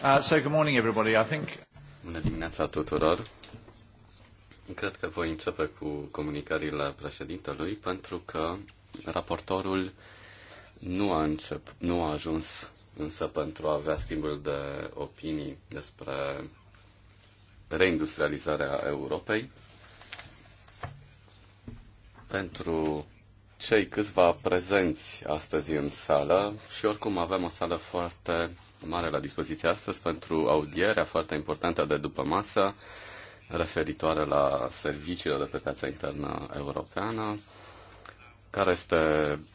Uh, so good morning everybody. I think... Bună dimineața tuturor. Cred că voi începe cu comunicările președintelui pentru că raportorul nu a, încep, nu a ajuns însă pentru a avea schimbul de opinii despre reindustrializarea Europei. Pentru cei câțiva prezenți astăzi în sală și oricum avem o sală foarte mare la dispoziție astăzi pentru audierea foarte importantă de după masă referitoare la serviciile de pe piața internă europeană. Care este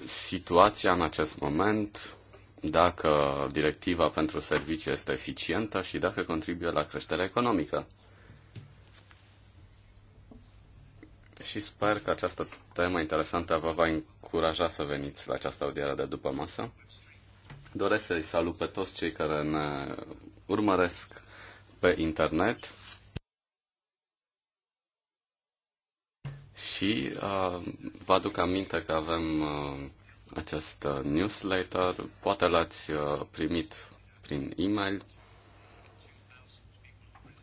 situația în acest moment? Dacă directiva pentru servicii este eficientă și dacă contribuie la creșterea economică? și sper că această temă interesantă vă va încuraja să veniți la această audiere de după masă Doresc să-i salut pe toți cei care ne urmăresc pe internet și uh, vă aduc aminte că avem uh, acest uh, newsletter, poate l-ați uh, primit prin e-mail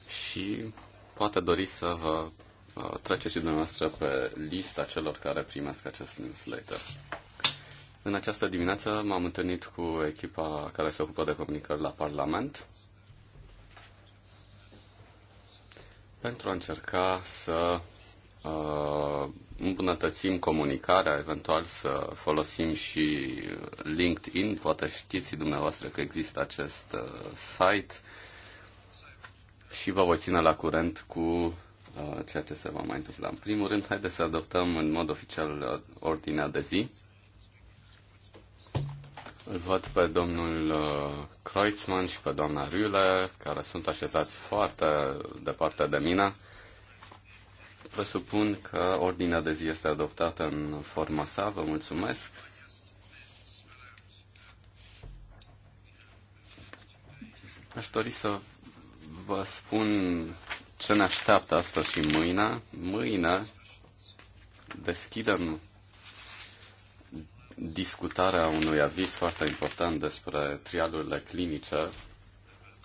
și poate doriți să vă uh, treceți și dumneavoastră pe lista celor care primesc acest newsletter. În această dimineață m-am întâlnit cu echipa care se ocupă de comunicări la Parlament pentru a încerca să uh, îmbunătățim comunicarea, eventual să folosim și LinkedIn. Poate știți dumneavoastră că există acest uh, site și vă voi ține la curent cu uh, ceea ce se va mai întâmpla. În primul rând, haideți să adoptăm în mod oficial uh, ordinea de zi. Îl văd pe domnul uh, Kreutzmann și pe doamna Rüle, care sunt așezați foarte departe de mine. Presupun că ordinea de zi este adoptată în forma sa. Vă mulțumesc. Aș dori să vă spun ce ne așteaptă astăzi și mâine. Mâine deschidem discutarea unui aviz foarte important despre trialurile clinice,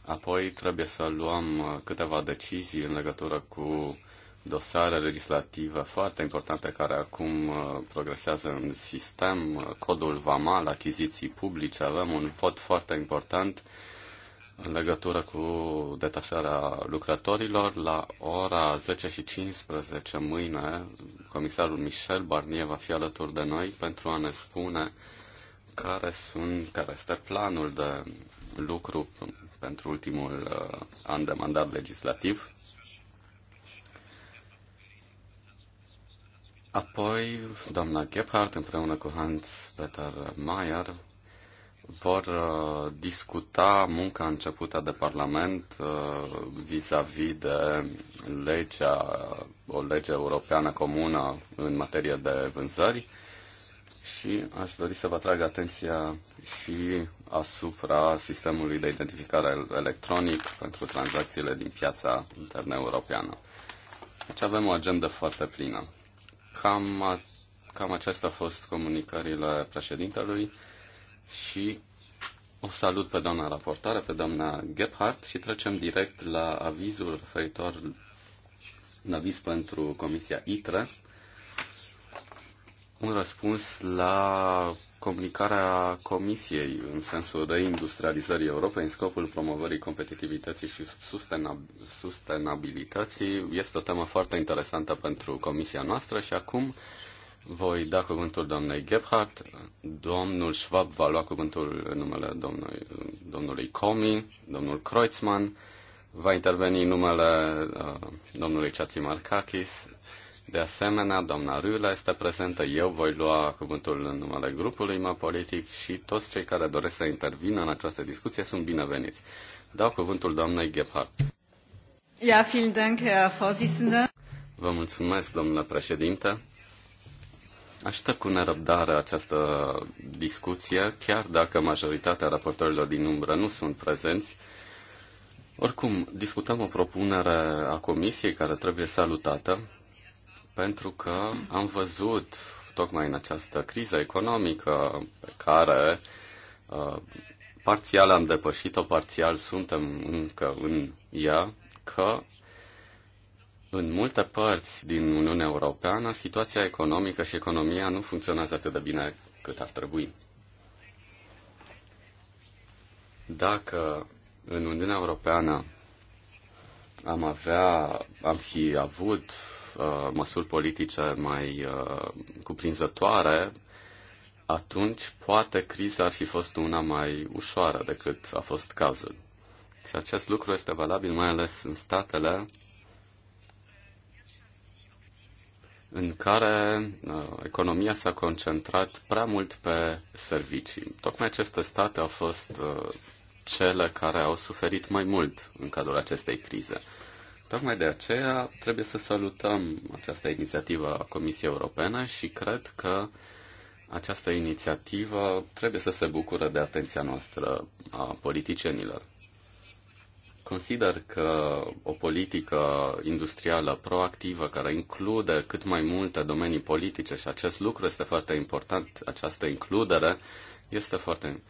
apoi trebuie să luăm uh, câteva decizii în legătură cu dosare legislative foarte importante care acum uh, progresează în sistem, uh, codul VAMAL, achiziții publice, avem un vot foarte important în legătură cu detașarea lucrătorilor. La ora 10 și 15 mâine, comisarul Michel Barnier va fi alături de noi pentru a ne spune care, sunt, care este planul de lucru pentru ultimul uh, an de mandat legislativ. Apoi, doamna Gebhardt, împreună cu Hans-Peter Mayer, vor uh, discuta munca începută de Parlament uh, vis-a-vis -vis de legea, o lege europeană comună în materie de vânzări și aș dori să vă atrag atenția și asupra sistemului de identificare electronic pentru tranzacțiile din piața internă europeană. Deci avem o agendă foarte plină. Cam, cam acestea au fost comunicările președintelui și o salut pe doamna raportare, pe doamna Gebhardt și trecem direct la avizul referitor la aviz pentru Comisia ITRE, un răspuns la comunicarea Comisiei în sensul reindustrializării Europei în scopul promovării competitivității și sustenabilității. Este o temă foarte interesantă pentru Comisia noastră și acum voi da cuvântul doamnei Gebhardt, domnul Schwab va lua cuvântul în numele domnului, domnului Comi, domnul Kreutzmann, va interveni în numele uh, domnului Markakis, de asemenea, doamna Rula este prezentă, eu voi lua cuvântul în numele grupului meu politic și toți cei care doresc să intervină în această discuție sunt bineveniți. Dau cuvântul doamnei Gebhardt. Ja, vielen Dank, Herr Vorsitzender. Vă mulțumesc, domnule președinte. Aștept cu nerăbdare această discuție, chiar dacă majoritatea raportorilor din umbră nu sunt prezenți. Oricum, discutăm o propunere a Comisiei care trebuie salutată, pentru că am văzut tocmai în această criză economică pe care uh, parțial am depășit-o, parțial suntem încă în ea, că în multe părți din Uniunea Europeană, situația economică și economia nu funcționează atât de bine cât ar trebui. Dacă în Uniunea Europeană am avea, am fi avut uh, măsuri politice mai uh, cuprinzătoare, atunci poate criza ar fi fost una mai ușoară decât a fost cazul. Și acest lucru este valabil mai ales în statele în care uh, economia s-a concentrat prea mult pe servicii. Tocmai aceste state au fost uh, cele care au suferit mai mult în cadrul acestei crize. Tocmai de aceea trebuie să salutăm această inițiativă a Comisiei Europene și cred că această inițiativă trebuie să se bucure de atenția noastră a politicienilor. Consider că o politică industrială proactivă care include cât mai multe domenii politice și acest lucru este foarte important, această includere este foarte,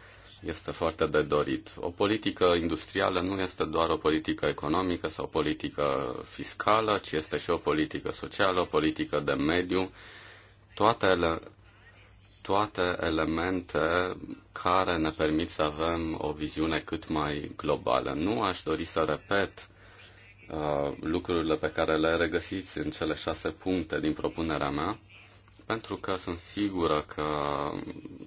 este foarte de dorit. O politică industrială nu este doar o politică economică sau o politică fiscală, ci este și o politică socială, o politică de mediu. Toate ele, toate elemente care ne permit să avem o viziune cât mai globală. Nu aș dori să repet uh, lucrurile pe care le regăsiți în cele șase puncte din propunerea mea, pentru că sunt sigură că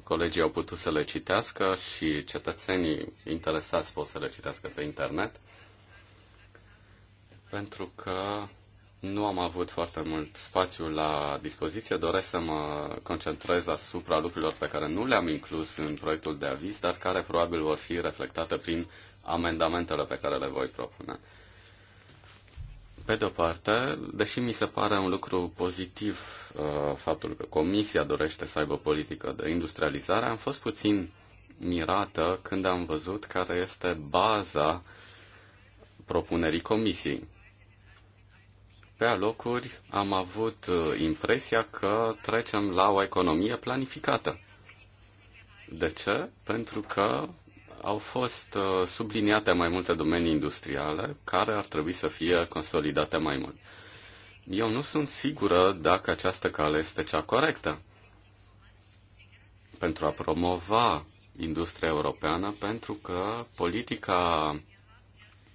colegii au putut să le citească și cetățenii interesați pot să le citească pe internet, pentru că nu am avut foarte mult spațiu la dispoziție, doresc să mă concentrez asupra lucrurilor pe care nu le-am inclus în proiectul de aviz, dar care probabil vor fi reflectate prin amendamentele pe care le voi propune. Pe de-o parte, deși mi se pare un lucru pozitiv uh, faptul că Comisia dorește să aibă o politică de industrializare, am fost puțin mirată când am văzut care este baza propunerii Comisiei pe alocuri am avut uh, impresia că trecem la o economie planificată. De ce? Pentru că au fost uh, subliniate mai multe domenii industriale care ar trebui să fie consolidate mai mult. Eu nu sunt sigură dacă această cale este cea corectă pentru a promova industria europeană, pentru că politica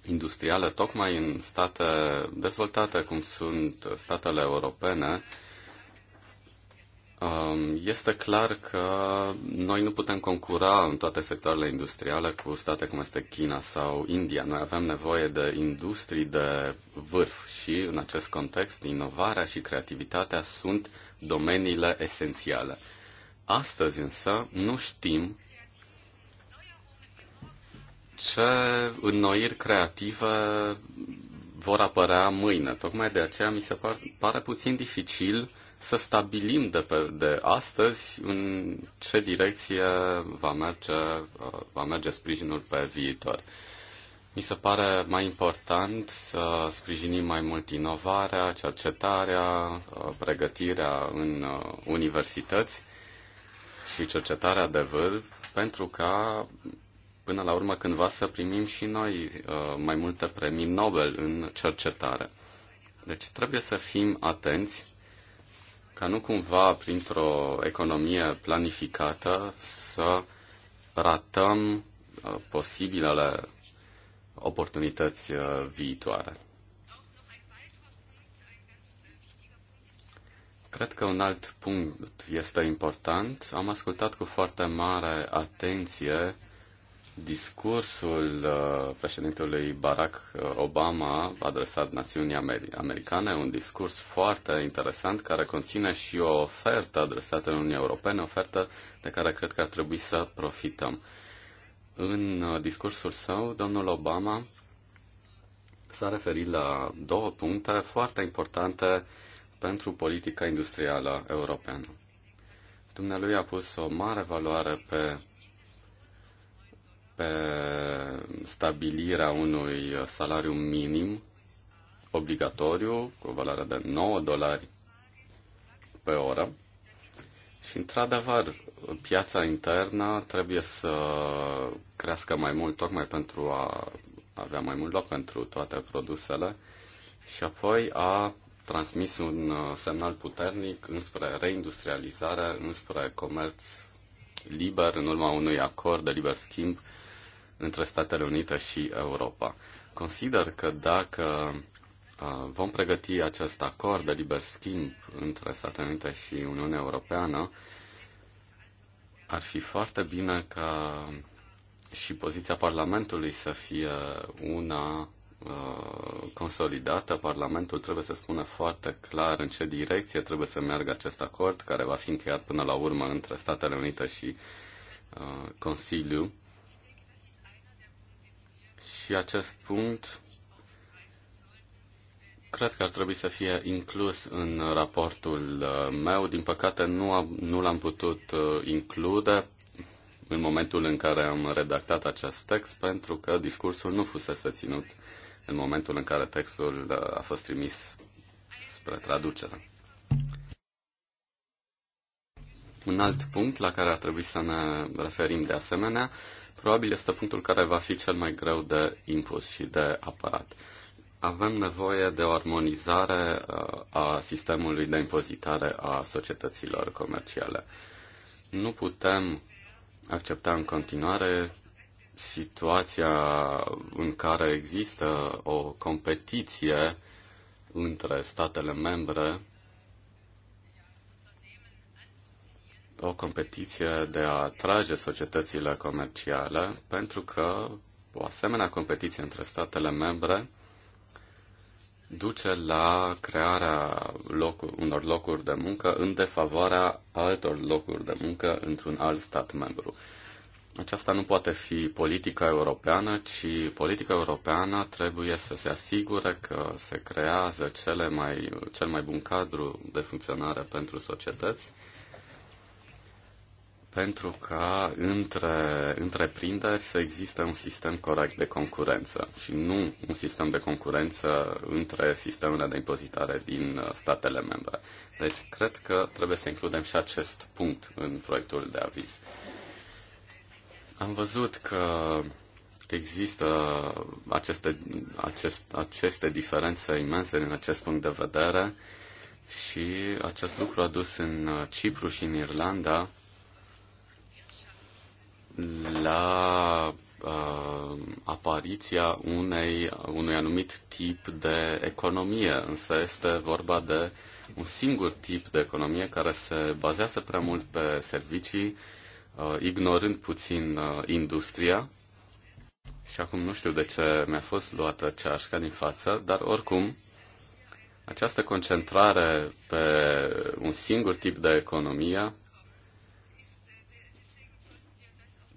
industriale, tocmai în state dezvoltate, cum sunt statele europene, um, este clar că noi nu putem concura în toate sectoarele industriale cu state cum este China sau India. Noi avem nevoie de industrii de vârf și, în acest context, inovarea și creativitatea sunt domeniile esențiale. Astăzi însă nu știm ce înnoiri creative vor apărea mâine. Tocmai de aceea mi se par, pare puțin dificil să stabilim de, pe, de astăzi în ce direcție va merge, va merge sprijinul pe viitor. Mi se pare mai important să sprijinim mai mult inovarea, cercetarea, pregătirea în uh, universități și cercetarea de vârf, pentru ca până la urmă cândva să primim și noi uh, mai multe premii Nobel în cercetare. Deci trebuie să fim atenți ca nu cumva printr-o economie planificată să ratăm uh, posibilele oportunități uh, viitoare. Cred că un alt punct este important. Am ascultat cu foarte mare atenție discursul uh, președintelui Barack uh, Obama adresat națiunii americane, un discurs foarte interesant care conține și o ofertă adresată Uniunii Europene, ofertă de care cred că ar trebui să profităm. În uh, discursul său, domnul Obama s-a referit la două puncte foarte importante pentru politica industrială europeană. Dumnealui a pus o mare valoare pe pe stabilirea unui salariu minim obligatoriu cu valoare de 9 dolari pe oră. Și, într-adevăr, piața internă trebuie să crească mai mult, tocmai pentru a avea mai mult loc pentru toate produsele și apoi a transmis un uh, semnal puternic înspre reindustrializare, înspre comerț liber, în urma unui acord de liber schimb între Statele Unite și Europa. Consider că dacă uh, vom pregăti acest acord de liber schimb între Statele Unite și Uniunea Europeană, ar fi foarte bine ca și poziția Parlamentului să fie una uh, consolidată. Parlamentul trebuie să spună foarte clar în ce direcție trebuie să meargă acest acord, care va fi încheiat până la urmă între Statele Unite și uh, Consiliu și acest punct cred că ar trebui să fie inclus în raportul uh, meu. Din păcate nu, nu l-am putut uh, include în momentul în care am redactat acest text, pentru că discursul nu fusese ținut în momentul în care textul uh, a fost trimis spre traducere. Un alt punct la care ar trebui să ne referim de asemenea probabil este punctul care va fi cel mai greu de impus și de apărat. Avem nevoie de o armonizare uh, a sistemului de impozitare a societăților comerciale. Nu putem accepta în continuare situația în care există o competiție între statele membre o competiție de a atrage societățile comerciale, pentru că o asemenea competiție între statele membre duce la crearea locu- unor locuri de muncă în defavoarea altor locuri de muncă într-un alt stat membru. Aceasta nu poate fi politica europeană, ci politica europeană trebuie să se asigure că se creează cele mai, cel mai bun cadru de funcționare pentru societăți pentru ca între întreprinderi să existe un sistem corect de concurență și nu un sistem de concurență între sistemele de impozitare din uh, statele membre. Deci, cred că trebuie să includem și acest punct în proiectul de aviz. Am văzut că există aceste, acest, aceste diferențe imense din acest punct de vedere și acest lucru a dus în uh, Cipru și în Irlanda la uh, apariția unei, unui anumit tip de economie, însă este vorba de un singur tip de economie care se bazează prea mult pe servicii, uh, ignorând puțin uh, industria. Și acum nu știu de ce mi-a fost luată ceașca din față, dar oricum această concentrare pe un singur tip de economie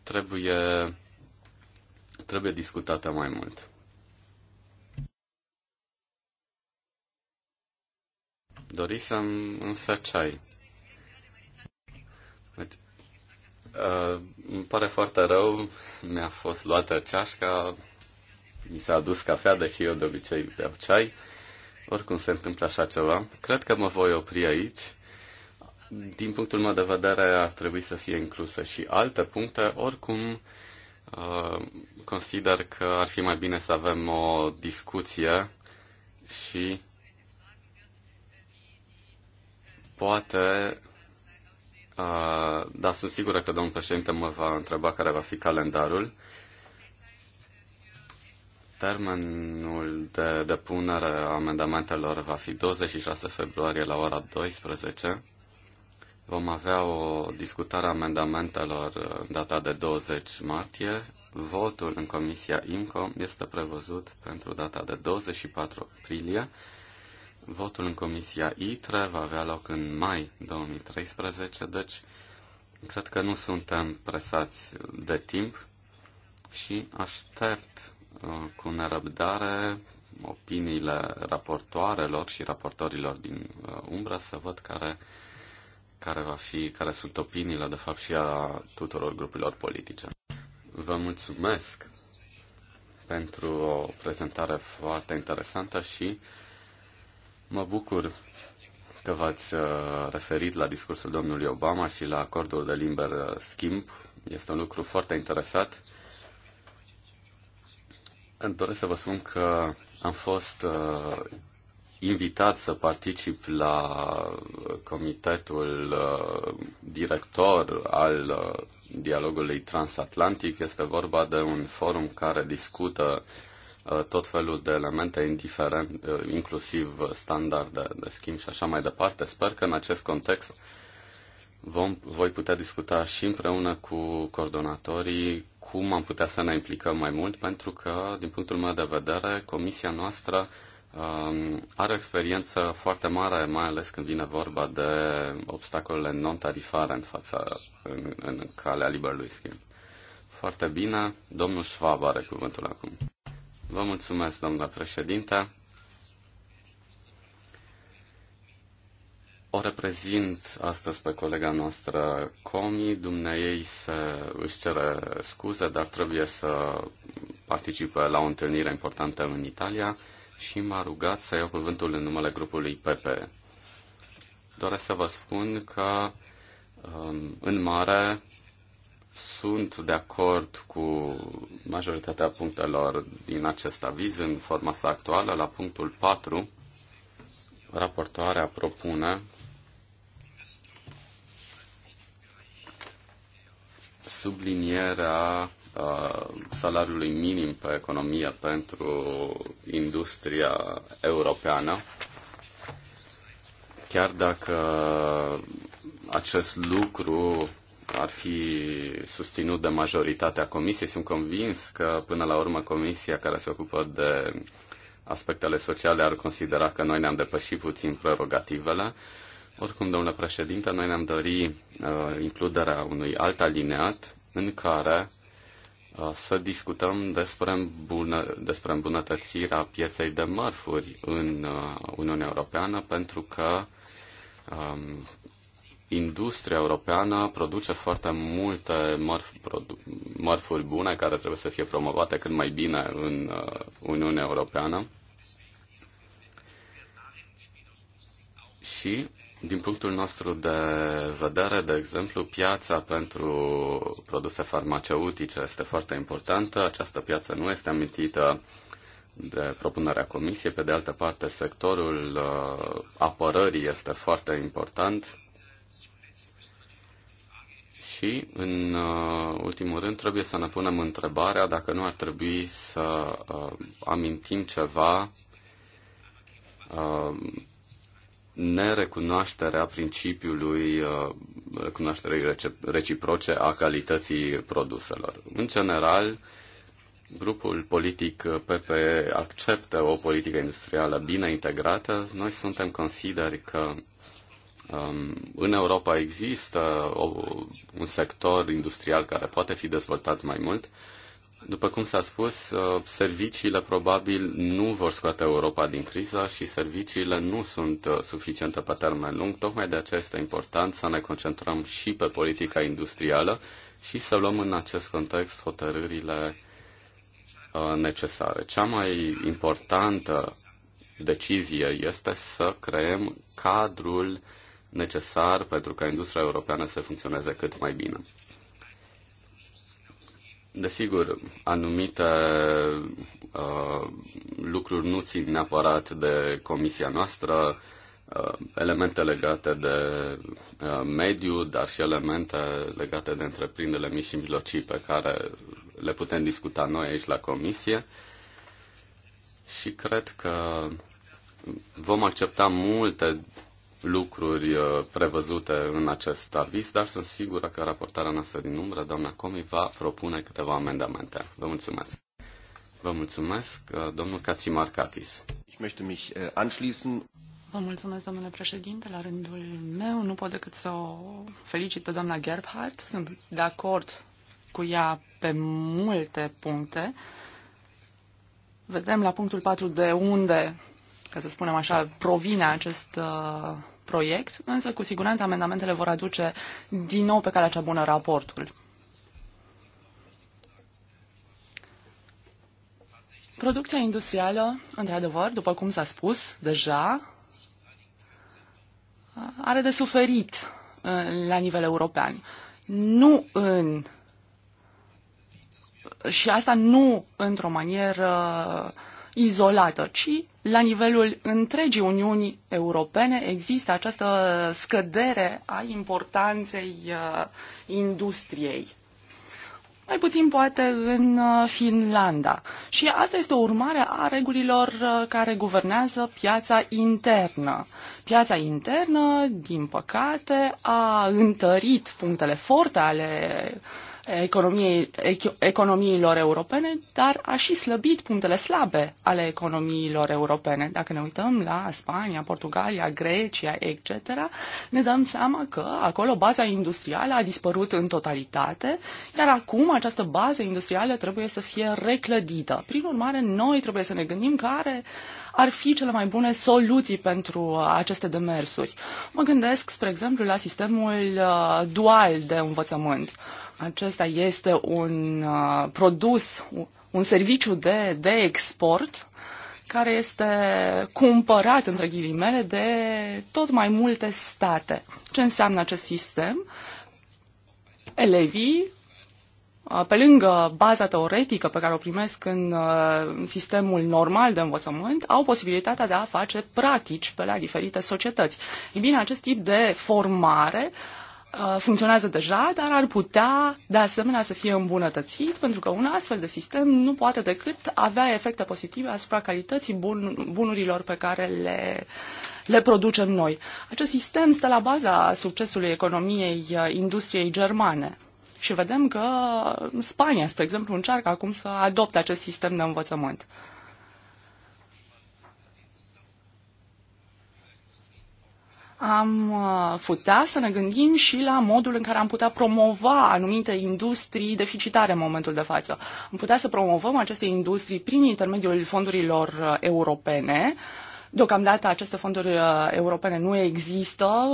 trebuie, trebuie discutată mai mult. Dorisem însă ceai. Deci, uh, îmi pare foarte rău, mi-a fost luată ceașca, mi s-a adus cafea, deși eu de obicei beau ceai. Oricum se întâmplă așa ceva. Cred că mă voi opri aici din punctul meu de vedere, ar trebui să fie inclusă și alte puncte. Oricum, uh, consider că ar fi mai bine să avem o discuție și poate, uh, dar sunt sigură că domnul președinte mă va întreba care va fi calendarul. Termenul de depunere a amendamentelor va fi 26 februarie la ora 12 Vom avea o discutare a amendamentelor data de 20 martie. Votul în Comisia INCO este prevăzut pentru data de 24 aprilie. Votul în Comisia ITRE va avea loc în mai 2013, deci cred că nu suntem presați de timp și aștept uh, cu nerăbdare opiniile raportoarelor și raportorilor din uh, umbră să văd care care, va fi, care sunt opiniile, de fapt, și a tuturor grupurilor politice. Vă mulțumesc pentru o prezentare foarte interesantă și mă bucur că v-ați uh, referit la discursul domnului Obama și la acordul de liber uh, schimb. Este un lucru foarte interesat. Îmi doresc să vă spun că am fost uh, invitat să particip la uh, comitetul uh, director al uh, dialogului transatlantic. Este vorba de un forum care discută tot felul de elemente indiferent, inclusiv standarde de schimb și așa mai departe. Sper că în acest context vom, voi putea discuta și împreună cu coordonatorii cum am putea să ne implicăm mai mult, pentru că, din punctul meu de vedere, comisia noastră Um, are o experiență foarte mare, mai ales când vine vorba de obstacolele non-tarifare în fața, în, în calea liberului schimb. Foarte bine. Domnul Schwab are cuvântul acum. Vă mulțumesc, domnule președinte. O reprezint astăzi pe colega noastră Comi. Dumneei se își cere scuze, dar trebuie să participe la o întâlnire importantă în Italia și m-a rugat să iau cuvântul în numele grupului PP. Doresc să vă spun că um, în mare sunt de acord cu majoritatea punctelor din acest aviz în forma sa actuală. La punctul 4, raportoarea propune sublinierea Uh, salariului minim pe economie pentru industria europeană, chiar dacă acest lucru ar fi susținut de majoritatea comisiei, sunt convins că până la urmă comisia care se ocupă de aspectele sociale ar considera că noi ne-am depășit puțin prerogativele. Oricum, domnule președinte, noi ne-am dorit uh, includerea unui alt alineat în care uh, Uh, să discutăm despre, îmbună, despre îmbunătățirea pieței de mărfuri în uh, Uniunea Europeană, pentru că um, industria europeană produce foarte multe mărf, produ, mărfuri bune care trebuie să fie promovate cât mai bine în uh, Uniunea Europeană. Și din punctul nostru de vedere, de exemplu, piața pentru produse farmaceutice este foarte importantă. Această piață nu este amintită de propunerea comisiei. Pe de altă parte, sectorul uh, apărării este foarte important. Și, în uh, ultimul rând, trebuie să ne punem întrebarea dacă nu ar trebui să uh, amintim ceva nerecunoașterea principiului uh, recunoașterii reciproce a calității produselor. În general, grupul politic PPE acceptă o politică industrială bine integrată. Noi suntem consideri că um, în Europa există un sector industrial care poate fi dezvoltat mai mult după cum s-a spus, uh, serviciile probabil nu vor scoate Europa din criză și serviciile nu sunt uh, suficiente pe termen lung. Tocmai de aceea este important să ne concentrăm și pe politica industrială și să luăm în acest context hotărârile uh, necesare. Cea mai importantă decizie este să creăm cadrul necesar pentru ca industria europeană să funcționeze cât mai bine. Desigur, anumite uh, lucruri nu țin neapărat de comisia noastră, uh, elemente legate de uh, mediu, dar și elemente legate de întreprinderile mici și mijlocii pe care le putem discuta noi aici la comisie. Și cred că vom accepta multe lucruri uh, prevăzute în acest aviz, dar sunt sigură că raportarea noastră din umbră, doamna Comi, va propune câteva amendamente. Vă mulțumesc. Vă mulțumesc, uh, domnul Cațimar Kakis. Uh, Vă mulțumesc, domnule președinte, la rândul meu. Nu pot decât să o felicit pe doamna Gerbhardt. Sunt de acord cu ea pe multe puncte. Vedem la punctul 4 de unde ca să spunem așa, provine acest uh, proiect, însă cu siguranță amendamentele vor aduce din nou pe calea cea bună raportul. Producția industrială, într-adevăr, după cum s-a spus deja, are de suferit uh, la nivel european. Nu în și asta nu într-o manieră uh, izolată, ci la nivelul întregii Uniuni Europene există această scădere a importanței uh, industriei. Mai puțin poate în uh, Finlanda. Și asta este o urmare a regulilor uh, care guvernează piața internă. Piața internă, din păcate, a întărit punctele forte ale uh, economiei, economiilor europene, dar a și slăbit punctele slabe ale economiilor europene. Dacă ne uităm la Spania, Portugalia, Grecia, etc., ne dăm seama că acolo baza industrială a dispărut în totalitate, iar acum această bază industrială trebuie să fie reclădită. Prin urmare, noi trebuie să ne gândim care ar fi cele mai bune soluții pentru uh, aceste demersuri. Mă gândesc, spre exemplu, la sistemul uh, dual de învățământ. Acesta este un uh, produs, un serviciu de, de export care este cumpărat, între ghilimele, de tot mai multe state. Ce înseamnă acest sistem? Elevii Uh, pe lângă baza teoretică pe care o primesc uh, în sistemul normal de învățământ, au posibilitatea de a face practici pe la diferite societăți. Ei bine, acest tip de formare uh, funcționează deja, dar ar putea de asemenea să fie îmbunătățit, pentru că un astfel de sistem nu poate decât avea efecte pozitive asupra calității bun, bunurilor pe care le, le producem noi. Acest sistem stă la baza succesului economiei industriei germane. Și vedem că Spania, spre exemplu, încearcă acum să adopte acest sistem de învățământ. am uh, putea să ne gândim și la modul în care am putea promova anumite industrii deficitare în momentul de față. Am putea să promovăm aceste industrii prin intermediul fondurilor uh, europene. Deocamdată aceste fonduri uh, europene nu există,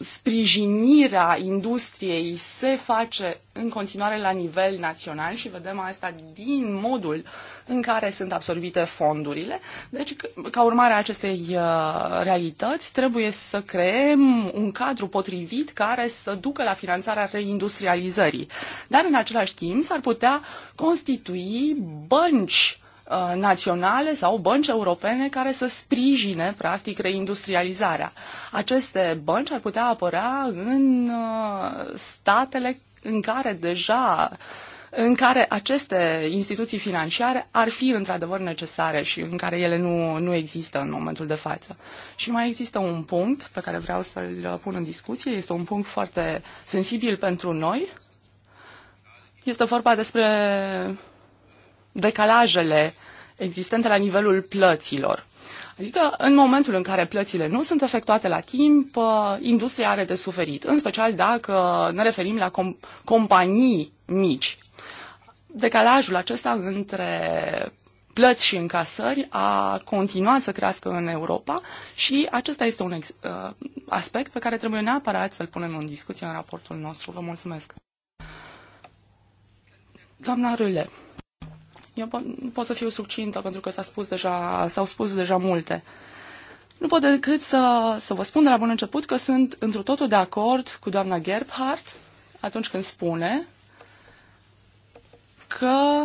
sprijinirea industriei se face în continuare la nivel național și vedem asta din modul în care sunt absorbite fondurile. Deci, ca urmare a acestei uh, realități, trebuie să creăm un cadru potrivit care să ducă la finanțarea reindustrializării. Dar, în același timp, s-ar putea constitui bănci Uh, naționale sau bănci europene care să sprijine, practic, reindustrializarea. Aceste bănci ar putea apărea în uh, statele în care deja în care aceste instituții financiare ar fi într-adevăr necesare și în care ele nu, nu există în momentul de față. Și mai există un punct pe care vreau să-l uh, pun în discuție, este un punct foarte sensibil pentru noi. Este vorba despre decalajele existente la nivelul plăților. Adică, în momentul în care plățile nu sunt efectuate la timp, uh, industria are de suferit, în special dacă ne referim la com- companii mici. Decalajul acesta între plăți și încasări a continuat să crească în Europa și acesta este un uh, aspect pe care trebuie neapărat să-l punem în discuție în raportul nostru. Vă mulțumesc. Doamna Râle, eu po- pot să fiu succintă pentru că s-a spus deja, s-au spus deja multe. Nu pot decât să, să vă spun de la bun început că sunt într totul de acord cu doamna Gerbhardt atunci când spune că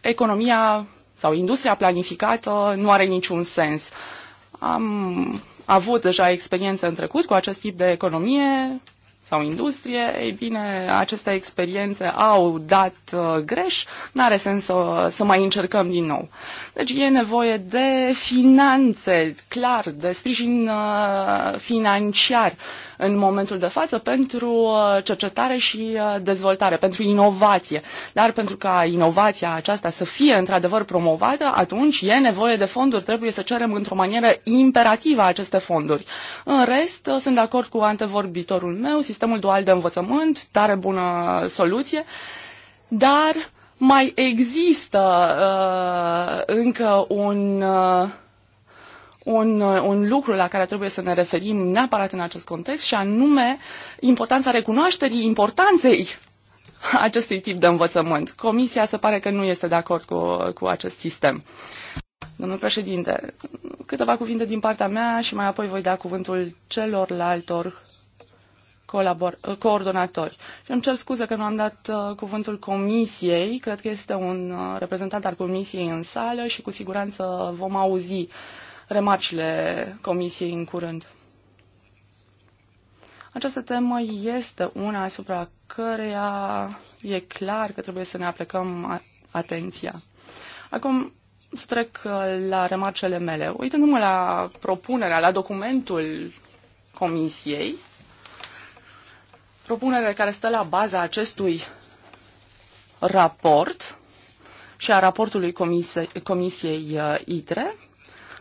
economia sau industria planificată nu are niciun sens. Am avut deja experiență în trecut cu acest tip de economie, sau industrie, ei bine, aceste experiențe au dat uh, greș, nu are sens să, să mai încercăm din nou. Deci e nevoie de finanțe, clar, de sprijin uh, financiar. Uh, în momentul de față pentru uh, cercetare și uh, dezvoltare, pentru inovație. Dar pentru ca inovația aceasta să fie într-adevăr promovată, atunci e nevoie de fonduri, trebuie să cerem într-o manieră imperativă aceste fonduri. În rest, uh, sunt de acord cu antevorbitorul meu, sistemul dual de învățământ, tare bună soluție, dar mai există uh, încă un uh, un, uh, un lucru la care trebuie să ne referim neapărat în acest context și anume importanța recunoașterii importanței acestui tip de învățământ. Comisia se pare că nu este de acord cu, cu acest sistem. Domnul președinte, câteva cuvinte din partea mea și mai apoi voi da cuvântul celorlaltor colabor- coordonatori. Și îmi cer scuze că nu am dat uh, cuvântul comisiei, cred că este un uh, reprezentant al comisiei în sală și cu siguranță vom auzi uh, remarcile Comisiei în curând. Această temă este una asupra căreia e clar că trebuie să ne aplicăm atenția. Acum să trec uh, la remarcele mele. Uitându-mă la propunerea, la documentul Comisiei, propunerea care stă la baza acestui raport și a raportului Comisiei, comisiei uh, ITRE,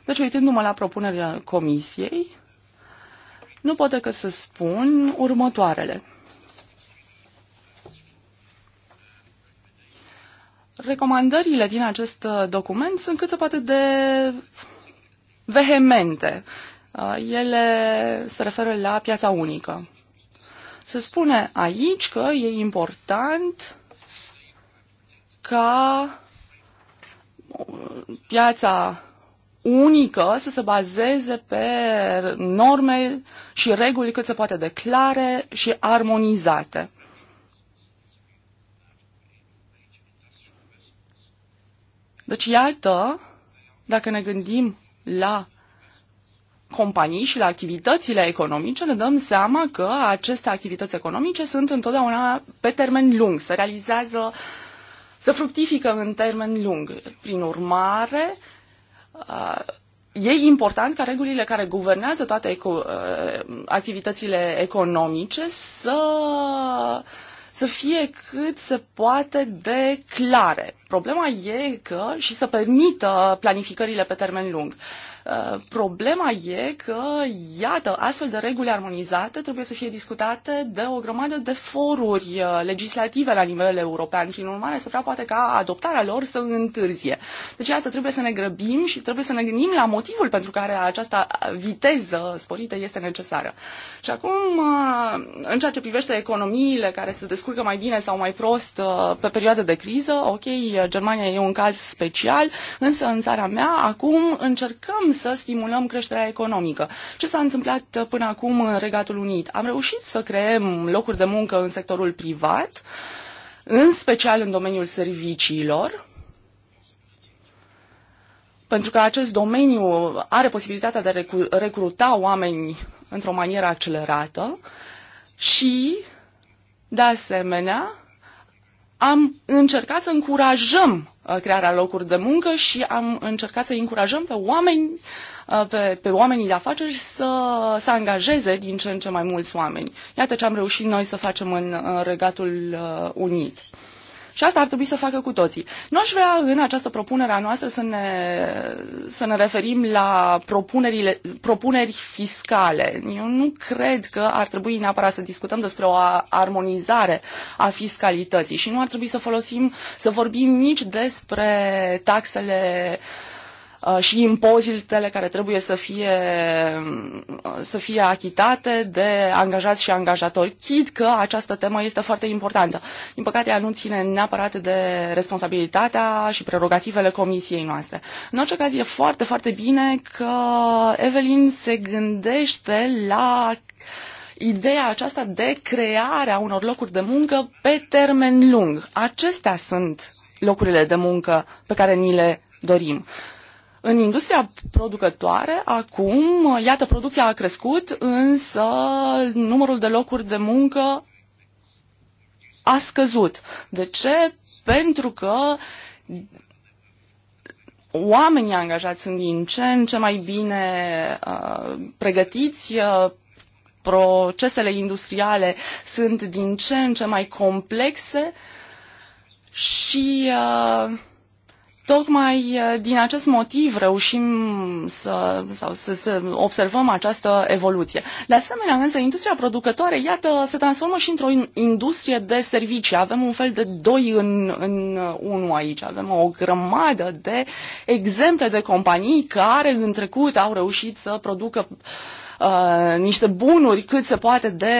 deci, uitându-mă la propunerea comisiei, nu pot decât să spun următoarele. Recomandările din acest uh, document sunt cât se poate de vehemente. Uh, ele se referă la piața unică. Se spune aici că e important ca uh, piața unică să se bazeze pe norme și reguli cât se poate de clare și armonizate. Deci, iată, dacă ne gândim la companii și la activitățile economice, ne dăm seama că aceste activități economice sunt întotdeauna pe termen lung, se realizează, se fructifică în termen lung. Prin urmare, Uh, e important ca regulile care guvernează toate eco, uh, activitățile economice să, să fie cât se poate de clare. Problema e că și să permită planificările pe termen lung. Uh, Uh, problema e că, iată, astfel de reguli armonizate trebuie să fie discutate de o grămadă de foruri uh, legislative la nivel european. Prin urmare, se prea poate ca adoptarea lor să întârzie. Deci, iată, trebuie să ne grăbim și trebuie să ne gândim la motivul pentru care această viteză sporită este necesară. Și acum, uh, în ceea ce privește economiile care se descurcă mai bine sau mai prost pe perioade de criză, ok, Germania e un caz special, însă în țara mea acum încercăm să stimulăm creșterea economică. Ce s-a întâmplat până acum în Regatul Unit? Am reușit să creăm locuri de muncă în sectorul privat, în special în domeniul serviciilor, pentru că acest domeniu are posibilitatea de a recruta oameni într-o manieră accelerată și, de asemenea, am încercat să încurajăm uh, crearea locuri de muncă și am încercat să încurajăm pe oameni, uh, pe, pe oamenii de afaceri să, să angajeze din ce în ce mai mulți oameni. Iată ce am reușit noi să facem în uh, Regatul Unit. Și asta ar trebui să facă cu toții. Nu aș vrea în această propunere a noastră să ne, să ne referim la propunerile, propuneri fiscale. Eu nu cred că ar trebui neapărat să discutăm despre o armonizare a fiscalității și nu ar trebui să folosim, să vorbim nici despre taxele uh, Uh, și impozitele care trebuie să fie, uh, să fie achitate de angajați și angajatori. Chid că această temă este foarte importantă. Din păcate, ea nu ține neapărat de responsabilitatea și prerogativele comisiei noastre. În orice caz, e foarte, foarte bine că Evelyn se gândește la ideea aceasta de crearea unor locuri de muncă pe termen lung. Acestea sunt locurile de muncă pe care ni le dorim în industria producătoare, acum, iată, producția a crescut, însă numărul de locuri de muncă a scăzut. De ce? Pentru că oamenii angajați sunt din ce în ce mai bine uh, pregătiți, uh, procesele industriale sunt din ce în ce mai complexe și uh, Tocmai uh, din acest motiv reușim să, sau să, să observăm această evoluție. De asemenea, însă, industria producătoare, iată, se transformă și într-o industrie de servicii. Avem un fel de doi în, în uh, unul aici. Avem o grămadă de exemple de companii care în trecut au reușit să producă uh, Uh, niște bunuri cât se poate de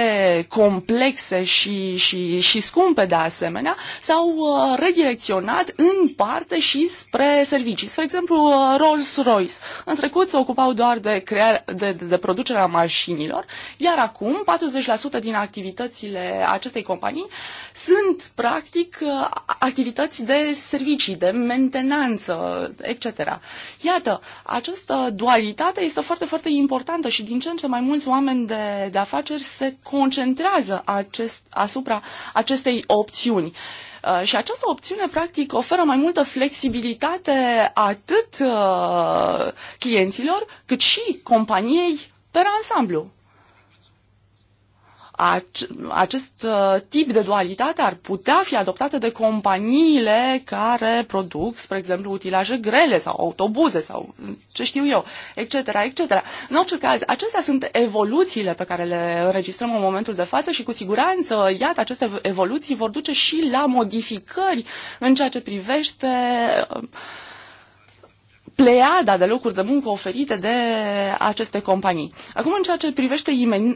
complexe și, și, și scumpe de asemenea, s-au uh, redirecționat în parte și spre servicii. Spre exemplu, uh, Rolls-Royce. În trecut se ocupau doar de, creare, de, de, de producerea mașinilor, iar acum 40% din activitățile acestei companii sunt practic uh, activități de servicii, de mentenanță, etc. Iată, această dualitate este foarte, foarte importantă și din ce ce în ce mai mulți oameni de, de afaceri se concentrează acest, asupra acestei opțiuni. Uh, și această opțiune, practic, oferă mai multă flexibilitate atât uh, clienților, cât și companiei per ansamblu acest uh, tip de dualitate ar putea fi adoptată de companiile care produc, spre exemplu, utilaje grele sau autobuze sau ce știu eu, etc., etc. În orice caz, acestea sunt evoluțiile pe care le înregistrăm în momentul de față și cu siguranță, iată, aceste evoluții vor duce și la modificări în ceea ce privește uh, pleada de locuri de muncă oferite de aceste companii. Acum, în ceea ce privește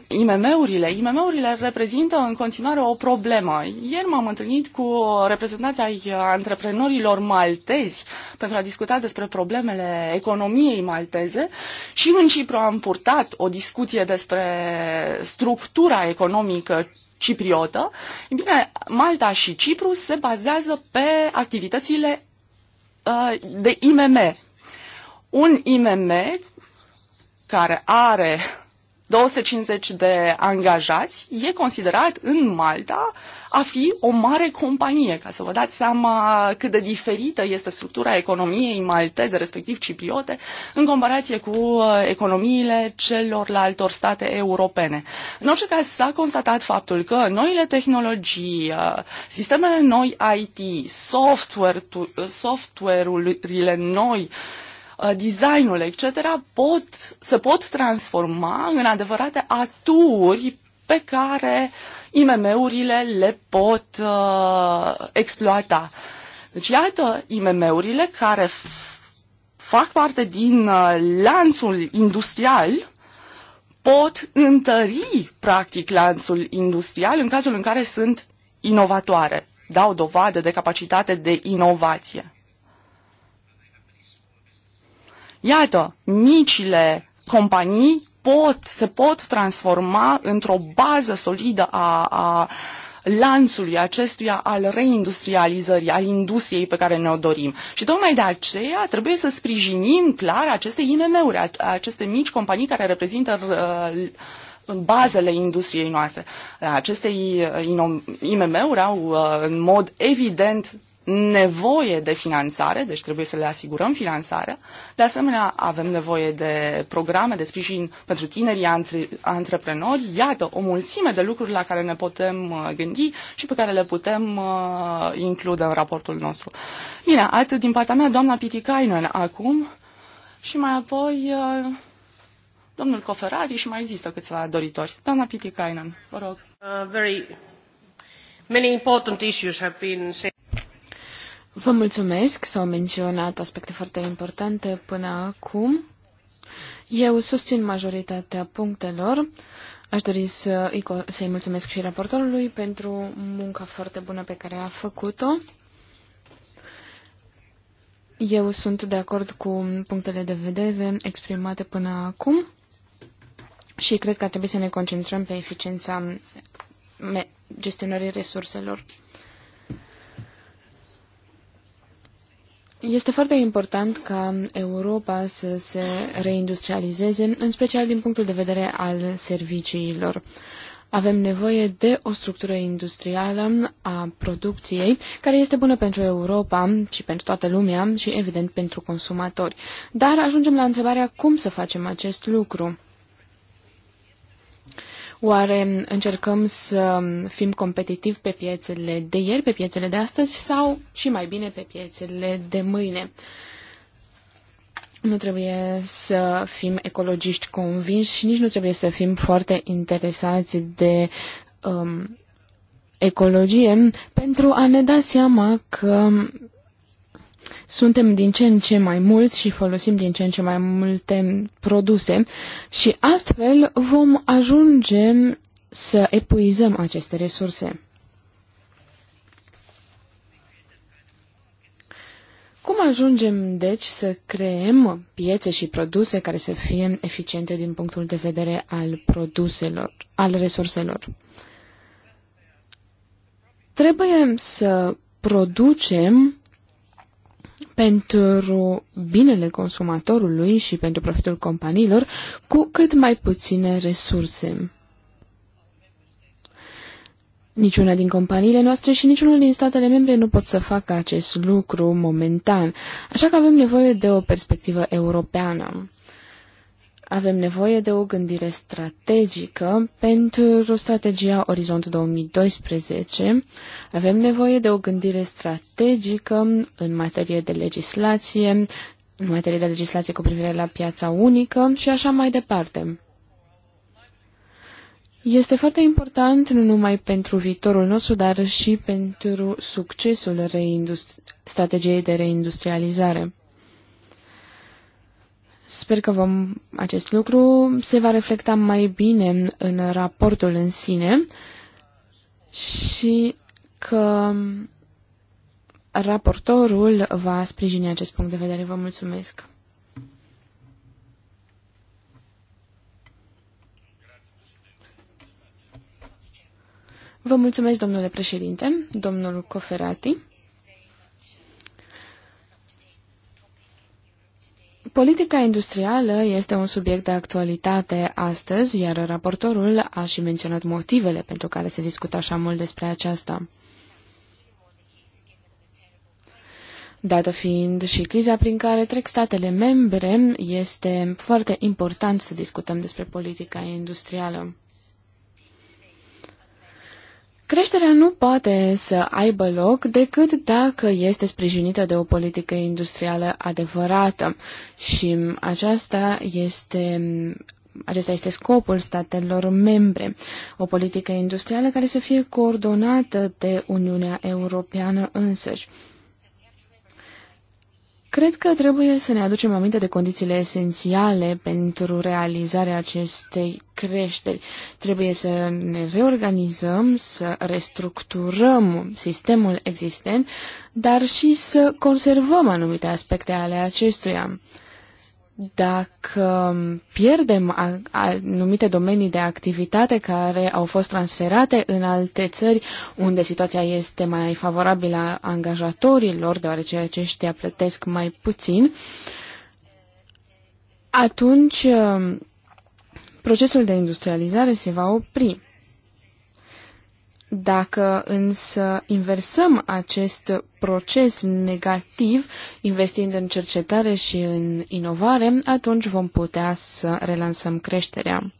IMM-urile, IMM-urile reprezintă în continuare o problemă. Ieri m-am întâlnit cu reprezentanții ai antreprenorilor maltezi pentru a discuta despre problemele economiei malteze și în Cipru am purtat o discuție despre structura economică cipriotă. E bine, Malta și Cipru se bazează pe activitățile uh, de IMM un IMM care are 250 de angajați e considerat în Malta a fi o mare companie. Ca să vă dați seama cât de diferită este structura economiei malteze, respectiv cipriote, în comparație cu uh, economiile celorlaltor state europene. În orice caz s-a constatat faptul că noile tehnologii, uh, sistemele noi IT, software, uh, software-urile noi, Uh, designul, etc., pot, se pot transforma în adevărate aturi pe care IMM-urile le pot uh, exploata. Deci, iată, IMM-urile care fac parte din uh, lanțul industrial pot întări, practic, lanțul industrial în cazul în care sunt inovatoare, dau dovadă de capacitate de inovație. Iată, micile companii pot, se pot transforma într-o bază solidă a, a lanțului acestuia al reindustrializării, al industriei pe care ne-o dorim. Și tocmai de aceea trebuie să sprijinim clar aceste IMM-uri, aceste mici companii care reprezintă uh, bazele industriei noastre. Aceste uh, IMM-uri au uh, în mod evident nevoie de finanțare, deci trebuie să le asigurăm finanțarea. De asemenea, avem nevoie de programe de sprijin pentru tinerii antre- antreprenori. Iată, o mulțime de lucruri la care ne putem uh, gândi și pe care le putem uh, include în raportul nostru. Bine, atât din partea mea, doamna Pitikainen acum și mai apoi uh, domnul Coferari și mai există câțiva doritori. Doamna Pitikainen, vă rog. Uh, very... Many important issues have been said. Vă mulțumesc, s-au menționat aspecte foarte importante până acum. Eu susțin majoritatea punctelor. Aș dori să, să-i mulțumesc și raportorului pentru munca foarte bună pe care a făcut-o. Eu sunt de acord cu punctele de vedere exprimate până acum și cred că ar trebui să ne concentrăm pe eficiența gestionării resurselor. Este foarte important ca Europa să se reindustrializeze, în special din punctul de vedere al serviciilor. Avem nevoie de o structură industrială a producției care este bună pentru Europa și pentru toată lumea și, evident, pentru consumatori. Dar ajungem la întrebarea cum să facem acest lucru. Oare încercăm să fim competitivi pe piețele de ieri, pe piețele de astăzi sau și mai bine pe piețele de mâine? Nu trebuie să fim ecologiști convinși și nici nu trebuie să fim foarte interesați de um, ecologie pentru a ne da seama că suntem din ce în ce mai mulți și folosim din ce în ce mai multe produse și astfel vom ajunge să epuizăm aceste resurse. Cum ajungem, deci, să creăm piețe și produse care să fie eficiente din punctul de vedere al produselor, al resurselor? Trebuie să producem pentru binele consumatorului și pentru profitul companiilor cu cât mai puține resurse. Niciuna din companiile noastre și niciunul din statele membre nu pot să facă acest lucru momentan, așa că avem nevoie de o perspectivă europeană. Avem nevoie de o gândire strategică pentru strategia Orizont 2012. Avem nevoie de o gândire strategică în materie de legislație, în materie de legislație cu privire la piața unică și așa mai departe. Este foarte important nu numai pentru viitorul nostru, dar și pentru succesul strategiei de reindustrializare. Sper că vom, acest lucru se va reflecta mai bine în raportul în sine și că raportorul va sprijini acest punct de vedere. Vă mulțumesc! Vă mulțumesc, domnule președinte, domnul Coferati. Politica industrială este un subiect de actualitate astăzi, iar raportorul a și menționat motivele pentru care se discută așa mult despre aceasta. Dată fiind și criza prin care trec statele membre, este foarte important să discutăm despre politica industrială. Creșterea nu poate să aibă loc decât dacă este sprijinită de o politică industrială adevărată și aceasta este acesta este scopul statelor membre, o politică industrială care să fie coordonată de Uniunea Europeană însăși. Cred că trebuie să ne aducem aminte de condițiile esențiale pentru realizarea acestei creșteri. Trebuie să ne reorganizăm, să restructurăm sistemul existent, dar și să conservăm anumite aspecte ale acestuia dacă pierdem anumite domenii de activitate care au fost transferate în alte țări unde situația este mai favorabilă a angajatorilor, deoarece aceștia plătesc mai puțin, atunci um, procesul de industrializare se va opri. Dacă însă inversăm acest proces negativ, investind în cercetare și în inovare, atunci vom putea să relansăm creșterea.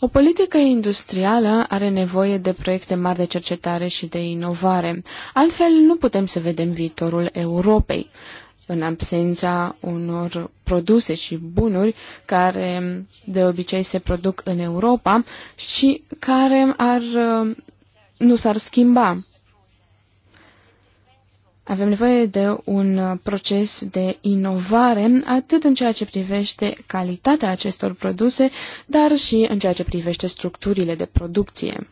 O politică industrială are nevoie de proiecte mari de cercetare și de inovare. Altfel, nu putem să vedem viitorul Europei în absența unor produse și bunuri care de obicei se produc în Europa și care ar nu s-ar schimba. Avem nevoie de un proces de inovare, atât în ceea ce privește calitatea acestor produse, dar și în ceea ce privește structurile de producție.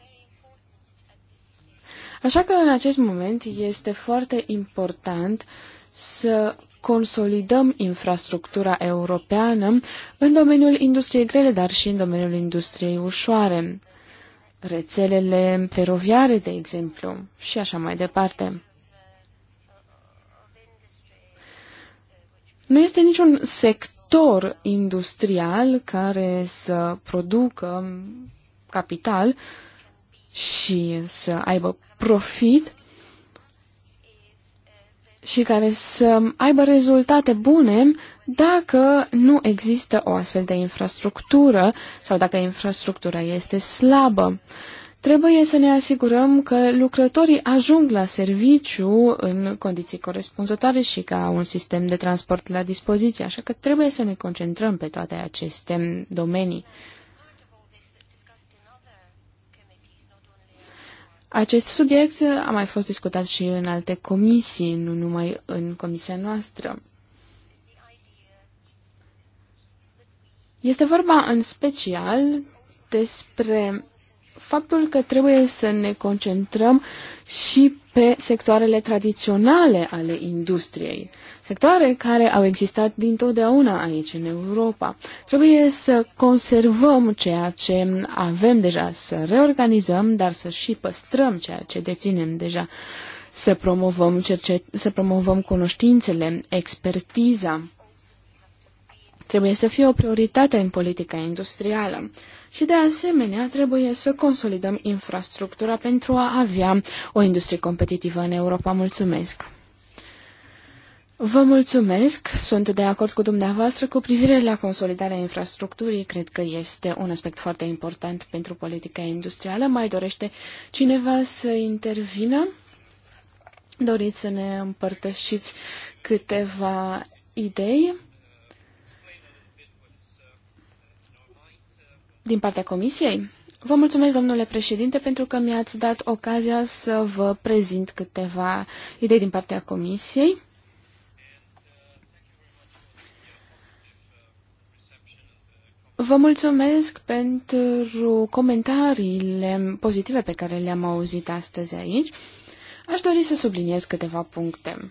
Așa că în acest moment este foarte important să consolidăm infrastructura europeană în domeniul industriei grele, dar și în domeniul industriei ușoare rețelele feroviare, de exemplu, și așa mai departe. Nu este niciun sector industrial care să producă capital și să aibă profit și care să aibă rezultate bune dacă nu există o astfel de infrastructură sau dacă infrastructura este slabă. Trebuie să ne asigurăm că lucrătorii ajung la serviciu în condiții corespunzătoare și ca un sistem de transport la dispoziție, așa că trebuie să ne concentrăm pe toate aceste domenii. Acest subiect a mai fost discutat și în alte comisii, nu numai în comisia noastră. Este vorba în special despre faptul că trebuie să ne concentrăm și pe sectoarele tradiționale ale industriei sectoare care au existat dintotdeauna aici, în Europa. Trebuie să conservăm ceea ce avem deja, să reorganizăm, dar să și păstrăm ceea ce deținem deja, să promovăm, cercet, să promovăm cunoștințele, expertiza. Trebuie să fie o prioritate în politica industrială și de asemenea trebuie să consolidăm infrastructura pentru a avea o industrie competitivă în Europa. Mulțumesc! Vă mulțumesc, sunt de acord cu dumneavoastră cu privire la consolidarea infrastructurii. Cred că este un aspect foarte important pentru politica industrială. Mai dorește cineva să intervină? Doriți să ne împărtășiți câteva idei? Din partea Comisiei? Vă mulțumesc, domnule președinte, pentru că mi-ați dat ocazia să vă prezint câteva idei din partea Comisiei. Vă mulțumesc pentru comentariile pozitive pe care le-am auzit astăzi aici. Aș dori să subliniez câteva puncte.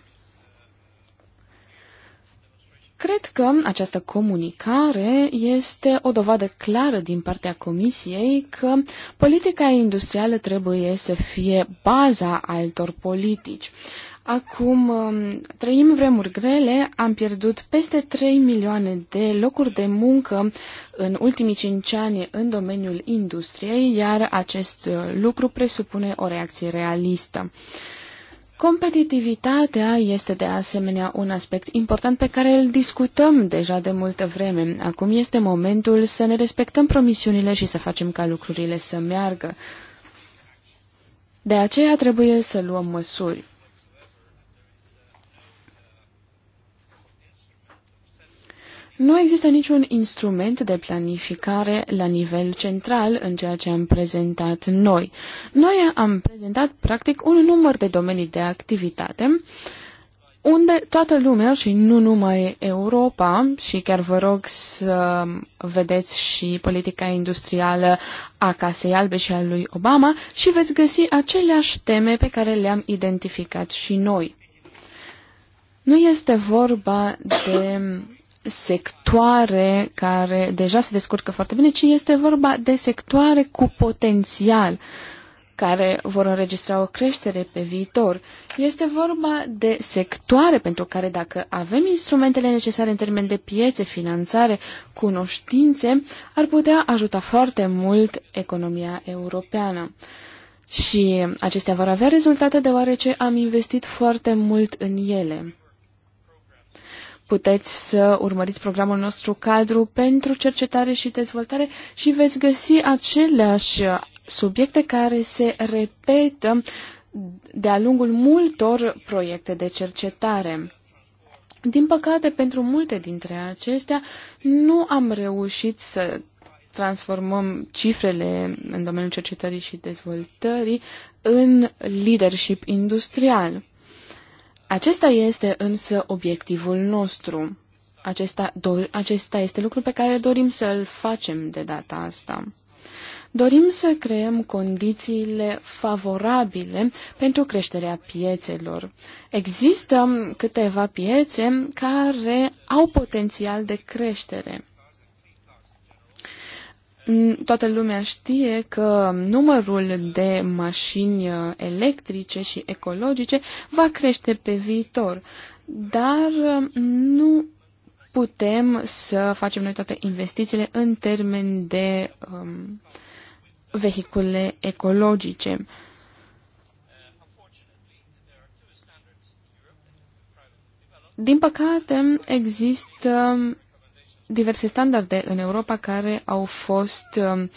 Cred că această comunicare este o dovadă clară din partea Comisiei că politica industrială trebuie să fie baza altor politici. Acum um, trăim vremuri grele, am pierdut peste 3 milioane de locuri de muncă în ultimii 5 ani în domeniul industriei, iar acest uh, lucru presupune o reacție realistă. Competitivitatea este de asemenea un aspect important pe care îl discutăm deja de multă vreme. Acum este momentul să ne respectăm promisiunile și să facem ca lucrurile să meargă. De aceea trebuie să luăm măsuri. Nu există niciun instrument de planificare la nivel central în ceea ce am prezentat noi. Noi am prezentat practic un număr de domenii de activitate unde toată lumea și nu numai Europa și chiar vă rog să vedeți și politica industrială a Casei Albe și a lui Obama și veți găsi aceleași teme pe care le-am identificat și noi. Nu este vorba de sectoare care deja se descurcă foarte bine, ci este vorba de sectoare cu potențial care vor înregistra o creștere pe viitor. Este vorba de sectoare pentru care dacă avem instrumentele necesare în termen de piețe, finanțare, cunoștințe, ar putea ajuta foarte mult economia europeană. Și acestea vor avea rezultate deoarece am investit foarte mult în ele puteți să urmăriți programul nostru cadru pentru cercetare și dezvoltare și veți găsi aceleași subiecte care se repetă de-a lungul multor proiecte de cercetare. Din păcate, pentru multe dintre acestea, nu am reușit să transformăm cifrele în domeniul cercetării și dezvoltării în leadership industrial. Acesta este însă obiectivul nostru. Acesta, do, acesta este lucrul pe care dorim să-l facem de data asta. Dorim să creăm condițiile favorabile pentru creșterea piețelor. Există câteva piețe care au potențial de creștere. Toată lumea știe că numărul de mașini uh, electrice și ecologice va crește pe viitor, dar uh, nu putem să facem noi toate investițiile în termen de um, vehicule ecologice. Din păcate, există diverse standarde în Europa care au fost um,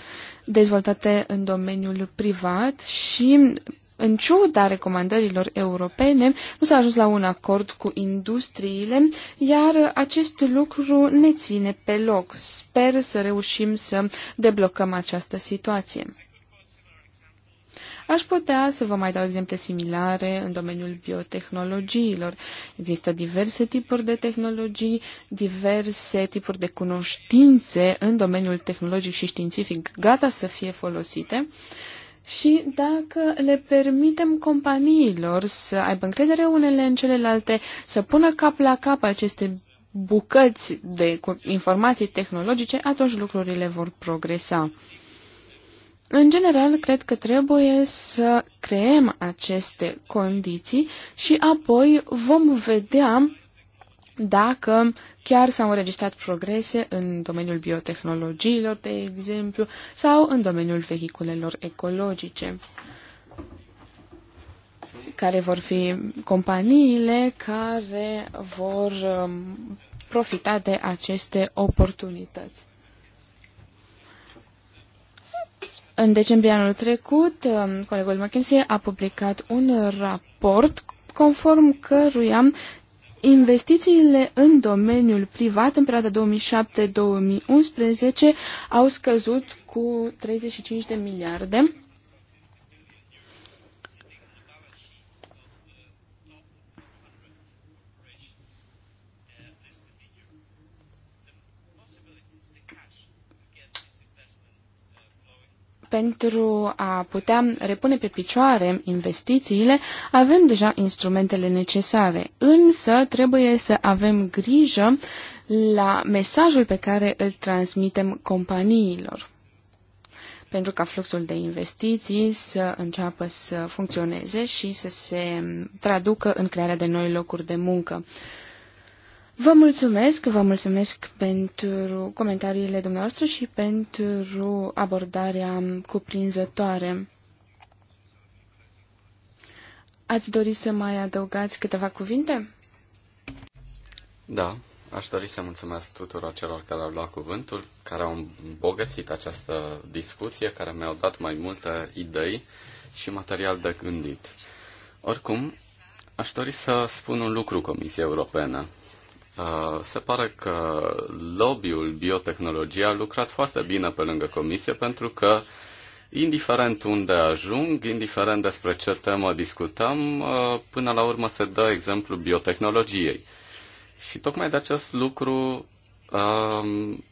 dezvoltate în domeniul privat și în ciuda recomandărilor europene, nu s-a ajuns la un acord cu industriile, iar acest lucru ne ține pe loc. Sper să reușim să deblocăm această situație. Aș putea să vă mai dau exemple similare în domeniul biotehnologiilor. Există diverse tipuri de tehnologii, diverse tipuri de cunoștințe în domeniul tehnologic și științific gata să fie folosite. Și dacă le permitem companiilor să aibă încredere unele în celelalte, să pună cap la cap aceste bucăți de informații tehnologice, atunci lucrurile vor progresa. În general, cred că trebuie să creăm aceste condiții și apoi vom vedea dacă chiar s-au înregistrat progrese în domeniul biotehnologiilor, de exemplu, sau în domeniul vehiculelor ecologice, care vor fi companiile care vor um, profita de aceste oportunități. În decembrie anul trecut, um, colegul McKinsey a publicat un raport conform căruia investițiile în domeniul privat în perioada 2007-2011 au scăzut cu 35 de miliarde pentru a putea repune pe picioare investițiile, avem deja instrumentele necesare, însă trebuie să avem grijă la mesajul pe care îl transmitem companiilor pentru ca fluxul de investiții să înceapă să funcționeze și să se traducă în crearea de noi locuri de muncă. Vă mulțumesc, vă mulțumesc pentru comentariile dumneavoastră și pentru abordarea cuprinzătoare. Ați dori să mai adăugați câteva cuvinte? Da, aș dori să mulțumesc tuturor celor care au luat cuvântul, care au îmbogățit această discuție, care mi-au dat mai multe idei și material de gândit. Oricum, aș dori să spun un lucru Comisiei Europene Uh, se pare că lobby-ul biotehnologiei a lucrat foarte bine pe lângă comisie pentru că indiferent unde ajung, indiferent despre ce temă discutăm, uh, până la urmă se dă exemplu biotehnologiei. Și tocmai de acest lucru um,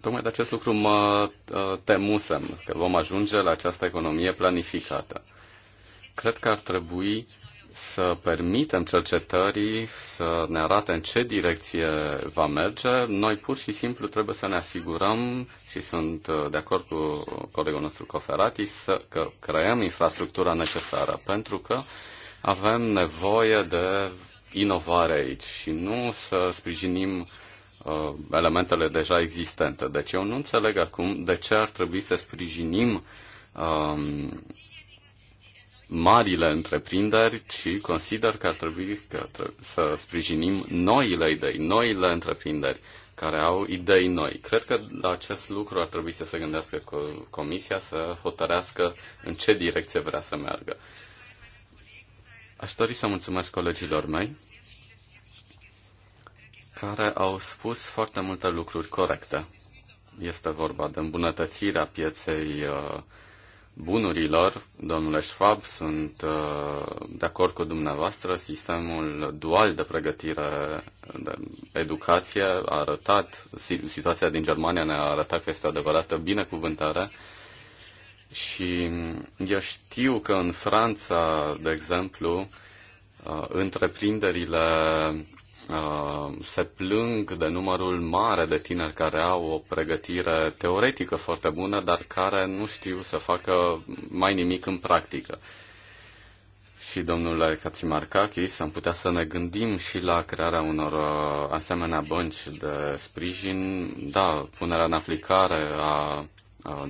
tocmai de acest lucru mă uh, temusem că vom ajunge la această economie planificată. Cred că ar trebui să permitem cercetării să ne arate în ce direcție va merge. Noi pur și simplu trebuie să ne asigurăm și sunt uh, de acord cu colegul nostru Coferati să, că creăm infrastructura necesară pentru că avem nevoie de inovare aici și nu să sprijinim uh, elementele deja existente. Deci eu nu înțeleg acum de ce ar trebui să sprijinim um, marile întreprinderi, ci consider că ar trebui că trebuie să sprijinim noile idei, noile întreprinderi care au idei noi. Cred că la acest lucru ar trebui să se gândească comisia, să hotărească în ce direcție vrea să meargă. Aș dori să mulțumesc colegilor mei care au spus foarte multe lucruri corecte. Este vorba de îmbunătățirea pieței uh, bunurilor, domnule Schwab, sunt uh, de acord cu dumneavoastră, sistemul dual de pregătire de educație a arătat, situația din Germania ne-a arătat că este adevărată binecuvântare și eu știu că în Franța, de exemplu, uh, întreprinderile Uh, se plâng de numărul mare de tineri care au o pregătire teoretică foarte bună, dar care nu știu să facă mai nimic în practică. Și domnule Kacimarkakis, am putea să ne gândim și la crearea unor uh, asemenea bănci de sprijin, da, punerea în aplicare a,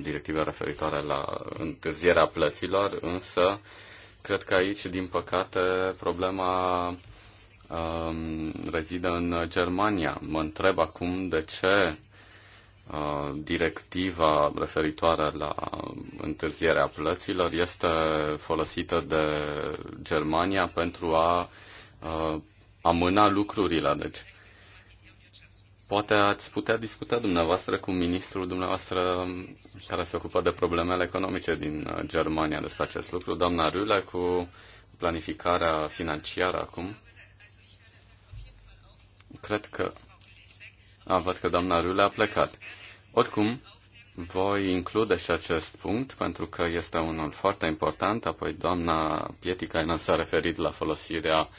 directive referitoare la întârzierea plăților, însă cred că aici, din păcate, problema Um, rezidă în Germania. Mă întreb acum de ce uh, directiva referitoare la întârzierea plăților este folosită de Germania pentru a uh, amâna lucrurile. Deci, poate ați putea discuta dumneavoastră cu ministrul dumneavoastră care se ocupă de problemele economice din uh, Germania despre acest lucru, doamna Rüle, cu planificarea financiară acum. Cred că... A, văd că doamna Rule a plecat. Oricum, voi include și acest punct pentru că este unul foarte important. Apoi doamna Pieticainen s-a referit la folosirea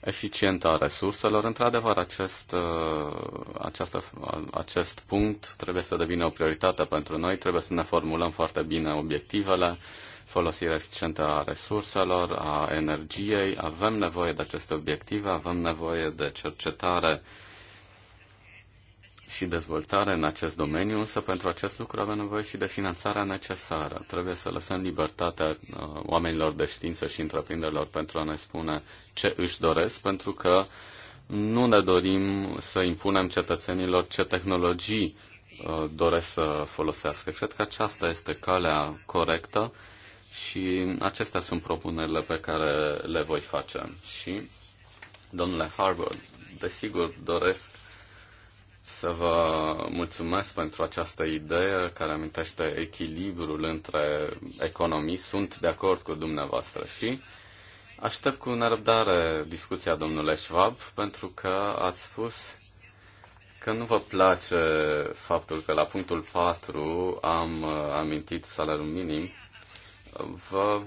eficientă a resurselor. Într-adevăr, acest, uh, acest acest punct trebuie să devină o prioritate pentru noi, trebuie să ne formulăm foarte bine obiectivele, folosire eficientă a resurselor, a energiei. Avem nevoie de aceste obiective, avem nevoie de cercetare și dezvoltare în acest domeniu, însă pentru acest lucru avem nevoie și de finanțarea necesară. Trebuie să lăsăm libertatea uh, oamenilor de știință și întreprinderilor pentru a ne spune ce își doresc, pentru că nu ne dorim să impunem cetățenilor ce tehnologii uh, doresc să folosească. Cred că aceasta este calea corectă și acestea sunt propunerile pe care le voi face. Și, domnule Harvard, desigur doresc să vă mulțumesc pentru această idee care amintește echilibrul între economii. Sunt de acord cu dumneavoastră și aștept cu nerăbdare discuția domnule Schwab pentru că ați spus că nu vă place faptul că la punctul 4 am uh, amintit salariul minim vă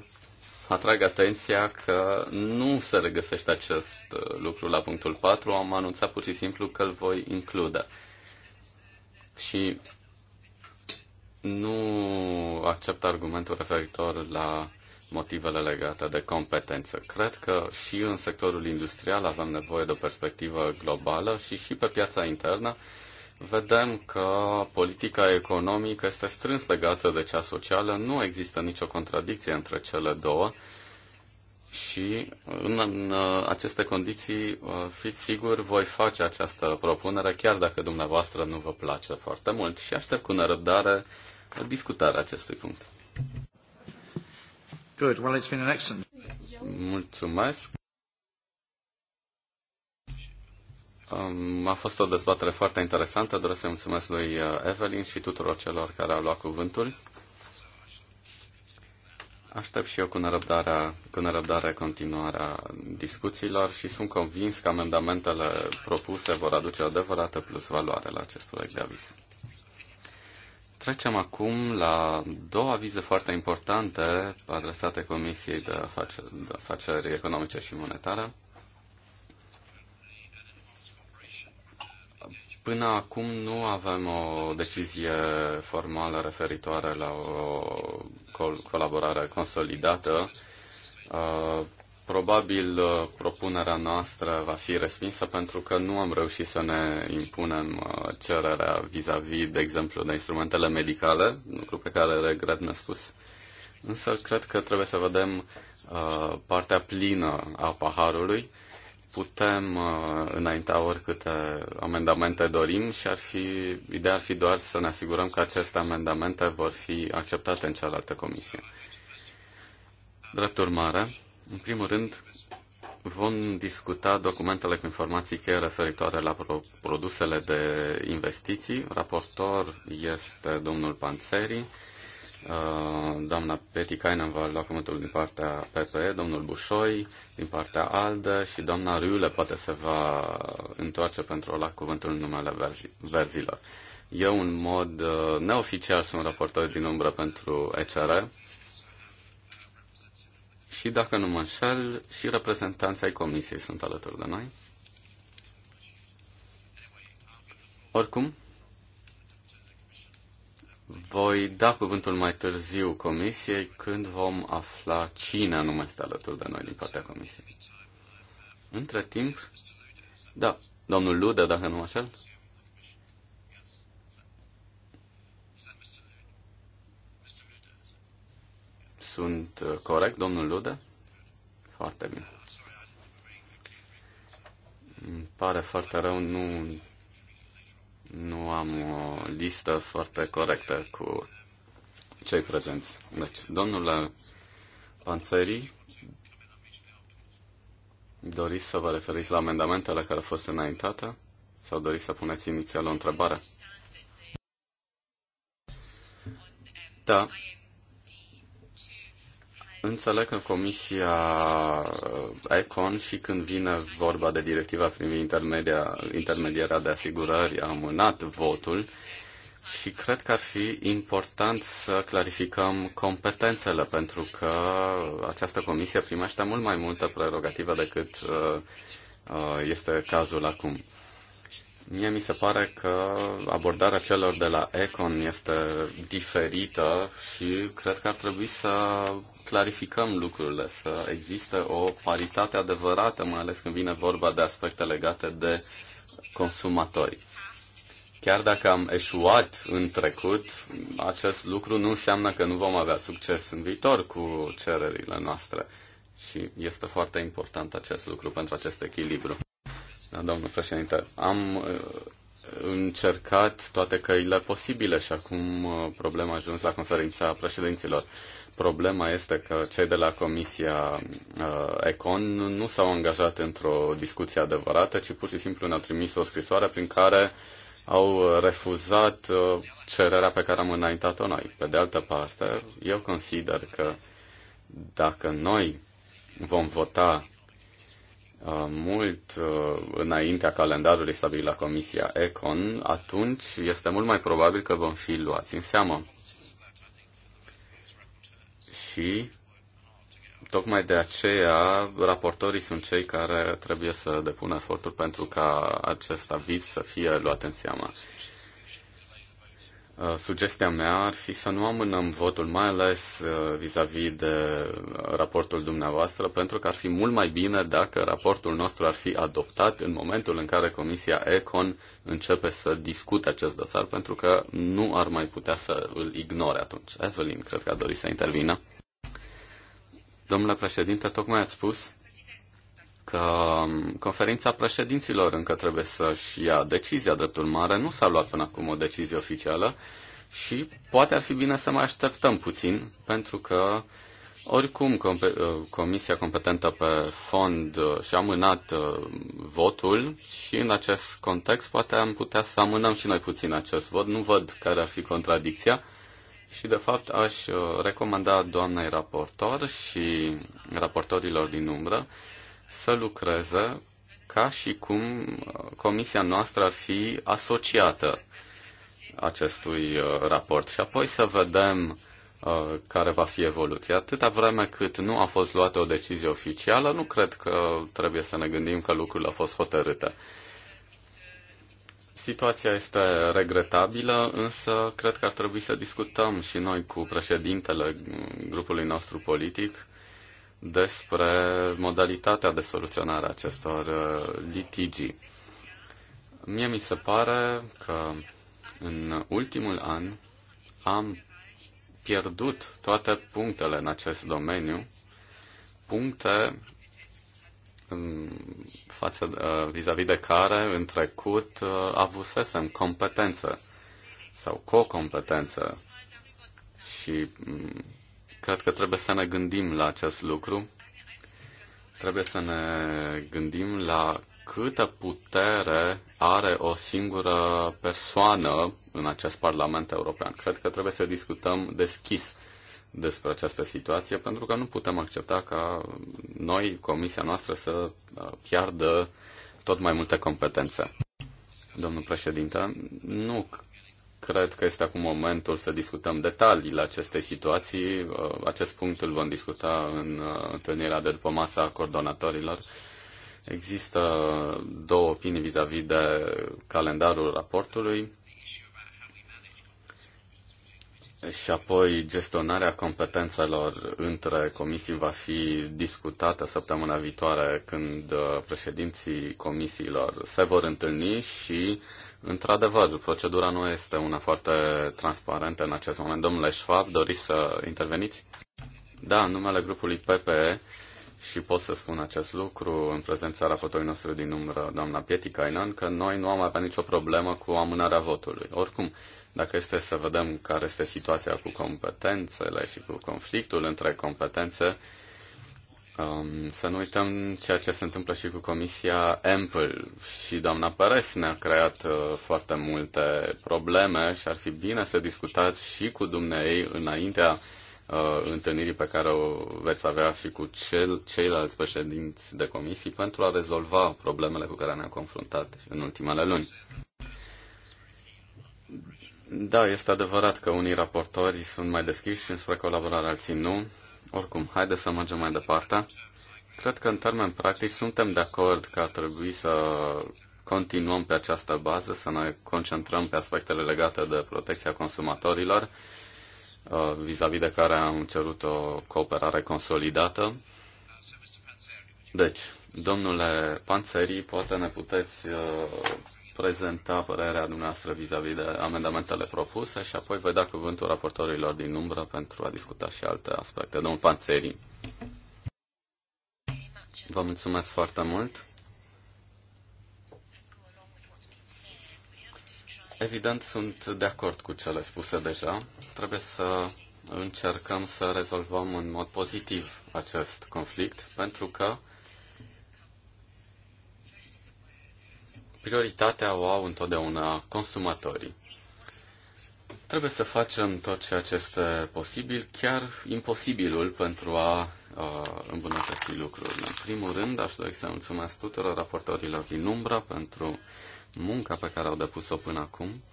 atrag atenția că nu se regăsește acest uh, lucru la punctul 4. Am anunțat pur și simplu că îl voi include. Și nu accept argumentul referitor la motivele legate de competență. Cred că și în sectorul industrial avem nevoie de o perspectivă globală și și pe piața internă vedem că politica economică este strâns legată de cea socială, nu există nicio contradicție între cele două și în, în aceste condiții, uh, fiți sigur, voi face această propunere, chiar dacă dumneavoastră nu vă place foarte mult și aștept cu nerăbdare discutarea acestui punct. Good. Well, it's been an excellent... Mulțumesc. Um, a fost o dezbatere foarte interesantă. Doresc să-i mulțumesc lui uh, Evelyn și tuturor celor care au luat cuvântul. Aștept și eu cu nerăbdare, cu nerăbdare continuarea discuțiilor și sunt convins că amendamentele propuse vor aduce adevărată plus valoare la acest proiect de aviz. Trecem acum la două avize foarte importante adresate Comisiei de Afaceri, de Afaceri Economice și Monetare. Până acum nu avem o decizie formală referitoare la o colaborare consolidată. Uh, probabil uh, propunerea noastră va fi respinsă pentru că nu am reușit să ne impunem uh, cererea vis-a-vis, -vis, de exemplu, de instrumentele medicale, lucru pe care regret nespus. Însă cred că trebuie să vedem partea plină a paharului putem uh, înainta oricâte amendamente dorim și ar fi, ideea ar fi doar să ne asigurăm că aceste amendamente vor fi acceptate în cealaltă comisie. Drept urmare, în primul rând, vom discuta documentele cu informații cheie referitoare la pro- produsele de investiții. Raportor este domnul Panțeri. Uh, doamna Petikainen va lua cuvântul din partea PPE, domnul Bușoi din partea ALDE și doamna Riule poate să va întoarce pentru a lua cuvântul în numele verzi, verzilor. Eu, în mod uh, neoficial, sunt raportor din umbră pentru ECR și, dacă nu mă înșel, și reprezentanții ai comisiei sunt alături de noi. Oricum, voi da cuvântul mai târziu comisiei când vom afla cine anume este alături de noi din partea comisiei. Între timp, da, domnul Luda, dacă nu așa. Sunt uh, corect, domnul Luda? Foarte bine. Îmi pare foarte rău, nu nu am o listă foarte corectă cu cei prezenți. Deci, domnul Panțării, doriți să vă referiți la amendamentele care au fost înaintate sau doriți să puneți inițial o întrebare? Da, Înțeleg că Comisia uh, Econ și când vine vorba de directiva prin intermediarea de asigurări a amânat votul și cred că ar fi important să clarificăm competențele pentru că această comisie primește mult mai multă prerogativă decât uh, uh, este cazul acum. Mie mi se pare că abordarea celor de la Econ este diferită și cred că ar trebui să clarificăm lucrurile, să existe o paritate adevărată, mai ales când vine vorba de aspecte legate de consumatori. Chiar dacă am eșuat în trecut, acest lucru nu înseamnă că nu vom avea succes în viitor cu cererile noastre. Și este foarte important acest lucru pentru acest echilibru da domnul președinte. Am uh, încercat toate căile posibile și acum uh, problema a ajuns la conferința președinților. Problema este că cei de la Comisia uh, Econ nu s-au angajat într-o discuție adevărată, ci pur și simplu ne-au trimis o scrisoare prin care au refuzat cererea pe care am înaintat-o noi. Pe de altă parte, eu consider că dacă noi vom vota Uh, mult uh, înaintea calendarului stabilit la Comisia Econ, atunci este mult mai probabil că vom fi luați în seamă. Și tocmai de aceea raportorii sunt cei care trebuie să depună eforturi pentru ca acest aviz să fie luat în seamă. Uh, sugestia mea ar fi să nu amânăm votul, mai ales uh, vis-a-vis -vis de raportul dumneavoastră, pentru că ar fi mult mai bine dacă raportul nostru ar fi adoptat în momentul în care Comisia Econ începe să discute acest dosar, pentru că nu ar mai putea să îl ignore atunci. Evelyn, cred că a dorit să intervină. Domnule președinte, tocmai ați spus că um, conferința președinților încă trebuie să-și ia decizia. Drept urmare, nu s-a luat până acum o decizie oficială și poate ar fi bine să mai așteptăm puțin, pentru că oricum com uh, Comisia competentă pe fond uh, și-a amânat uh, votul și în acest context poate am putea să amânăm și noi puțin acest vot. Nu văd care ar fi contradicția. Și, de fapt, aș recomanda doamnei raportor și raportorilor din umbră să lucreze ca și cum comisia noastră ar fi asociată acestui uh, raport și apoi să vedem uh, care va fi evoluția. Atâta vreme cât nu a fost luată o decizie oficială, nu cred că trebuie să ne gândim că lucrurile au fost hotărâte. Situația este regretabilă, însă cred că ar trebui să discutăm și noi cu președintele grupului nostru politic despre modalitatea de soluționare a acestor uh, litigii. Mie mi se pare că în ultimul an am pierdut toate punctele în acest domeniu, puncte um, față, uh, vis-a-vis -vis de care în trecut uh, avusesem competență sau co-competență și um, cred că trebuie să ne gândim la acest lucru. Trebuie să ne gândim la câtă putere are o singură persoană în acest Parlament European. Cred că trebuie să discutăm deschis despre această situație, pentru că nu putem accepta ca noi, comisia noastră, să uh, piardă tot mai multe competențe. Domnul președinte, nu Cred că este acum momentul să discutăm detaliile acestei situații. Uh, acest punct îl vom discuta în uh, întâlnirea de după masa coordonatorilor. Există două opinii vis-a-vis -vis de calendarul raportului și apoi gestionarea competențelor între comisii va fi discutată săptămâna viitoare când uh, președinții comisiilor se vor întâlni și uh, Într-adevăr, procedura nu este una foarte transparentă în acest moment. Domnule Schwab, doriți să interveniți? Da, în numele grupului PPE și pot să spun acest lucru în prezența raportorului nostru din umbră, doamna Pietikainen, că noi nu am avea nicio problemă cu amânarea votului. Oricum, dacă este să vedem care este situația cu competențele și cu conflictul între competențe, Um, să nu uităm ceea ce se întâmplă și cu Comisia Ample și doamna Peres ne-a creat uh, foarte multe probleme și ar fi bine să discutați și cu dumneei înaintea uh, întâlnirii pe care o veți avea și cu cel, ceilalți președinți de comisii pentru a rezolva problemele cu care ne-am confruntat în ultimele luni. Da, este adevărat că unii raportori sunt mai deschiși înspre colaborare, alții nu oricum, haide să mergem mai departe. Cred că în termen practic suntem de acord că ar trebui să continuăm pe această bază, să ne concentrăm pe aspectele legate de protecția consumatorilor, uh, vis-a-vis -vis de care am cerut o cooperare consolidată. Deci, domnule Panțării, poate ne puteți uh, prezenta părerea dumneavoastră vis-a-vis -vis de amendamentele propuse și apoi voi da cuvântul raportorilor din umbră pentru a discuta și alte aspecte. Domnul Panțeri. Vă mulțumesc foarte mult. Evident, sunt de acord cu cele spuse deja. Trebuie să încercăm să rezolvăm în mod pozitiv acest conflict, pentru că prioritatea o au întotdeauna consumatorii. Trebuie să facem tot ceea ce este posibil, chiar imposibilul, pentru a uh, îmbunătăți lucrurile. În primul rând, aș dori să mulțumesc tuturor raportorilor din Umbra pentru munca pe care au depus-o până acum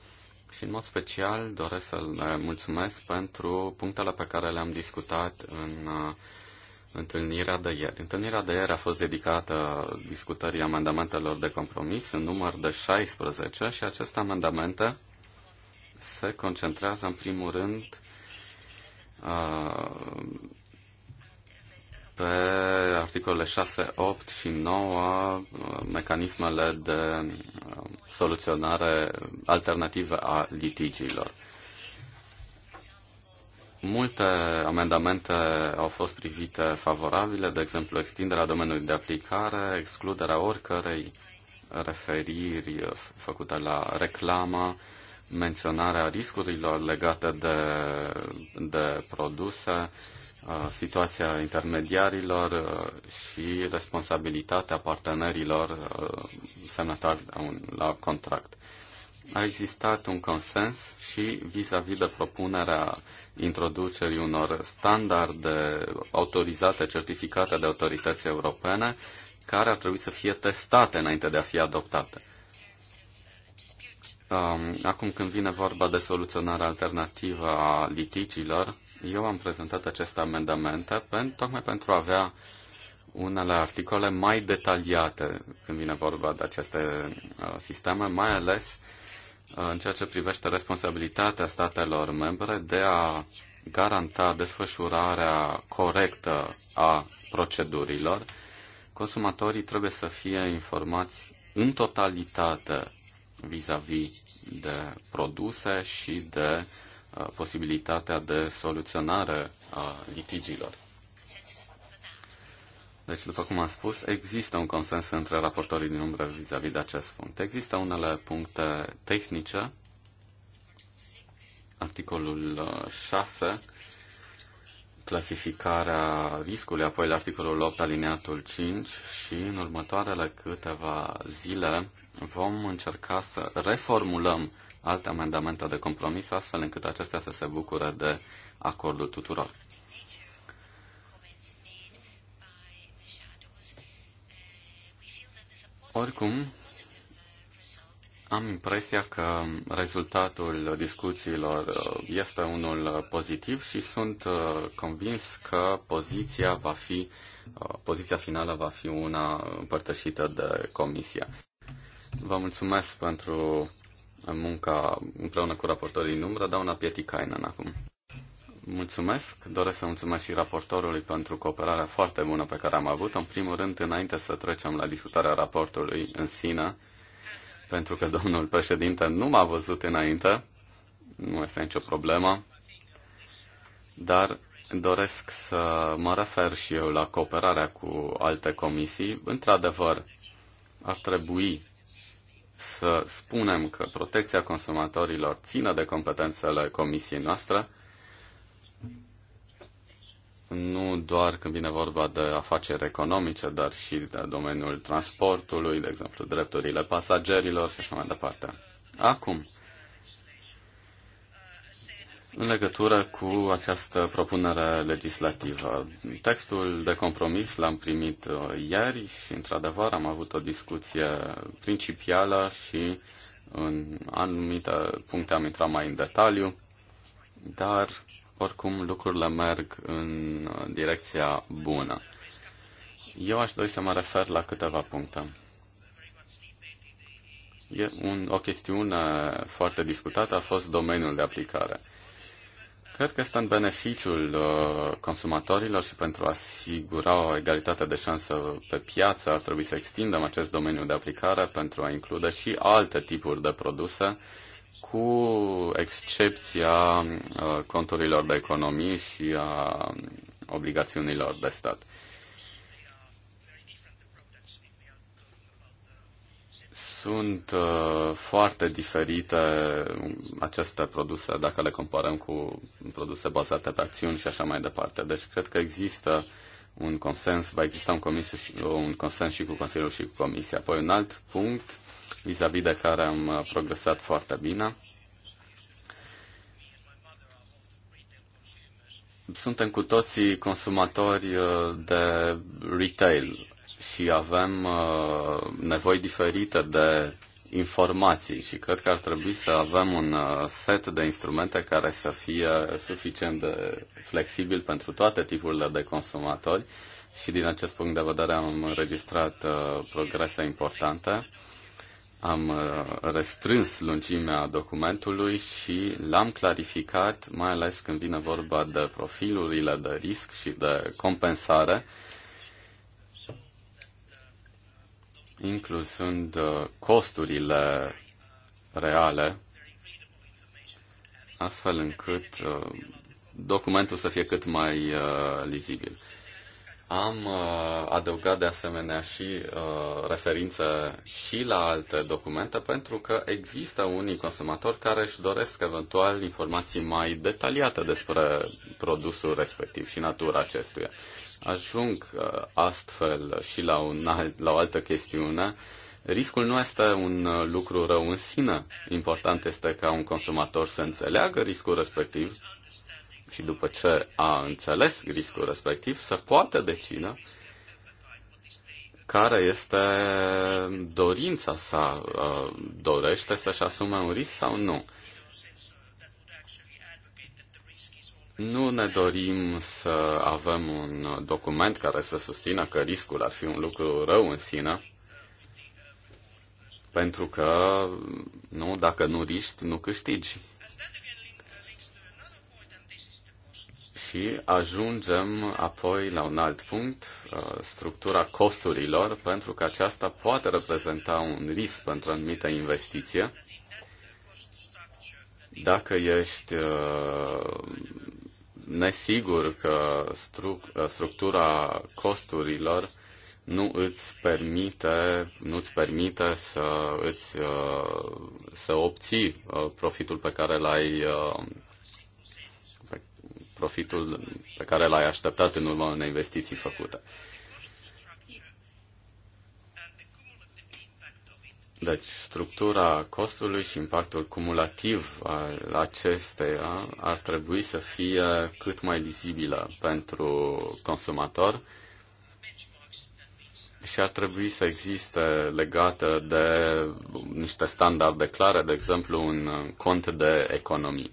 și, în mod special, doresc să le mulțumesc pentru punctele pe care le-am discutat în uh, întâlnirea de ieri. Întâlnirea de ieri a fost dedicată discutării amendamentelor de compromis în număr de 16 și aceste amendamente se concentrează în primul rând uh, pe articolele 6, 8 și 9, uh, mecanismele de uh, soluționare alternative a litigiilor. Multe amendamente au fost privite favorabile, de exemplu extinderea domeniului de aplicare, excluderea oricărei referiri făcute la reclamă, menționarea riscurilor legate de, de produse, situația intermediarilor și responsabilitatea partenerilor semnatari la contract a existat un consens și vis-a-vis -vis de propunerea introducerii unor standarde autorizate, certificate de autorități europene, care ar trebui să fie testate înainte de a fi adoptate. Um, acum când vine vorba de soluționarea alternativă a litigiilor, eu am prezentat aceste amendamente pentru, tocmai pentru a avea unele articole mai detaliate când vine vorba de aceste uh, sisteme, mai ales uh, în ceea ce privește responsabilitatea statelor membre de a garanta desfășurarea corectă a procedurilor, consumatorii trebuie să fie informați în totalitate vis-a-vis -vis de produse și de uh, posibilitatea de soluționare a litigiilor. Deci, după cum am spus, există un consens între raportorii din umbră vis-a-vis -vis de acest punct. Există unele puncte tehnice. Articolul 6, uh, clasificarea riscului, apoi la articolul 8, alineatul 5 și în următoarele câteva zile vom încerca să reformulăm alte amendamente de compromis astfel încât acestea să se bucure de acordul tuturor. Oricum, am impresia că rezultatul discuțiilor uh, este unul uh, pozitiv și sunt uh, convins că poziția va fi, poziția finală va fi una împărtășită de Comisia. Vă mulțumesc pentru munca împreună cu raportorii din umbră, doamna Pieti în acum. Mulțumesc. Doresc să mulțumesc și raportorului pentru cooperarea foarte bună pe care am avut-o. În primul rând, înainte să trecem la discutarea raportului în sine, pentru că domnul președinte nu m-a văzut înainte, nu este nicio problemă, dar doresc să mă refer și eu la cooperarea cu alte comisii. Într-adevăr, ar trebui să spunem că protecția consumatorilor ține de competențele comisiei noastre, nu doar când vine vorba de afaceri economice, dar și de domeniul transportului, de exemplu, drepturile pasagerilor și așa mai departe. Acum, în legătură cu această propunere legislativă, textul de compromis l-am primit uh, ieri și, într-adevăr, am avut o discuție principială și în anumite puncte am intrat mai în detaliu, dar oricum lucrurile merg în direcția bună. Eu aș dori să mă refer la câteva puncte. E un, o chestiune foarte discutată a fost domeniul de aplicare. Cred că este în beneficiul uh, consumatorilor și pentru a asigura o egalitate de șansă pe piață ar trebui să extindem acest domeniu de aplicare pentru a include și alte tipuri de produse cu excepția uh, conturilor de economie și a um, obligațiunilor de stat. Sunt uh, foarte diferite um, aceste produse dacă le comparăm cu produse bazate pe acțiuni și așa mai departe. Deci cred că există un consens, va exista un, comis, un consens și cu Consiliul și cu Comisia. Apoi un alt punct vis-a-vis de care am uh, progresat foarte bine. Suntem cu toții consumatori uh, de retail și avem uh, nevoi diferite de informații și cred că ar trebui să avem un set de instrumente care să fie suficient de flexibil pentru toate tipurile de consumatori și din acest punct de vedere am înregistrat progrese importante am uh, restrâns lungimea documentului și l-am clarificat, mai ales când vine vorba de profilurile de risc și de compensare, incluzând uh, costurile reale, astfel încât uh, documentul să fie cât mai lizibil. Am uh, adăugat de asemenea și uh, referință și la alte documente pentru că există unii consumatori care își doresc eventual informații mai detaliate despre produsul respectiv și natura acestuia. Ajung uh, astfel și la, un alt, la o altă chestiune. Riscul nu este un uh, lucru rău în sine. Important este ca un consumator să înțeleagă riscul respectiv și după ce a înțeles riscul respectiv, să poată decina care este dorința sa, uh, dorește să-și asume un risc sau nu. Nu ne dorim să avem un document care să susțină că riscul ar fi un lucru rău în sine, pentru că nu, dacă nu riști, nu câștigi. Și ajungem apoi la un alt punct, uh, structura costurilor, pentru că aceasta poate reprezenta un risc pentru anumite investiție. Dacă ești uh, nesigur că uh, structura costurilor nu îți permite, nu îți permite să, îți, să obții profitul pe care l-ai profitul pe care l-ai așteptat în urma unei investiții făcute. Deci, structura costului și impactul cumulativ al acesteia ar trebui să fie cât mai vizibilă pentru consumator și ar trebui să existe legată de niște standarde clare, de exemplu, un cont de economii.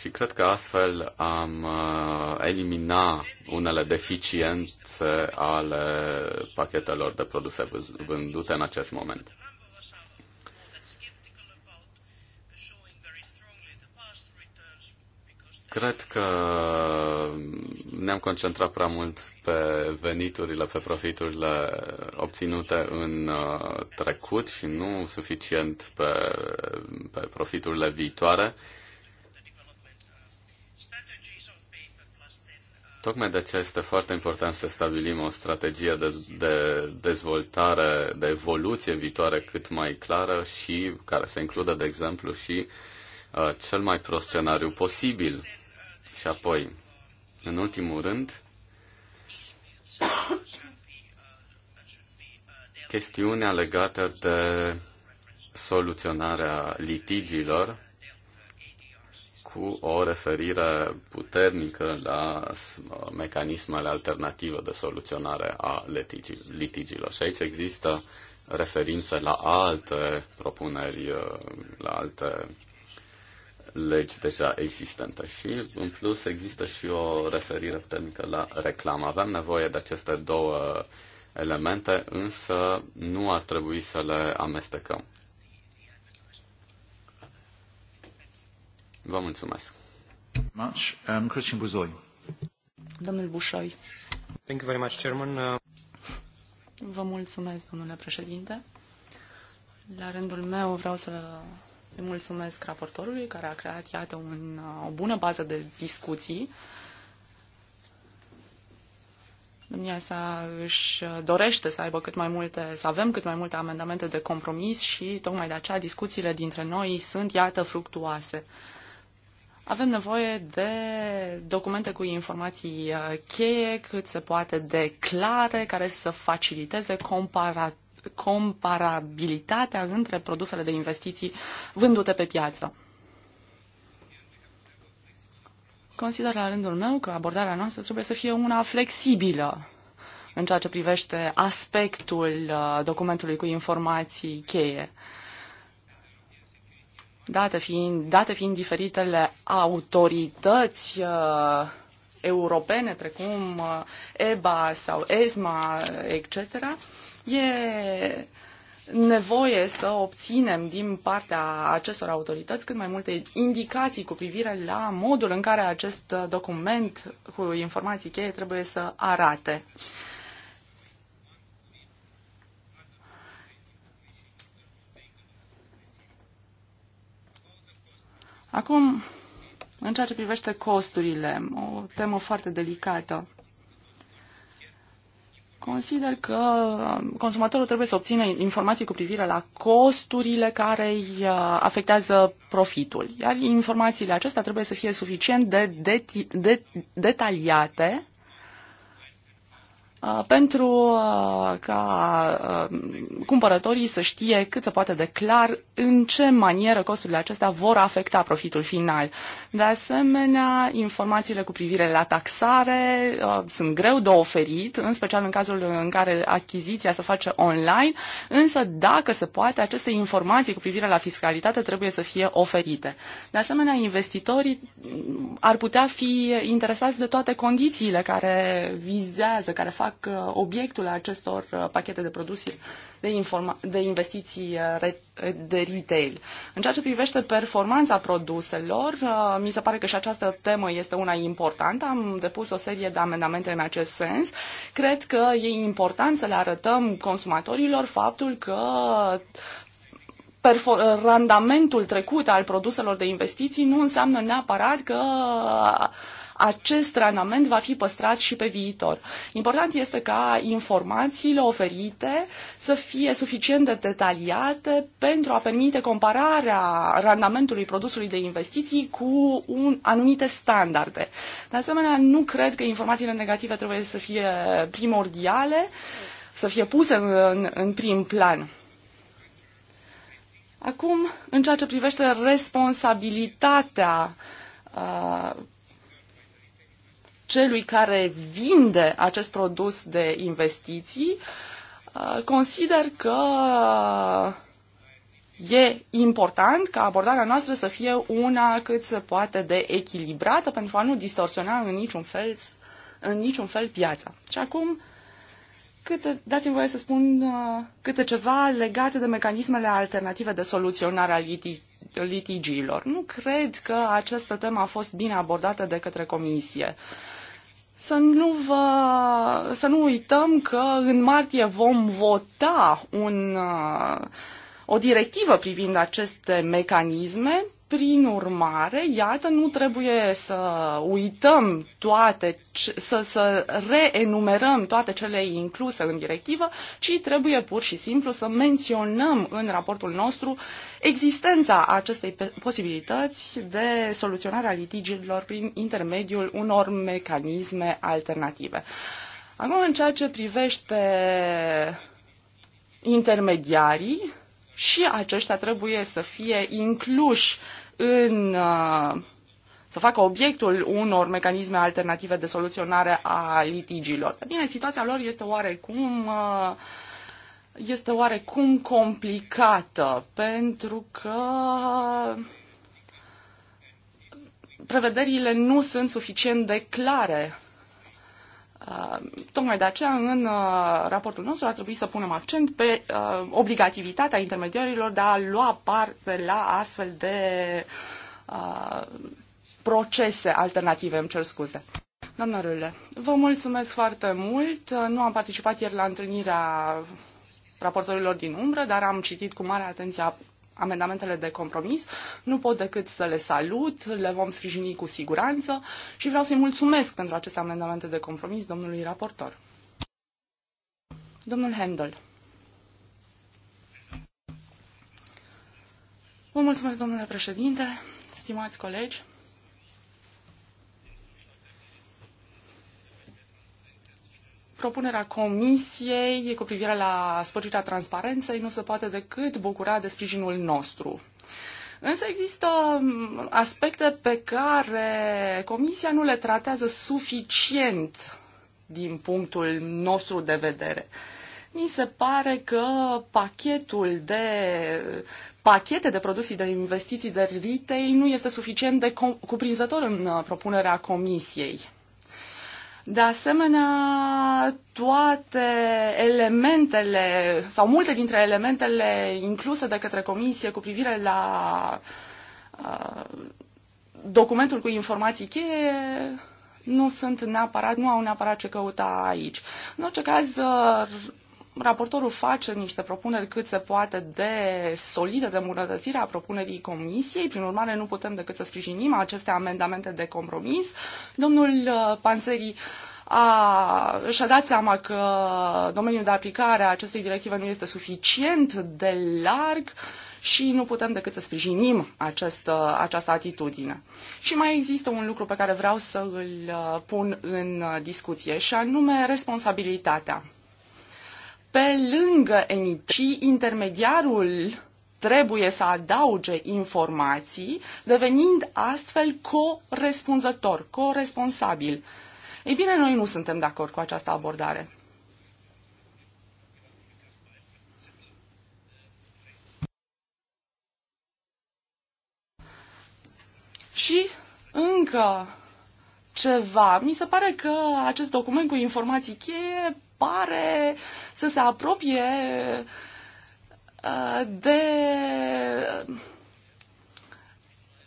Și cred că astfel am uh, elimina unele deficiențe ale pachetelor de produse vândute în acest moment. Cred că ne-am concentrat prea mult pe veniturile, pe profiturile obținute în uh, trecut și nu suficient pe, pe profiturile viitoare. Uh, Tocmai de aceea este foarte important să stabilim o strategie de, de dezvoltare, de evoluție viitoare cât mai clară și care să includă, de exemplu, și uh, cel mai prost scenariu posibil. Și apoi, în ultimul rând, chestiunea legată de soluționarea litigiilor cu o referire puternică la uh, mecanismele alternative de soluționare a litigilor. litigiilor. Și aici există referințe la alte propuneri, uh, la alte legi deja existente și, în plus, există și o referire puternică la reclamă. Avem nevoie de aceste două elemente, însă nu ar trebui să le amestecăm. Vă mulțumesc. Much. Um, Christian Buzoi. Domnul Bușoi. Thank you very much, Chairman. Vă mulțumesc, domnule președinte. La rândul meu vreau să îi mulțumesc raportorului care a creat, iată, un, o bună bază de discuții. Domnia sa își dorește să aibă cât mai multe, să avem cât mai multe amendamente de compromis și tocmai de aceea discuțiile dintre noi sunt, iată, fructuoase. Avem nevoie de documente cu informații uh, cheie, cât se poate de clare, care să faciliteze comparativ comparabilitatea între produsele de investiții vândute pe piață. Consider la rândul meu că abordarea noastră trebuie să fie una flexibilă în ceea ce privește aspectul uh, documentului cu informații cheie date fiind, date fiind diferitele autorități uh, europene, precum uh, EBA sau ESMA, etc., e nevoie să obținem din partea acestor autorități cât mai multe indicații cu privire la modul în care acest document cu informații cheie trebuie să arate. Uh, Acum, în ceea ce privește costurile, o temă foarte delicată. Consider că consumatorul trebuie să obțină informații cu privire la costurile care îi uh, afectează profitul, iar informațiile acestea trebuie să fie suficient de, de, de detaliate Uh, pentru uh, ca uh, cumpărătorii să știe cât se poate de clar în ce manieră costurile acestea vor afecta profitul final. De asemenea, informațiile cu privire la taxare sunt greu de oferit, în special în cazul în care achiziția se face online, însă dacă se poate, aceste informații cu privire la fiscalitate trebuie să fie oferite. De asemenea, investitorii ar putea fi interesați de toate condițiile care vizează, care fac fac uh, obiectul acestor uh, pachete de produse de, de investiții uh, de retail. În ceea ce privește performanța produselor, mi se pare că și această temă este una importantă. Am depus o serie de amendamente în acest sens. Cred că e important să le arătăm consumatorilor faptul că randamentul trecut al produselor de investiții nu înseamnă neapărat că acest randament va fi păstrat și pe viitor. Important este ca informațiile oferite să fie suficient de detaliate pentru a permite compararea randamentului produsului de investiții cu un, anumite standarde. De asemenea, nu cred că informațiile negative trebuie să fie primordiale, să fie puse în, în prim plan. Acum, în ceea ce privește responsabilitatea uh, celui care vinde acest produs de investiții, uh, consider că e important ca abordarea noastră să fie una cât se poate de echilibrată pentru a nu distorsiona în niciun fel, în niciun fel piața. Și acum, câte, dați-mi voie să spun uh, câte ceva legate de mecanismele alternative de soluționare a litig litigiilor. Nu cred că această temă a fost bine abordată de către comisie. Uh, să nu, vă, să nu uităm că în martie vom vota un, uh, o directivă privind aceste mecanisme prin urmare, iată, nu trebuie să uităm toate, să, să reenumerăm toate cele incluse în directivă, ci trebuie pur și simplu să menționăm în raportul nostru existența acestei posibilități de soluționare a litigiilor prin intermediul unor mecanisme alternative. Acum, în ceea ce privește intermediarii, și aceștia trebuie să fie incluși în uh, să facă obiectul unor mecanisme alternative de soluționare a litigiilor. Bine, situația lor este oarecum uh, este oarecum complicată pentru că prevederile nu sunt suficient de clare Uh, tocmai de aceea, în uh, raportul nostru ar trebui să punem accent pe uh, obligativitatea intermediarilor de a lua parte la astfel de procese alternative, îmi cer scuze. Doamna Râle, vă mulțumesc foarte mult. Nu am participat ieri la întâlnirea raportorilor din umbră, dar am citit cu mare atenție amendamentele de compromis. Nu pot decât să le salut, le vom sprijini cu siguranță și vreau să-i mulțumesc pentru aceste amendamente de compromis domnului raportor. Domnul Handel. Vă mulțumesc, domnule președinte, stimați colegi. propunerea Comisiei cu privire la sporirea transparenței nu se poate decât bucura de sprijinul nostru. Însă există aspecte pe care Comisia nu le tratează suficient din punctul nostru de vedere. Mi se pare că pachetul de pachete de produse de investiții de retail nu este suficient de cuprinzător în uh, propunerea Comisiei. De asemenea, toate elementele sau multe dintre elementele incluse de către comisie cu privire la uh, documentul cu informații cheie nu sunt neapărat, nu au neapărat ce căuta aici. În orice caz, raportorul face niște propuneri cât se poate de solide de îmbunătățire a propunerii comisiei, prin urmare nu putem decât să sprijinim aceste amendamente de compromis. Domnul uh, Panțerii, a, și-a dat seama că domeniul de aplicare a acestei directive nu este suficient de larg și nu putem decât să sprijinim acest, această atitudine. Și mai există un lucru pe care vreau să îl uh, pun în uh, discuție și anume responsabilitatea pe lângă emit și intermediarul trebuie să adauge informații, devenind astfel corespunzător, coresponsabil. Ei bine, noi nu suntem de acord cu această abordare. Și încă ceva. Mi se pare că acest document cu informații cheie pare să se apropie uh, de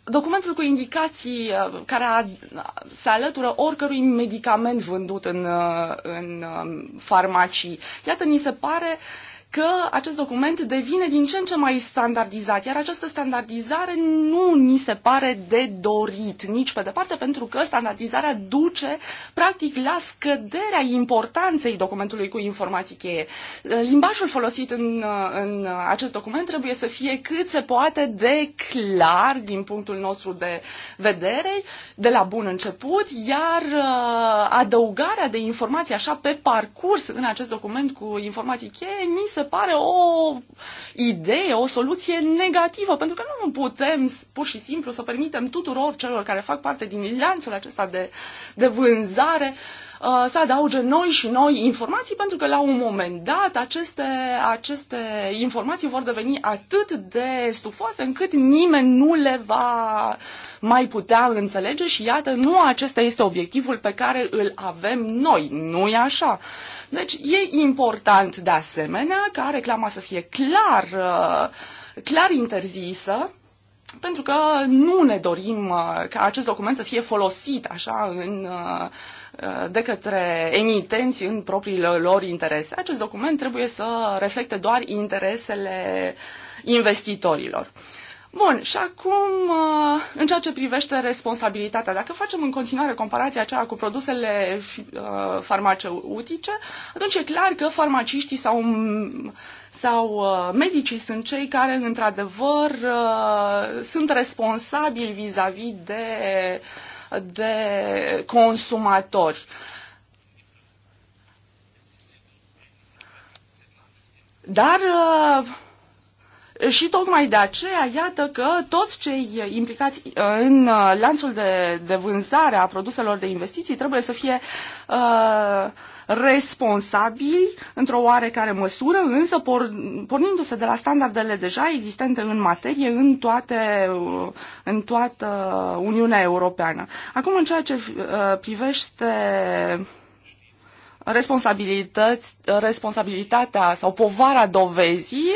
documentul cu indicații uh, care a, se alătură oricărui medicament vândut în, uh, în um, farmacii. Iată, ni se pare uh, că acest document devine din ce în ce mai standardizat, iar această standardizare nu ni se pare de dorit nici pe departe, pentru că standardizarea duce practic la scăderea importanței documentului cu informații cheie. Limbajul folosit în, în acest document trebuie să fie cât se poate de clar din punctul nostru de vedere, de la bun început, iar uh, adăugarea de informații așa pe parcurs în acest document cu informații cheie mi se se pare o idee, o soluție negativă, pentru că nu, nu putem pur și simplu să permitem tuturor celor care fac parte din lanțul acesta de, de vânzare uh, să adauge noi și noi informații, pentru că la un moment dat aceste, aceste informații vor deveni atât de stufoase încât nimeni nu le va mai putea înțelege și iată, nu acesta este obiectivul pe care îl avem noi, nu e așa? Uh, deci e important de asemenea ca reclama să fie clar, uh, clar interzisă, pentru că nu ne dorim uh, ca acest document să fie folosit așa în, uh, de către emitenți în propriile lor interese. Acest document trebuie să reflecte doar interesele investitorilor. Uh, Bun, și acum, uh, în ceea ce privește responsabilitatea, dacă facem în continuare comparația aceea cu produsele uh, farmaceutice, atunci e clar că farmaciștii sau, sau uh, medicii sunt cei care, într-adevăr, sunt responsabili vis-a-vis -vis de, de consumatori. Dar și tocmai de aceea, iată că toți cei implicați uh, în uh, lanțul de, de vânzare a produselor de investiții trebuie să fie uh, responsabili într-o oarecare măsură, însă por, pornindu-se de la standardele deja existente în materie în, toate, uh, în toată Uniunea Europeană. Acum, în ceea ce uh, privește responsabilități, responsabilitatea sau povara dovezii,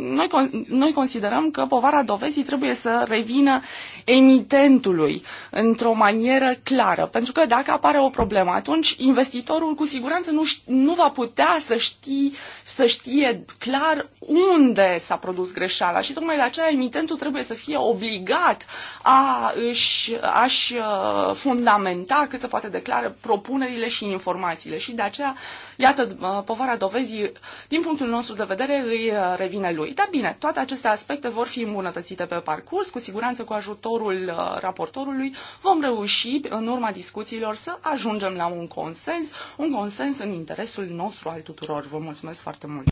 noi, noi considerăm că povara dovezii trebuie să revină emitentului într-o manieră clară. Pentru că dacă apare o problemă, atunci investitorul cu siguranță nu, nu va putea să, știi, să știe clar unde s-a produs greșeala și tocmai de aceea emitentul trebuie să fie obligat a își, a-și uh, fundamenta cât se poate declară propunerile și informațiile. Și și de aceea, iată, povara dovezii, din punctul nostru de vedere, îi uh, revine lui. Dar bine, toate aceste aspecte vor fi îmbunătățite pe parcurs, cu siguranță cu ajutorul uh, raportorului vom reuși, în urma discuțiilor, să ajungem la un consens, un consens în interesul nostru al tuturor. Vă mulțumesc foarte mult!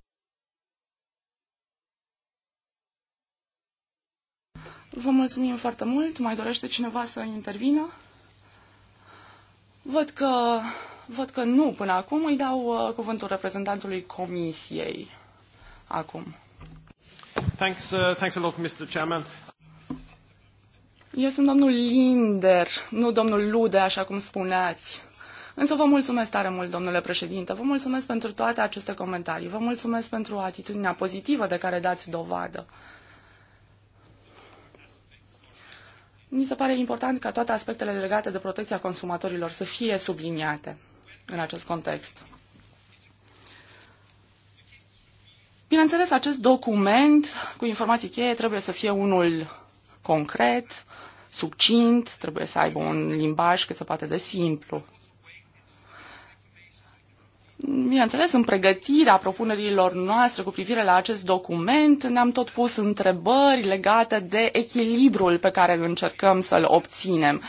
Vă mulțumim foarte mult. Mai dorește cineva să intervină? Văd că Văd că nu până acum. Îi dau uh, cuvântul reprezentantului Comisiei. Acum. Thanks, uh, thanks a lot, Mr. Chairman. Eu sunt domnul Linder, nu domnul Lude, așa cum spuneați. Însă vă mulțumesc tare mult, domnule președinte, vă mulțumesc pentru toate aceste comentarii, vă mulțumesc pentru atitudinea pozitivă de care dați dovadă. Mi se pare important ca toate aspectele legate de protecția consumatorilor să fie subliniate în acest context. Bineînțeles, acest document cu informații cheie trebuie să fie unul concret, succint, trebuie să aibă un limbaj cât se poate de simplu. Bineînțeles, în pregătirea propunerilor noastre cu privire la acest document, ne-am tot pus întrebări legate de echilibrul pe care încercăm să-l obținem. Uh,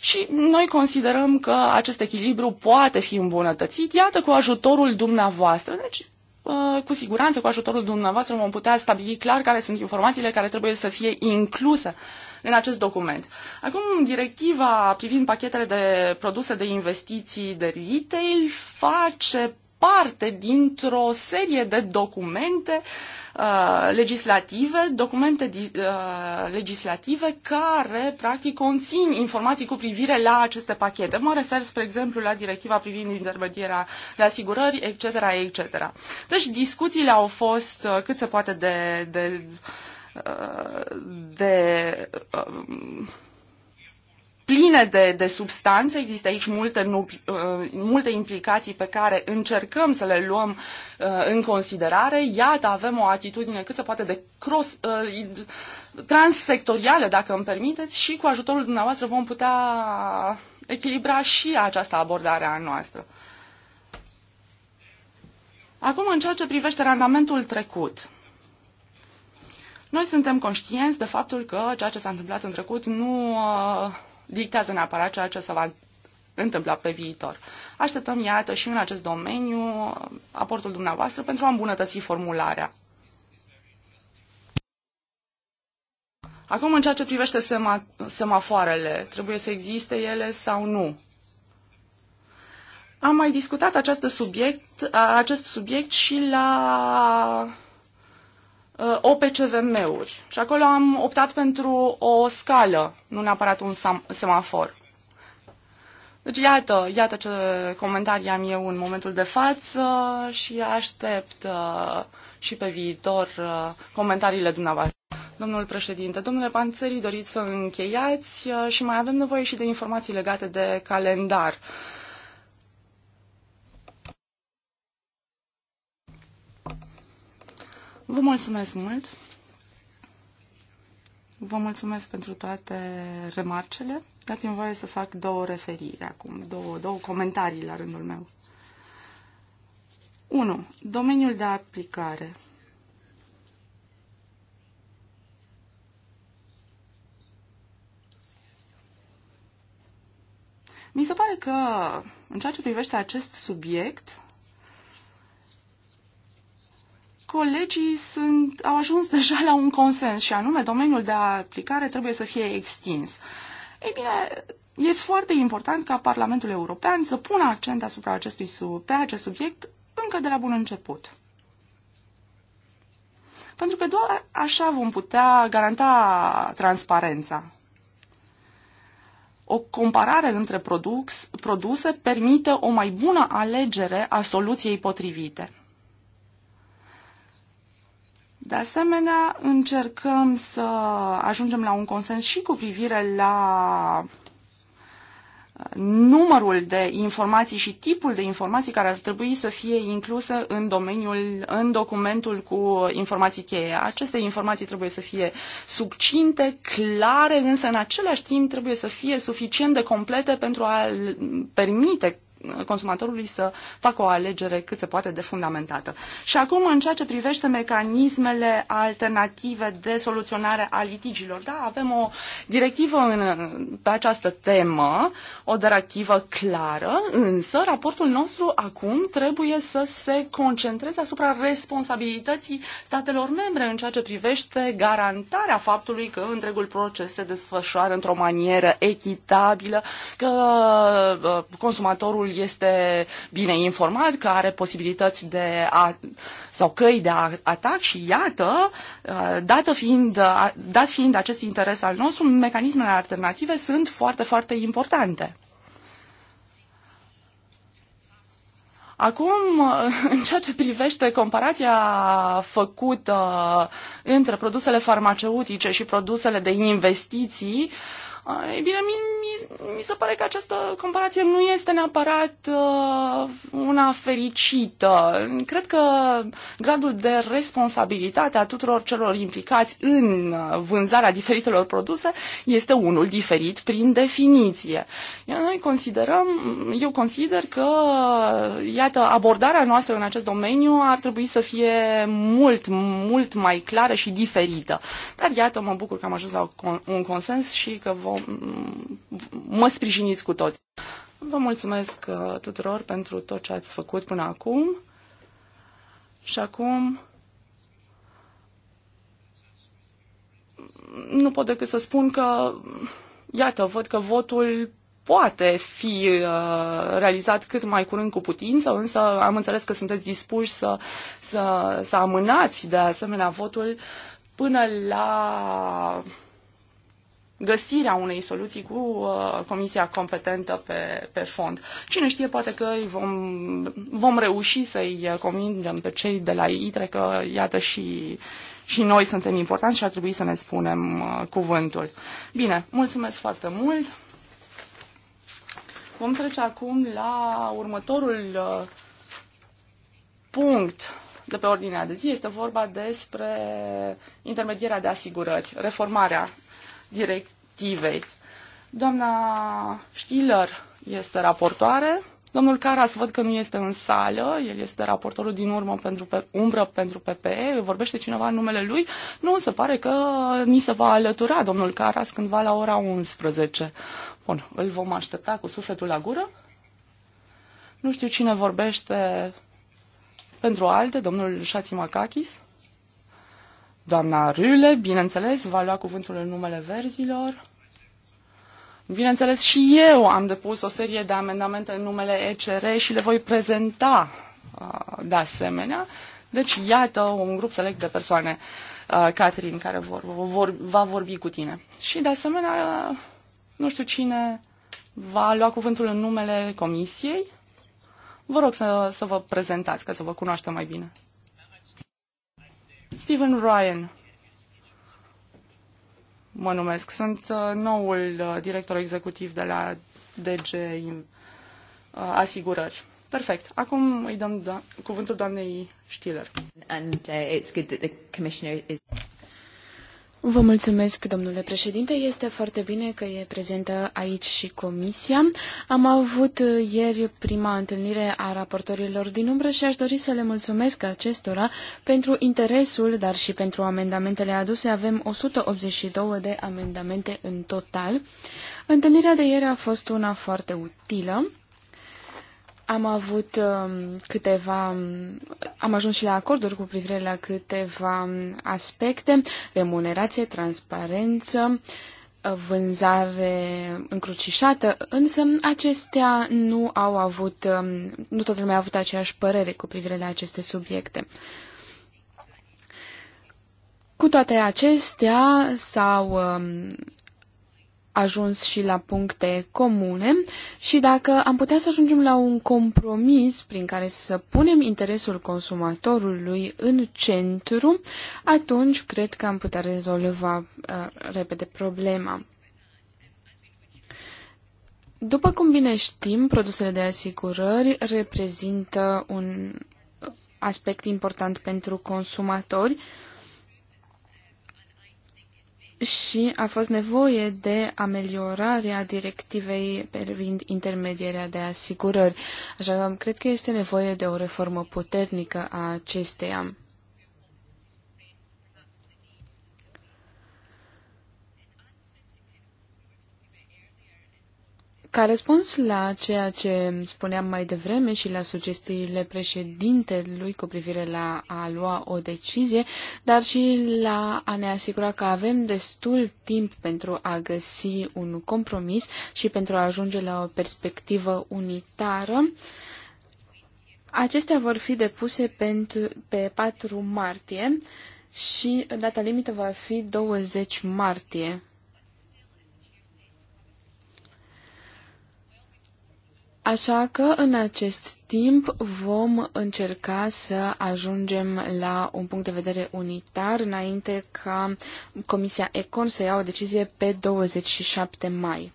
și noi considerăm că acest echilibru poate fi îmbunătățit, iată, cu ajutorul dumneavoastră. Deci, uh, cu siguranță, cu ajutorul dumneavoastră, vom putea stabili clar care sunt informațiile care trebuie să fie incluse în acest document. Acum, directiva privind pachetele de produse de investiții de retail face parte dintr-o serie de documente uh, legislative, documente uh, legislative care practic conțin informații cu privire la aceste pachete. Mă refer, spre exemplu, la directiva privind intermedierea de asigurări, etc., etc. Deci discuțiile au fost uh, cât se poate de, de uh, de uh, pline de, de substanțe. Există aici multe, nu, uh, multe implicații pe care încercăm să le luăm uh, în considerare. Iată, avem o atitudine cât se poate de cross, uh, transsectorială, dacă îmi permiteți, și cu ajutorul dumneavoastră vom putea echilibra și această abordare a noastră. Acum, în ceea ce privește randamentul trecut, noi suntem conștienți de faptul că ceea ce s-a întâmplat în trecut nu dictează neapărat ceea ce se va întâmpla pe viitor. Așteptăm, iată, și în acest domeniu uh, aportul dumneavoastră pentru a îmbunătăți formularea. Acum, în ceea ce privește sema, semafoarele, trebuie să existe ele sau nu? Am mai discutat acest subiect, uh, acest subiect și la Uh, OPCVM-uri și acolo am optat pentru o scală, nu neapărat un semafor. Deci iată, iată ce comentarii am eu în momentul de față și aștept uh, și pe viitor uh, comentariile dumneavoastră. Domnul președinte, domnule Panțării, doriți să încheiați și mai avem nevoie și de informații legate de calendar. Vă mulțumesc mult! Vă mulțumesc pentru toate remarcele. Dați-mi voie să fac două referiri acum, două, două comentarii la rândul meu. 1. Domeniul de aplicare. Mi se pare că, în ceea ce privește acest subiect, colegii sunt, au ajuns deja la un consens și anume domeniul de aplicare trebuie să fie extins. Ei bine, e foarte important ca Parlamentul European să pună accent asupra acestui, pe acest subiect încă de la bun început. Pentru că doar așa vom putea garanta transparența. O comparare între produs, produse permite o mai bună alegere a soluției potrivite. De asemenea, încercăm să ajungem la un consens și cu privire la uh, numărul de informații și tipul de informații care ar trebui să fie incluse în domeniul, în documentul cu informații cheie. Aceste informații trebuie să fie subcinte, clare, însă în același timp trebuie să fie suficient de complete pentru a permite consumatorului să facă o alegere cât se poate de fundamentată. Și acum, în ceea ce privește mecanismele alternative de soluționare a litigilor, da, avem o directivă în, pe această temă, o directivă clară, însă raportul nostru acum trebuie să se concentreze asupra responsabilității statelor membre în ceea ce privește garantarea faptului că întregul proces se desfășoară într-o manieră echitabilă, că uh, consumatorul este bine informat, că are posibilități de a, sau căi de a, atac și iată, uh, dată fiind, uh, dat fiind acest interes al nostru, mecanismele alternative sunt foarte, foarte importante. Acum, uh, în ceea ce privește comparația făcută între produsele farmaceutice și produsele de investiții, uh, Ah, Ei bine, mi, mi, mi se pare că această comparație nu este neapărat uh, una fericită. Cred că gradul de responsabilitate a tuturor celor implicați în vânzarea diferitelor produse este unul diferit prin definiție. Iar noi considerăm, eu consider că, iată, abordarea noastră în acest domeniu ar trebui să fie mult, mult mai clară și diferită. Dar, iată, mă bucur că am ajuns la un consens și că vom mă sprijiniți cu toți. Vă mulțumesc uh, tuturor pentru tot ce ați făcut până acum. Și acum nu pot decât să spun că, iată, văd că votul poate fi uh, realizat cât mai curând cu putință, însă am înțeles că sunteți dispuși să, să, să amânați de asemenea votul până la găsirea unei soluții cu uh, comisia competentă pe, pe fond. Cine știe, poate că îi vom, vom reuși să-i uh, convingem pe cei de la ITRE că, iată, și, și noi suntem importanți și ar trebui să ne spunem uh, cuvântul. Bine, mulțumesc foarte mult. Vom trece acum la următorul uh, punct de pe ordinea de zi. Este vorba despre intermedierea de asigurări, reformarea directivei. Doamna Stiller este raportoare. Domnul Caras văd că nu este în sală, el este raportorul din urmă pentru pe, umbră pentru PPE, vorbește cineva în numele lui, nu se pare că ni se va alătura domnul Caras cândva la ora 11. Bun, îl vom aștepta cu sufletul la gură. Nu știu cine vorbește pentru alte, domnul Șați Macachis. Doamna Rule, bineînțeles, va lua cuvântul în numele verzilor. Bineînțeles, și eu am depus o serie de amendamente în numele ECR și le voi prezenta uh, de asemenea. Deci, iată un grup select de persoane, uh, Catrin, care vor, vor, va vorbi cu tine. Și, de asemenea, uh, nu știu cine va lua cuvântul în numele comisiei. Vă rog să, să vă prezentați, ca să vă cunoaștem mai bine. Steven Ryan. Mă numesc. Sunt uh, noul uh, director executiv de la DG uh, Asigurări. Perfect. Acum îi dăm do- cuvântul doamnei Stiller. And uh, it's good that the commissioner is... Vă mulțumesc, domnule președinte. Este foarte bine că e prezentă aici și comisia. Am avut uh, ieri prima întâlnire a raportorilor din umbră și aș dori să le mulțumesc acestora pentru interesul, dar și pentru amendamentele aduse. Avem 182 de amendamente în total. Întâlnirea de ieri a fost una foarte utilă. Am avut um, câteva, am ajuns și la acorduri cu privire la câteva um, aspecte, remunerație, transparență, vânzare încrucișată, însă acestea nu au avut, um, nu toată lumea a avut aceeași părere cu privire la aceste subiecte. Cu toate acestea s-au ajuns și la puncte comune și dacă am putea să ajungem la un compromis prin care să punem interesul consumatorului în centru, atunci cred că am putea rezolva uh, repede problema. După cum bine știm, produsele de asigurări reprezintă un aspect important pentru consumatori, uh, și a fost nevoie de ameliorarea directivei privind intermedierea de asigurări. Așa că cred că este nevoie de o reformă puternică a acesteia. Ca răspuns la ceea ce spuneam mai devreme și la sugestiile președintelui cu privire la a lua o decizie, dar și la a ne asigura că avem destul timp pentru a găsi un compromis și pentru a ajunge la o perspectivă unitară, acestea vor fi depuse pentru, pe 4 martie și data limită va fi 20 martie Așa că în acest timp vom încerca să ajungem la un punct de vedere unitar înainte ca Comisia Econ să ia o decizie pe 27 mai.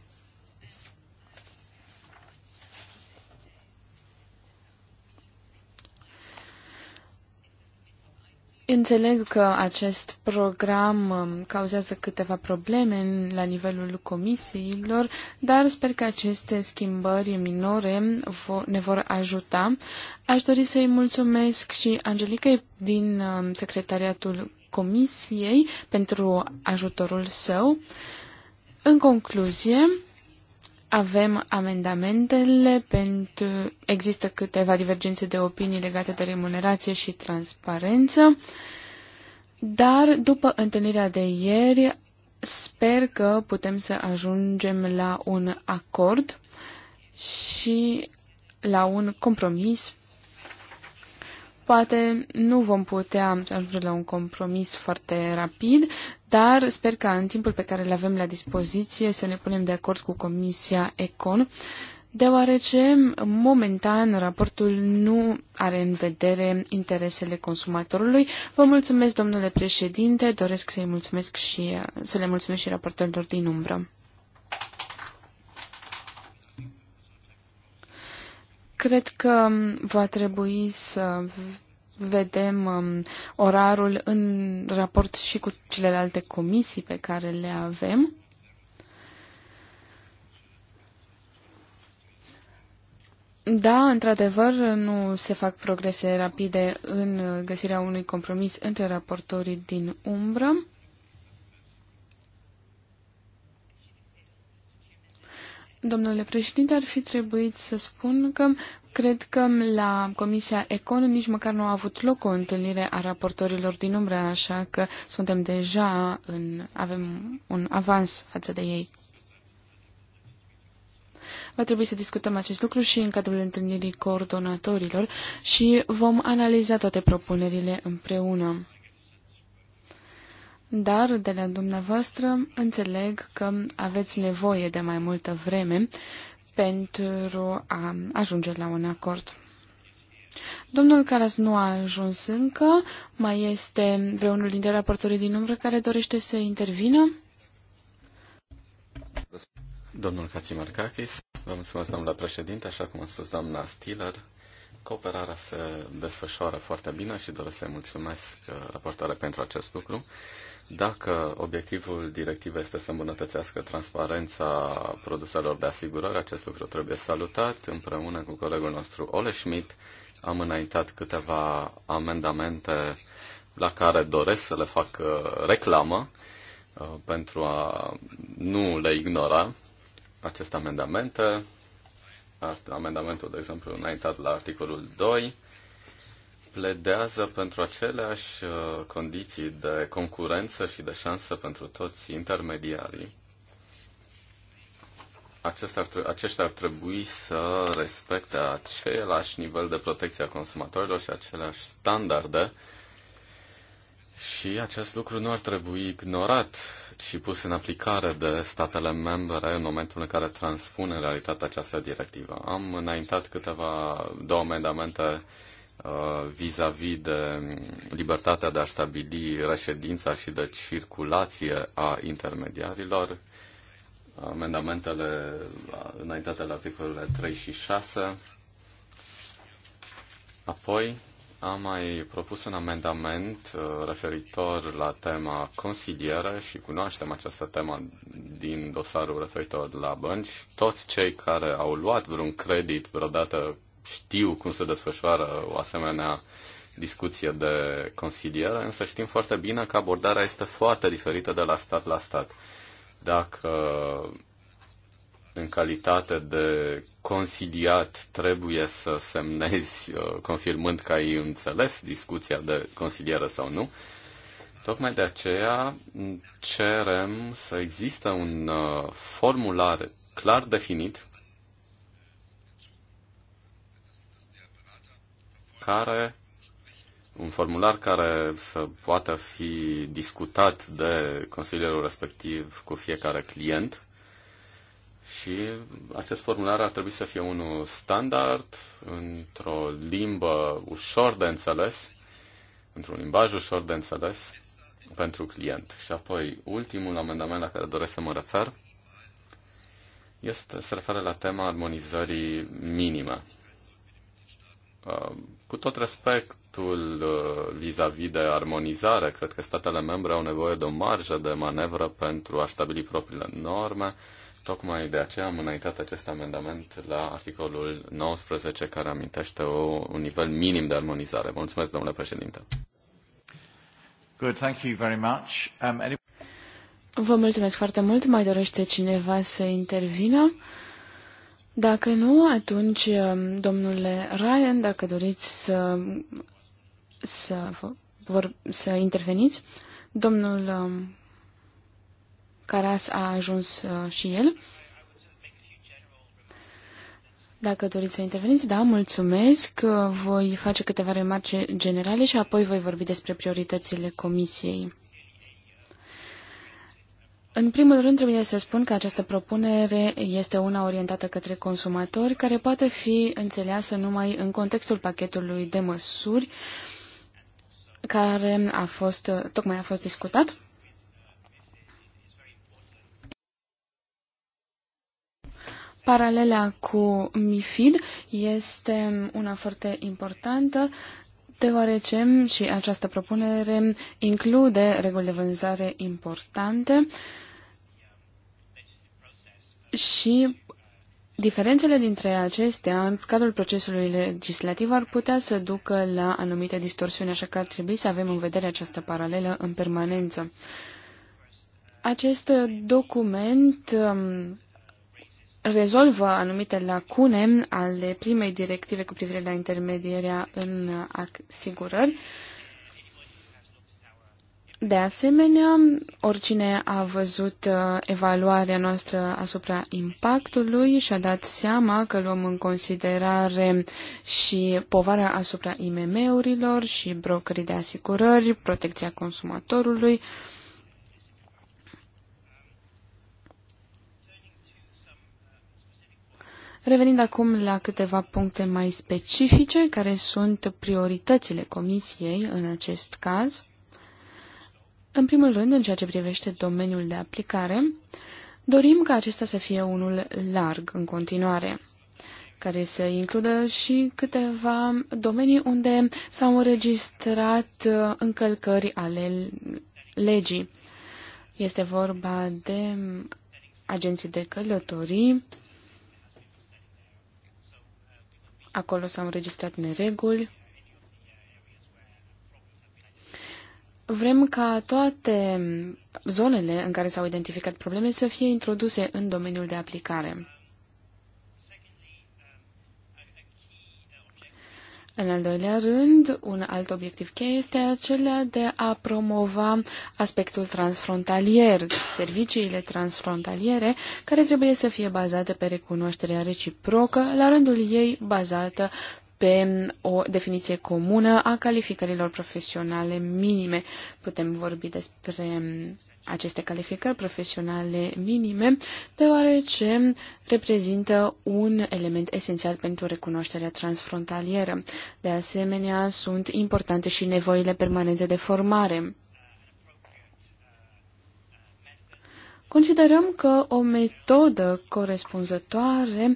Înțeleg că acest program um, cauzează câteva probleme la nivelul comisiilor, dar sper că aceste schimbări minore ne vor ajuta. Aș dori să-i mulțumesc și Angelicăi din um, secretariatul comisiei pentru ajutorul său. În concluzie, avem amendamentele pentru... Există câteva divergențe de opinii legate de remunerație și transparență, dar după întâlnirea de ieri sper că putem să ajungem la un acord și la un compromis Poate nu vom putea ajunge la un compromis foarte rapid, dar sper că în timpul pe care îl avem la dispoziție să ne punem de acord cu Comisia Econ, deoarece momentan raportul nu are în vedere interesele consumatorului. Vă mulțumesc, domnule președinte, doresc să-i mulțumesc și să le mulțumesc și raportorilor din umbră. Cred că um, va trebui să vedem um, orarul în raport și cu celelalte comisii pe care le avem. Da, într-adevăr, nu se fac progrese rapide în uh, găsirea unui compromis între raportorii din umbră. Domnule președinte, ar fi trebuit să spun că cred că la Comisia Econ nici măcar nu a avut loc o întâlnire a raportorilor din umbră, așa că suntem deja în, avem un avans față de ei. Va trebui să discutăm acest lucru și în cadrul întâlnirii coordonatorilor și vom analiza toate propunerile împreună dar de la dumneavoastră înțeleg că aveți nevoie de mai multă vreme pentru a ajunge la un acord. Domnul Caras nu a ajuns încă. Mai este vreunul dintre raportorii din umbră care dorește să intervină? Domnul Kacimarkakis, vă mulțumesc, doamna președinte, așa cum a spus doamna Stiller, cooperarea se desfășoară foarte bine și doresc să-i mulțumesc uh, raportoare pentru acest lucru. Dacă obiectivul directivei este să îmbunătățească transparența produselor de asigurare, acest lucru trebuie salutat. Împreună cu colegul nostru Ole Schmidt am înaintat câteva amendamente la care doresc să le fac uh, reclamă uh, pentru a nu le ignora aceste amendamente. Amendamentul, de exemplu, înaintat la articolul 2 pledează pentru aceleași uh, condiții de concurență și de șansă pentru toți intermediarii. ar, tre- aceștia ar trebui să respecte același nivel de protecție a consumatorilor și aceleași standarde și acest lucru nu ar trebui ignorat și pus în aplicare de statele membre în momentul în care transpun în realitate această directivă. Am înaintat câteva două amendamente Uh, vis-a-vis de libertatea de a stabili reședința și de circulație a intermediarilor, amendamentele înaintate la articolele 3 și 6. Apoi am mai propus un amendament uh, referitor la tema consiliere și cunoaștem această temă din dosarul referitor la bănci. Toți cei care au luat vreun credit vreodată știu cum se desfășoară o asemenea discuție de consiliere, însă știm foarte bine că abordarea este foarte diferită de la stat la stat. Dacă în calitate de consiliat trebuie să semnezi uh, confirmând că ai înțeles discuția de consiliere sau nu, Tocmai de aceea cerem să există un uh, formular clar definit care un formular care să poată fi discutat de consilierul respectiv cu fiecare client și acest formular ar trebui să fie unul standard, într-o limbă ușor de înțeles, într-un limbaj ușor de înțeles pentru client. Și apoi, ultimul amendament la care doresc să mă refer este, se referă la tema armonizării minime uh, cu tot respectul uh, vis-a-vis -vis de armonizare, cred că statele membre au nevoie de o marjă de manevră pentru a stabili propriile norme. Tocmai de aceea am înaintat acest amendament la articolul 19 care amintește o, un nivel minim de armonizare. Mulțumesc, domnule președinte. Good, thank you very much. Um, any... Vă mulțumesc foarte mult. Mai dorește cineva să intervină? Dacă nu, atunci, um, domnule Ryan, dacă doriți să, să, vor, să interveniți, domnul um, Caras a ajuns uh, și el. Dacă doriți să interveniți, da, mulțumesc. Uh, voi face câteva remarce generale și apoi voi vorbi despre prioritățile comisiei. În primul rând, trebuie să spun că această propunere este una orientată către consumatori, care poate fi înțeleasă numai în contextul pachetului de măsuri care a fost, tocmai a fost discutat. Paralela cu MIFID este una foarte importantă deoarece și această propunere include reguli de vânzare importante și Diferențele dintre acestea, în cadrul procesului legislativ, ar putea să ducă la anumite distorsiuni, așa că ar trebui să avem în vedere această paralelă în permanență. Acest document um, rezolvă anumite lacune ale primei directive cu privire la intermedierea în asigurări. De asemenea, oricine a văzut uh, evaluarea noastră asupra impactului și-a dat seama că luăm în considerare și povara asupra IMM-urilor și brokerii de asigurări, protecția consumatorului, Revenind acum la câteva puncte mai specifice, care sunt prioritățile Comisiei în acest caz. În primul rând, în ceea ce privește domeniul de aplicare, dorim ca acesta să fie unul larg în continuare care să includă și câteva domenii unde s-au înregistrat uh, încălcări ale legii. Este vorba de um, agenții de călătorii, Acolo s-au înregistrat nereguli. Vrem ca toate zonele în care s-au identificat probleme să fie introduse în domeniul de aplicare. În al doilea rând, un alt obiectiv cheie este acela de a promova aspectul transfrontalier, serviciile transfrontaliere, care trebuie să fie bazate pe recunoașterea reciprocă, la rândul ei bazată pe o definiție comună a calificărilor profesionale minime. Putem vorbi despre aceste calificări profesionale minime, deoarece reprezintă un element esențial pentru recunoașterea transfrontalieră. De asemenea, sunt importante și nevoile permanente de formare. Considerăm că o metodă corespunzătoare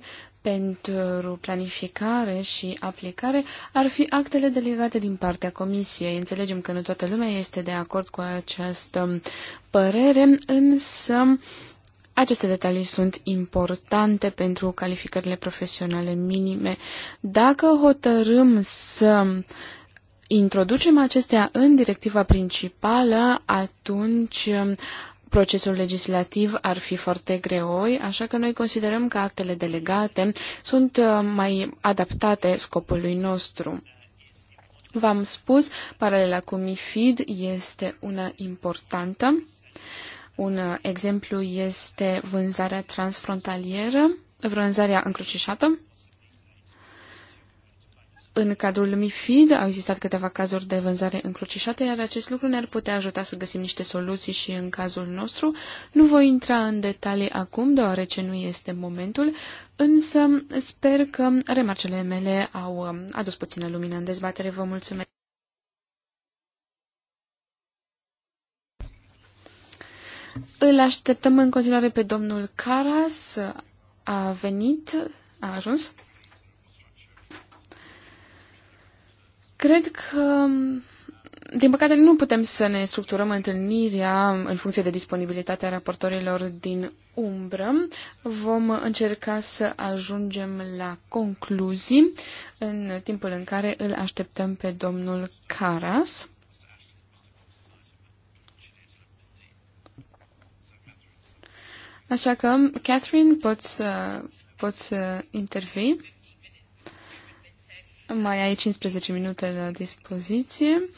pentru planificare și aplicare ar fi actele delegate din partea Comisiei. Înțelegem că nu toată lumea este de acord cu această părere, însă aceste detalii sunt importante pentru calificările profesionale minime. Dacă hotărâm să introducem acestea în directiva principală, atunci procesul legislativ ar fi foarte greoi, așa că noi considerăm că actele delegate sunt uh, mai adaptate scopului nostru. V-am spus, paralela cu MIFID este una importantă. Un exemplu este vânzarea transfrontalieră, vânzarea încrucișată. În cadrul MIFID au existat câteva cazuri de vânzare încrucișate, iar acest lucru ne-ar putea ajuta să găsim niște soluții și în cazul nostru. Nu voi intra în detalii acum, deoarece nu este momentul, însă sper că remarcele mele au um, adus puțină lumină în dezbatere. Vă mulțumesc! Îl așteptăm în continuare pe domnul Caras. A venit, a ajuns. Cred că, din păcate, nu putem să ne structurăm întâlnirea în funcție de disponibilitatea raportorilor din umbră. Vom încerca să ajungem la concluzii în timpul în care îl așteptăm pe domnul Caras. Așa că, Catherine, poți să, poți să intervii. Mai ai 15 minute la dispoziție.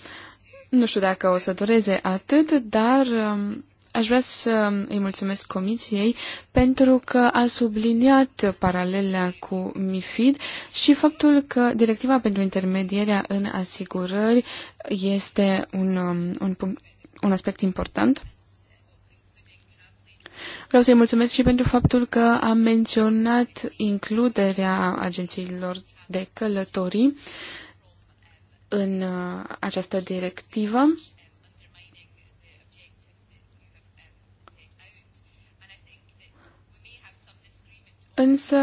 Nu știu dacă o să dureze atât, dar um, aș vrea să îi mulțumesc comisiei pentru că a subliniat paralela cu MIFID și faptul că directiva pentru intermedierea în asigurări este un, um, un, un aspect important. Vreau să-i mulțumesc și pentru faptul că a menționat includerea agențiilor de călătorii în uh, această directivă. Însă,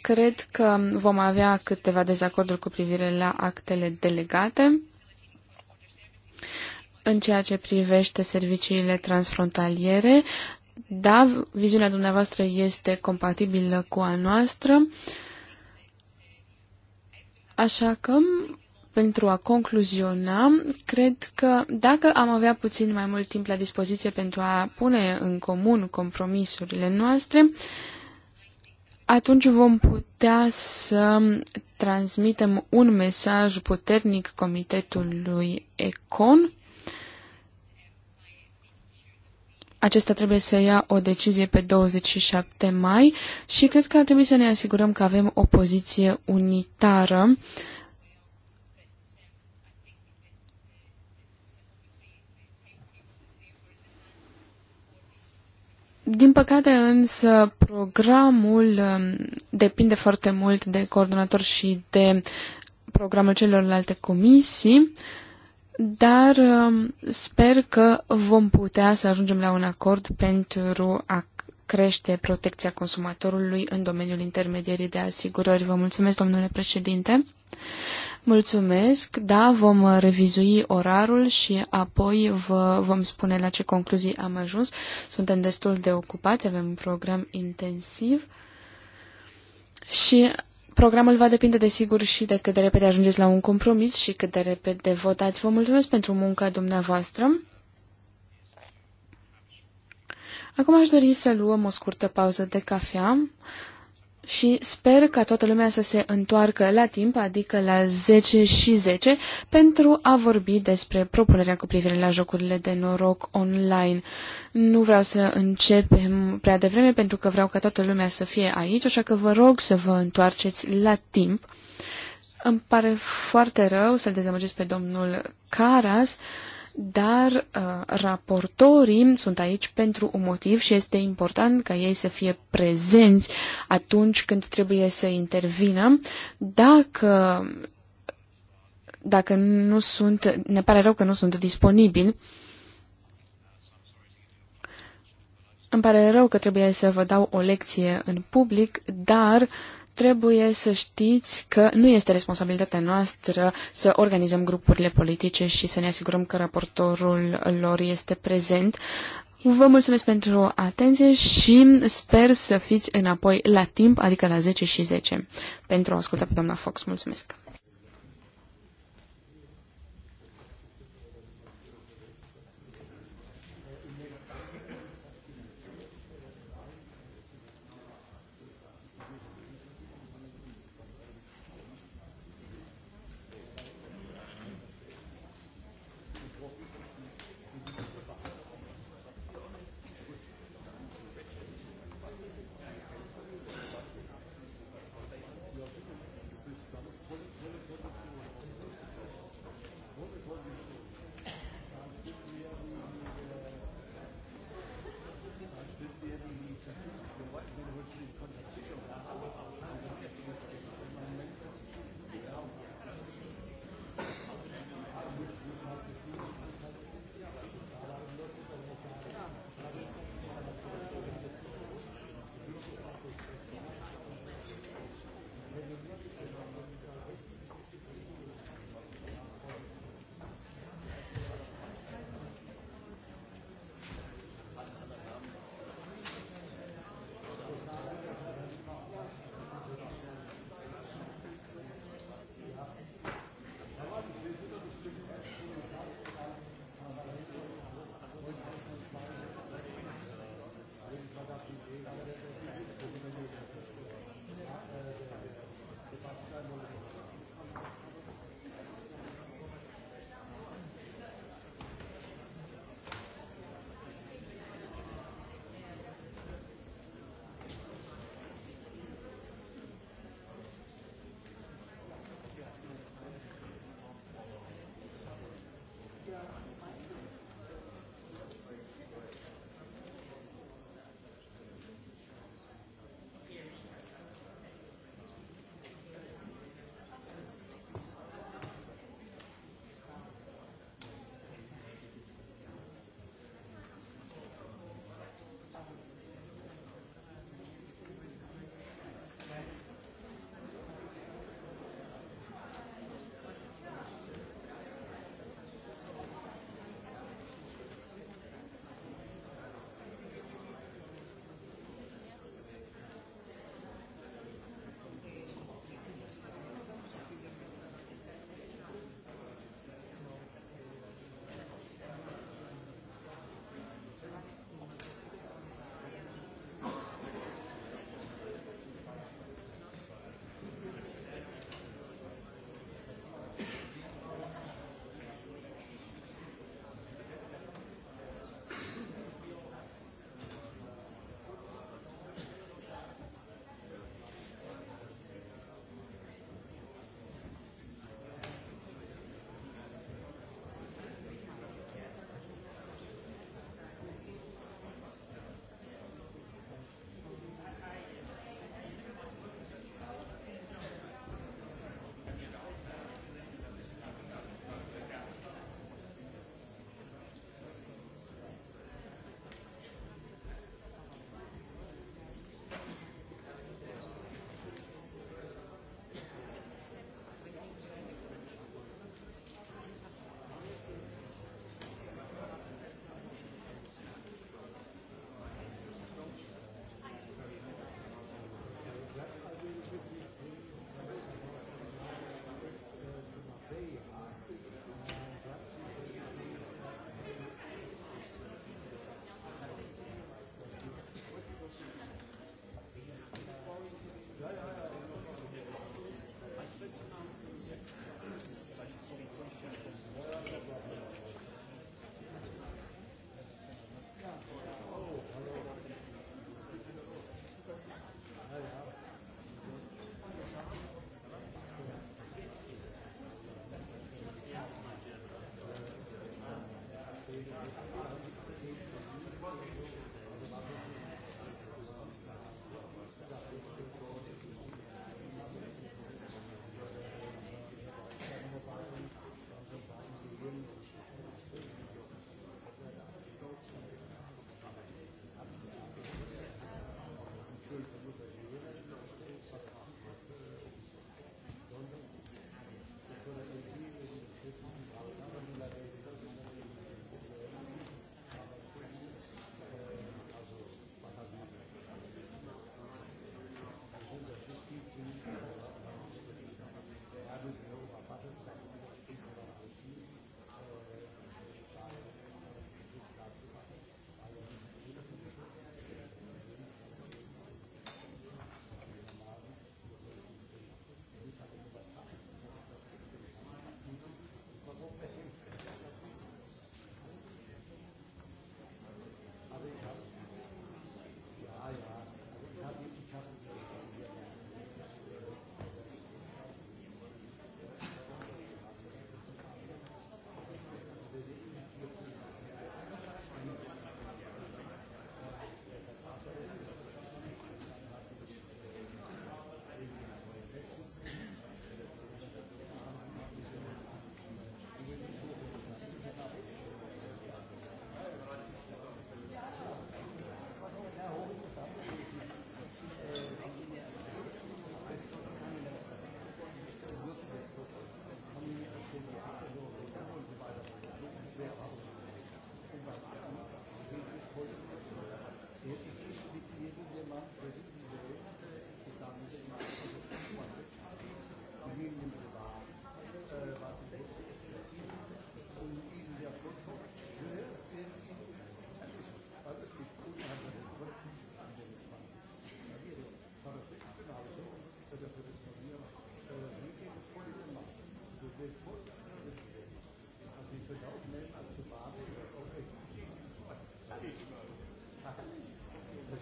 cred că vom avea câteva dezacorduri cu privire la actele delegate în ceea ce privește serviciile transfrontaliere. Da, viziunea dumneavoastră este compatibilă cu a noastră. Uh, Așa că, pentru a concluziona, cred că dacă am avea puțin mai mult timp la dispoziție pentru a pune în comun compromisurile noastre, atunci vom putea să transmitem un mesaj puternic Comitetului ECON acesta trebuie să ia o decizie pe 27 mai și cred că ar trebui să ne asigurăm că avem o poziție unitară. Din păcate însă programul um, depinde foarte mult de coordonator și de programul celorlalte comisii. Uh, dar um, sper că vom putea să ajungem la un acord pentru a crește protecția consumatorului în domeniul intermedierii de asigurări. Vă mulțumesc, domnule președinte. Mulțumesc, da, vom revizui orarul și apoi vă vom spune la ce concluzii am ajuns. Suntem destul de ocupați, avem un program intensiv. Și Programul va depinde, desigur, și de cât de repede ajungeți la un compromis și cât de repede votați. Vă mulțumesc pentru munca dumneavoastră. Acum aș dori să luăm o scurtă pauză de cafea și sper ca toată lumea să se întoarcă la timp, adică la 10 și 10, pentru a vorbi despre propunerea cu privire la jocurile de noroc online. Nu vreau să începem prea devreme pentru că vreau ca toată lumea să fie aici, așa că vă rog să vă întoarceți la timp. Îmi pare foarte rău să-l dezamăgesc pe domnul Caras, uh, dar uh, raportorii sunt aici pentru un motiv și este important ca ei să fie prezenți atunci când trebuie să intervină. Dacă, dacă nu sunt, ne pare rău că nu sunt disponibili, îmi pare rău că trebuie să vă dau o lecție în public, dar uh, trebuie să știți că nu este responsabilitatea noastră să organizăm grupurile politice și să ne asigurăm că raportorul lor este prezent. Vă mulțumesc pentru atenție și sper să fiți înapoi la timp, adică la 10 și 10, pentru a asculta pe doamna Fox. Mulțumesc!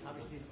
Habe ich den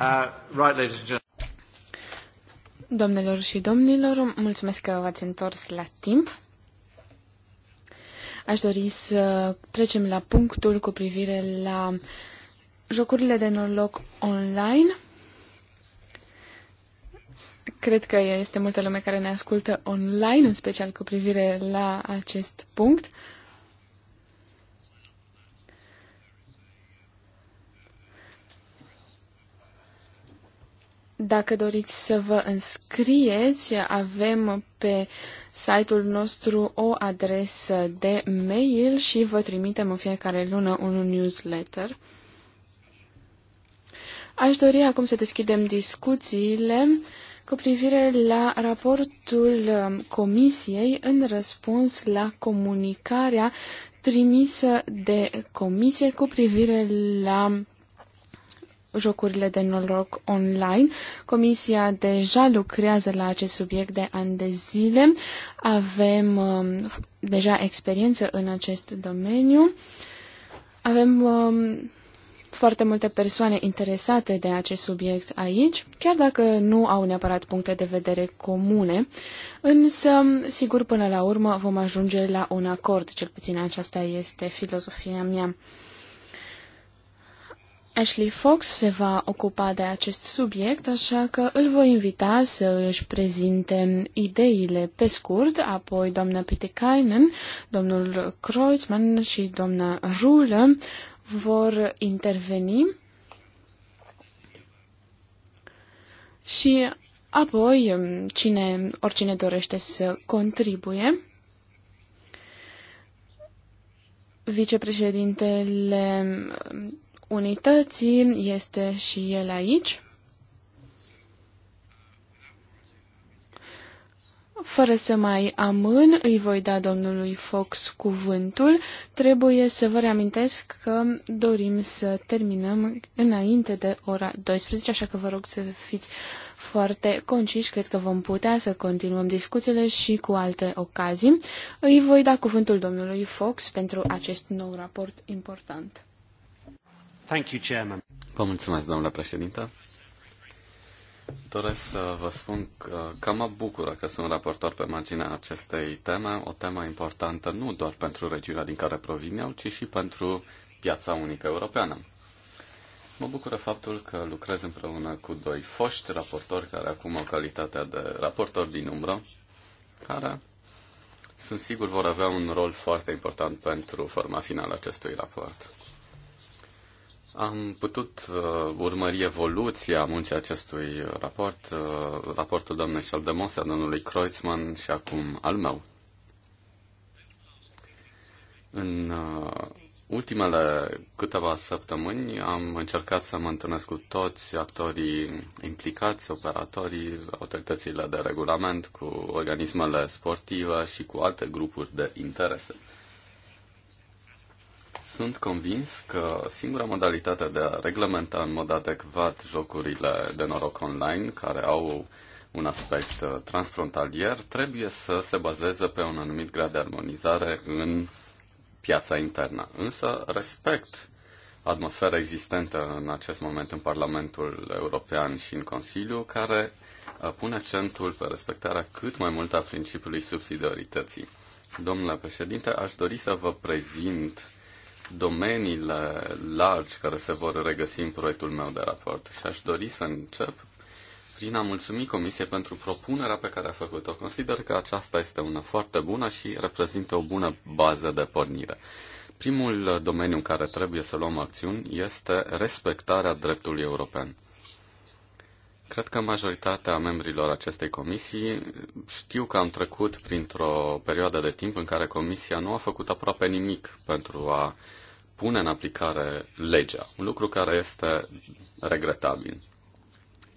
Uh, domnilor și domnilor, mulțumesc că v-ați întors la timp. Aș dori să trecem la punctul cu privire la jocurile de noroc online. Cred că este multă lume care ne ascultă online, în special cu privire la acest punct. Dacă doriți să vă înscrieți, avem pe site-ul nostru o adresă de mail și vă trimitem în fiecare lună un newsletter. Aș dori acum să deschidem discuțiile cu privire la raportul um, Comisiei în răspuns la comunicarea trimisă de Comisie cu privire la jocurile de noroc online. Comisia deja lucrează la acest subiect de ani de zile. Avem uh, deja experiență în acest domeniu. Avem uh, foarte multe persoane interesate de acest subiect aici, chiar dacă nu au neapărat puncte de vedere comune, însă, sigur, până la urmă vom ajunge la un acord, cel puțin aceasta este filozofia mea. Ashley Fox se va ocupa de acest subiect, așa că îl voi invita să își prezinte ideile pe scurt, apoi doamna Pitekainen, domnul Kreutzmann și doamna Rulă vor interveni și apoi um, cine, oricine dorește să contribuie. Vicepreședintele um, unității este și el aici. Fără să mai amân, îi voi da domnului Fox cuvântul. Trebuie să vă reamintesc că dorim să terminăm înainte de ora 12, așa că vă rog să fiți foarte conciși. Cred că vom putea să continuăm discuțiile și cu alte ocazii. Îi voi da cuvântul domnului Fox pentru acest nou raport important. Vă mulțumesc, domnule președinte. Doresc să vă spun că, că mă bucură că sunt raportor pe marginea acestei teme, o temă importantă nu doar pentru regiunea din care provin eu, ci și pentru piața unică europeană. Mă bucură faptul că lucrez împreună cu doi foști raportori care acum au calitatea de raportor din umbră, care sunt sigur vor avea un rol foarte important pentru forma finală acestui raport. Am putut uh, urmări evoluția muncii acestui raport, uh, raportul doamnei Șaldemose, a domnului Kreutzmann și acum al meu. În uh, ultimele câteva săptămâni am încercat să mă întâlnesc cu toți actorii implicați, operatorii, autoritățile de regulament, cu organismele sportive și cu alte grupuri de interese sunt convins că singura modalitate de a reglementa în mod adecvat jocurile de noroc online, care au un aspect uh, transfrontalier, trebuie să se bazeze pe un anumit grad de armonizare în piața internă. Însă respect atmosfera existentă în acest moment în Parlamentul European și în Consiliu, care uh, pune accentul pe respectarea cât mai mult a principiului subsidiarității. Domnule președinte, aș dori să vă prezint domeniile largi care se vor regăsi în proiectul meu de raport și aș dori să încep prin a mulțumi Comisiei pentru propunerea pe care a făcut-o. Consider că aceasta este una foarte bună și reprezintă o bună bază de pornire. Primul domeniu în care trebuie să luăm acțiuni este respectarea dreptului european. Cred că majoritatea membrilor acestei comisii știu că am trecut printr-o perioadă de timp în care comisia nu a făcut aproape nimic pentru a pune în aplicare legea, un lucru care este regretabil.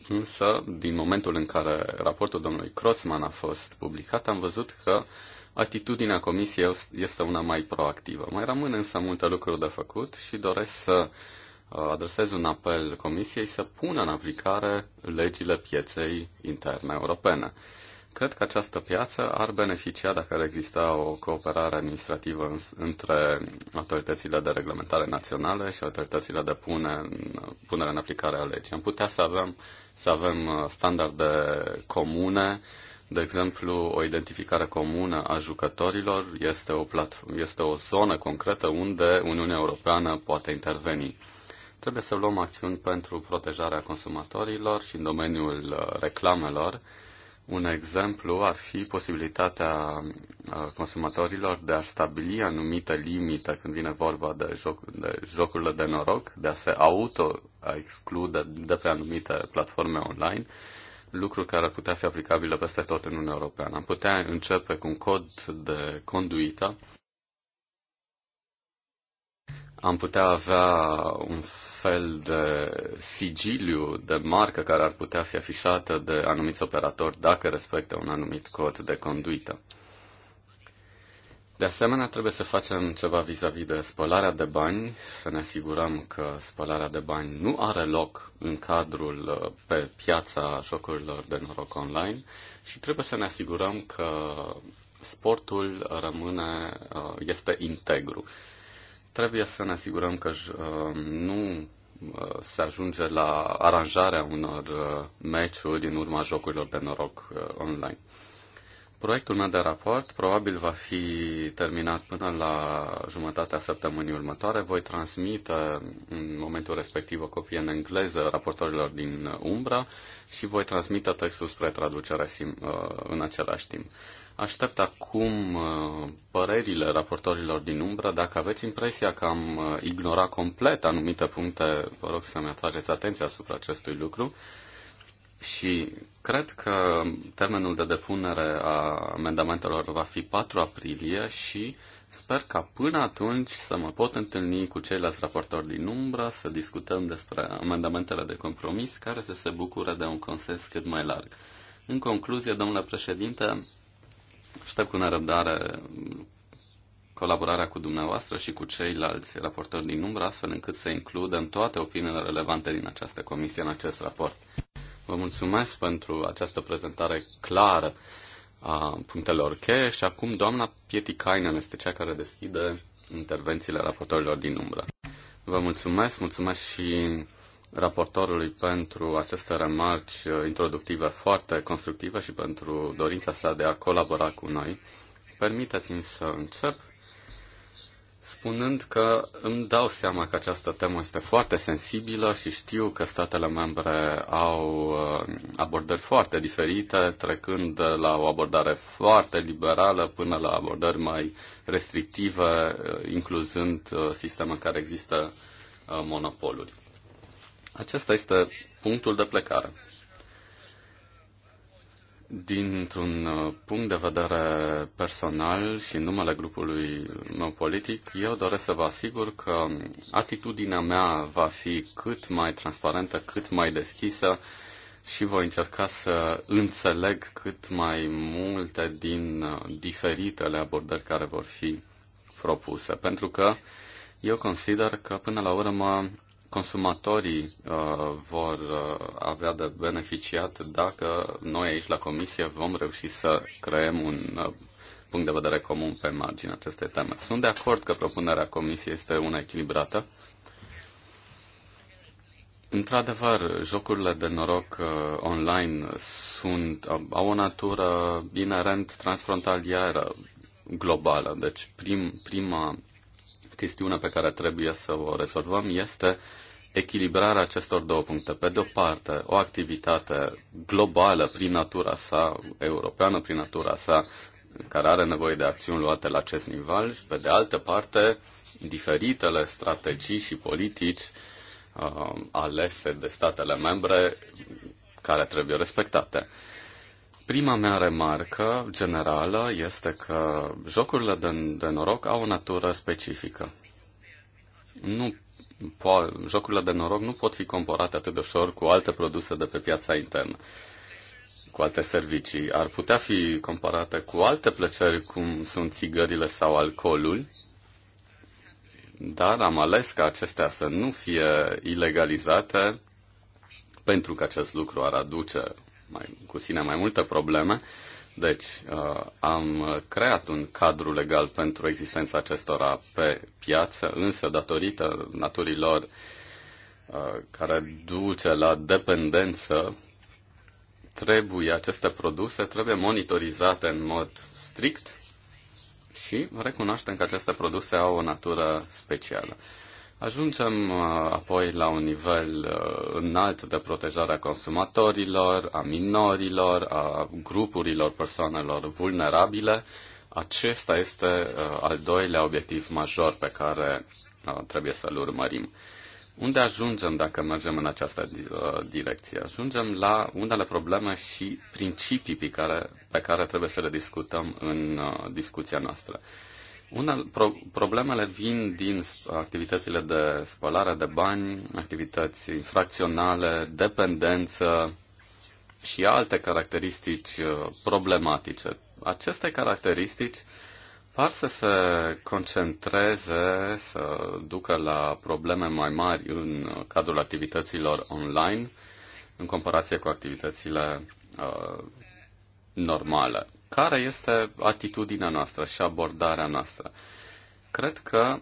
Însă, din momentul în care raportul domnului Croțman a fost publicat, am văzut că atitudinea comisiei este una mai proactivă. Mai rămân însă multe lucruri de făcut și doresc să adresez un apel Comisiei să pună în aplicare legile pieței interne europene. Cred că această piață ar beneficia dacă ar exista o cooperare administrativă între autoritățile de reglementare naționale și autoritățile de pune, punere în aplicare a legii. Am putea să avem, să avem uh, standarde comune, de exemplu, o identificare comună a jucătorilor este o, platform, este o zonă concretă unde Uniunea Europeană poate interveni. Trebuie să luăm acțiuni pentru protejarea consumatorilor și în domeniul uh, reclamelor. Un exemplu ar fi posibilitatea uh, consumatorilor de a stabili anumite limite când vine vorba de, joc, de jocurile de noroc, de a se auto-exclude de pe anumite platforme online, lucru care ar putea fi aplicabilă peste tot în Uniunea Europeană. Am putea începe cu un cod de conduită am putea avea un fel de sigiliu, de marcă care ar putea fi afișată de anumiți operatori dacă respectă un anumit cod de conduită. De asemenea, trebuie să facem ceva vis-a-vis -vis de spălarea de bani, să ne asigurăm că spălarea de bani nu are loc în cadrul uh, pe piața jocurilor de noroc online și trebuie să ne asigurăm că sportul rămâne, uh, este integru. Trebuie să ne asigurăm că uh, nu uh, se ajunge la aranjarea unor uh, meciuri din urma jocurilor de noroc online. Proiectul meu de raport probabil va fi terminat până la jumătatea săptămânii următoare. Voi transmite în momentul respectiv o copie în engleză raportorilor din Umbra și voi transmite textul spre traducere în același timp. Aștept acum uh, părerile raportorilor din umbră. Dacă aveți impresia că am uh, ignorat complet anumite puncte, vă rog să-mi atrageți atenția asupra acestui lucru. Și cred că termenul de depunere a amendamentelor va fi 4 aprilie și sper ca până atunci să mă pot întâlni cu ceilalți raportori din umbră, să discutăm despre amendamentele de compromis care să se bucure de un consens cât mai larg. În concluzie, domnule președinte, Aștept cu nerăbdare colaborarea cu dumneavoastră și cu ceilalți raportori din umbră, astfel încât să includem toate opiniile relevante din această comisie în acest raport. Vă mulțumesc pentru această prezentare clară a punctelor cheie și acum doamna Pietikainen este cea care deschide intervențiile raportorilor din umbră. Vă mulțumesc, mulțumesc și raportorului pentru aceste remarci uh, introductive foarte constructive și pentru dorința sa de a colabora cu noi. Permiteți-mi să încep spunând că îmi dau seama că această temă este foarte sensibilă și știu că statele membre au uh, abordări foarte diferite, trecând de la o abordare foarte liberală până la abordări mai restrictive, uh, incluzând sisteme în care există monopoluri. Acesta este punctul de plecare. Dintr-un uh, punct de vedere personal și în numele grupului meu politic, eu doresc să vă asigur că atitudinea mea va fi cât mai transparentă, cât mai deschisă și voi încerca să înțeleg cât mai multe din uh, diferitele abordări care vor fi propuse. Pentru că eu consider că până la urmă consumatorii uh, vor uh, avea de beneficiat dacă noi aici la Comisie vom reuși să creăm un uh, punct de vedere comun pe marginea acestei teme. Sunt de acord că propunerea Comisiei este una echilibrată. Într-adevăr, jocurile de noroc uh, online sunt, uh, au o natură inerent transfrontalieră, globală. Deci prim, prima chestiune pe care trebuie să o rezolvăm este echilibrarea acestor două puncte. Pe de-o parte, o activitate globală prin natura sa, europeană prin natura sa, care are nevoie de acțiuni luate la acest nivel și, pe de altă parte, diferitele strategii și politici uh, alese de statele membre care trebuie respectate. Prima mea remarcă generală este că jocurile de, de noroc au o natură specifică. Nu po- jocurile de noroc nu pot fi comparate atât de ușor cu alte produse de pe piața internă, cu alte servicii. Ar putea fi comparate cu alte plăceri, cum sunt țigările sau alcoolul, dar am ales ca acestea să nu fie ilegalizate pentru că acest lucru ar aduce mai, cu sine mai multe probleme deci, uh, am creat un cadru legal pentru existența acestora pe piață, însă datorită naturii lor uh, care duce la dependență, trebuie aceste produse trebuie monitorizate în mod strict și recunoaștem că aceste produse au o natură specială. Ajungem uh, apoi la un nivel uh, înalt de protejare a consumatorilor, a minorilor, a grupurilor persoanelor vulnerabile. Acesta este uh, al doilea obiectiv major pe care trebuie să-l urmărim. Unde ajungem dacă mergem în această direcție? Ajungem la unele probleme și principii pe care, pe care trebuie să le discutăm în discuția noastră. Una, pro, problemele vin din activitățile de spălare de bani, activități infracționale, dependență și alte caracteristici uh, problematice. Aceste caracteristici par să se concentreze, să ducă la probleme mai mari în uh, cadrul activităților online în comparație cu activitățile uh, normale. Care este atitudinea noastră și abordarea noastră? Cred că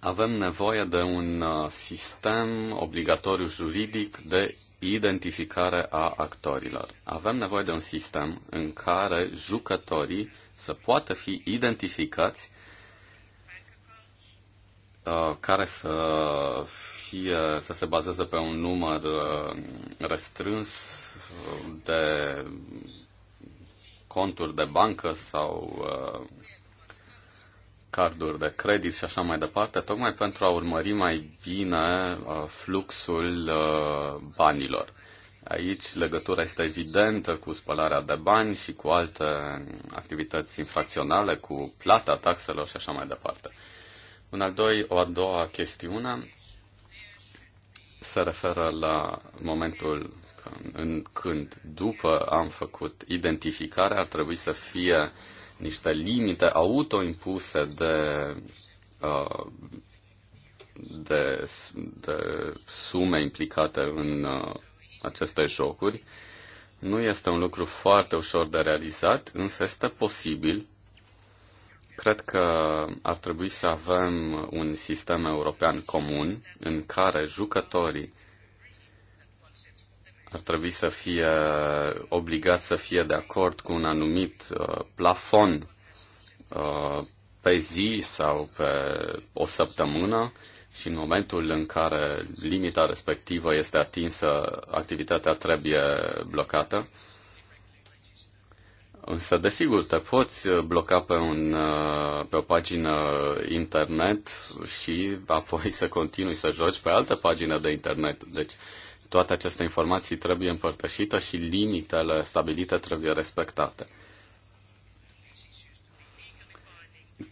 avem nevoie de un uh, sistem obligatoriu juridic de identificare a actorilor. Avem nevoie de un sistem în care jucătorii să poată fi identificați uh, care să fie, să se bazeze pe un număr uh, restrâns de conturi de bancă sau uh, carduri de credit și așa mai departe, tocmai pentru a urmări mai bine uh, fluxul uh, banilor. Aici legătura este evidentă cu spălarea de bani și cu alte activități infracționale, cu plata taxelor și așa mai departe. Un al doi, o a doua chestiune se referă la momentul că în, când după am făcut identificarea ar trebui să fie niște limite autoimpuse de, uh, de, de sume implicate în uh, aceste jocuri. Nu este un lucru foarte ușor de realizat, însă este posibil. Cred că ar trebui să avem un sistem european comun în care jucătorii ar trebui să fie obligat să fie de acord cu un anumit uh, plafon uh, pe zi sau pe o săptămână și în momentul în care limita respectivă este atinsă, activitatea trebuie blocată. Însă, desigur, te poți bloca pe, un, uh, pe o pagină internet și apoi să continui să joci pe altă pagină de internet. Deci, uh, toate aceste informații trebuie împărtășite și limitele stabilite trebuie respectate.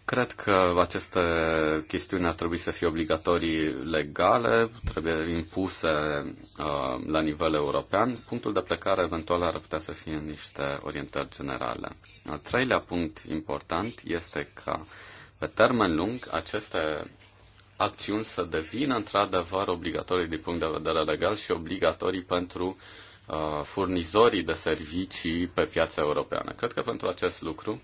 Cred că aceste chestiuni ar trebui să fie obligatorii legale, trebuie impuse uh, la nivel european. Punctul de plecare eventual ar putea să fie niște orientări generale. Al treilea punct important este că pe termen lung aceste acțiuni să devină într-adevăr obligatorii din punct de vedere legal și obligatorii pentru uh, furnizorii de servicii pe piața europeană. Cred că pentru acest lucru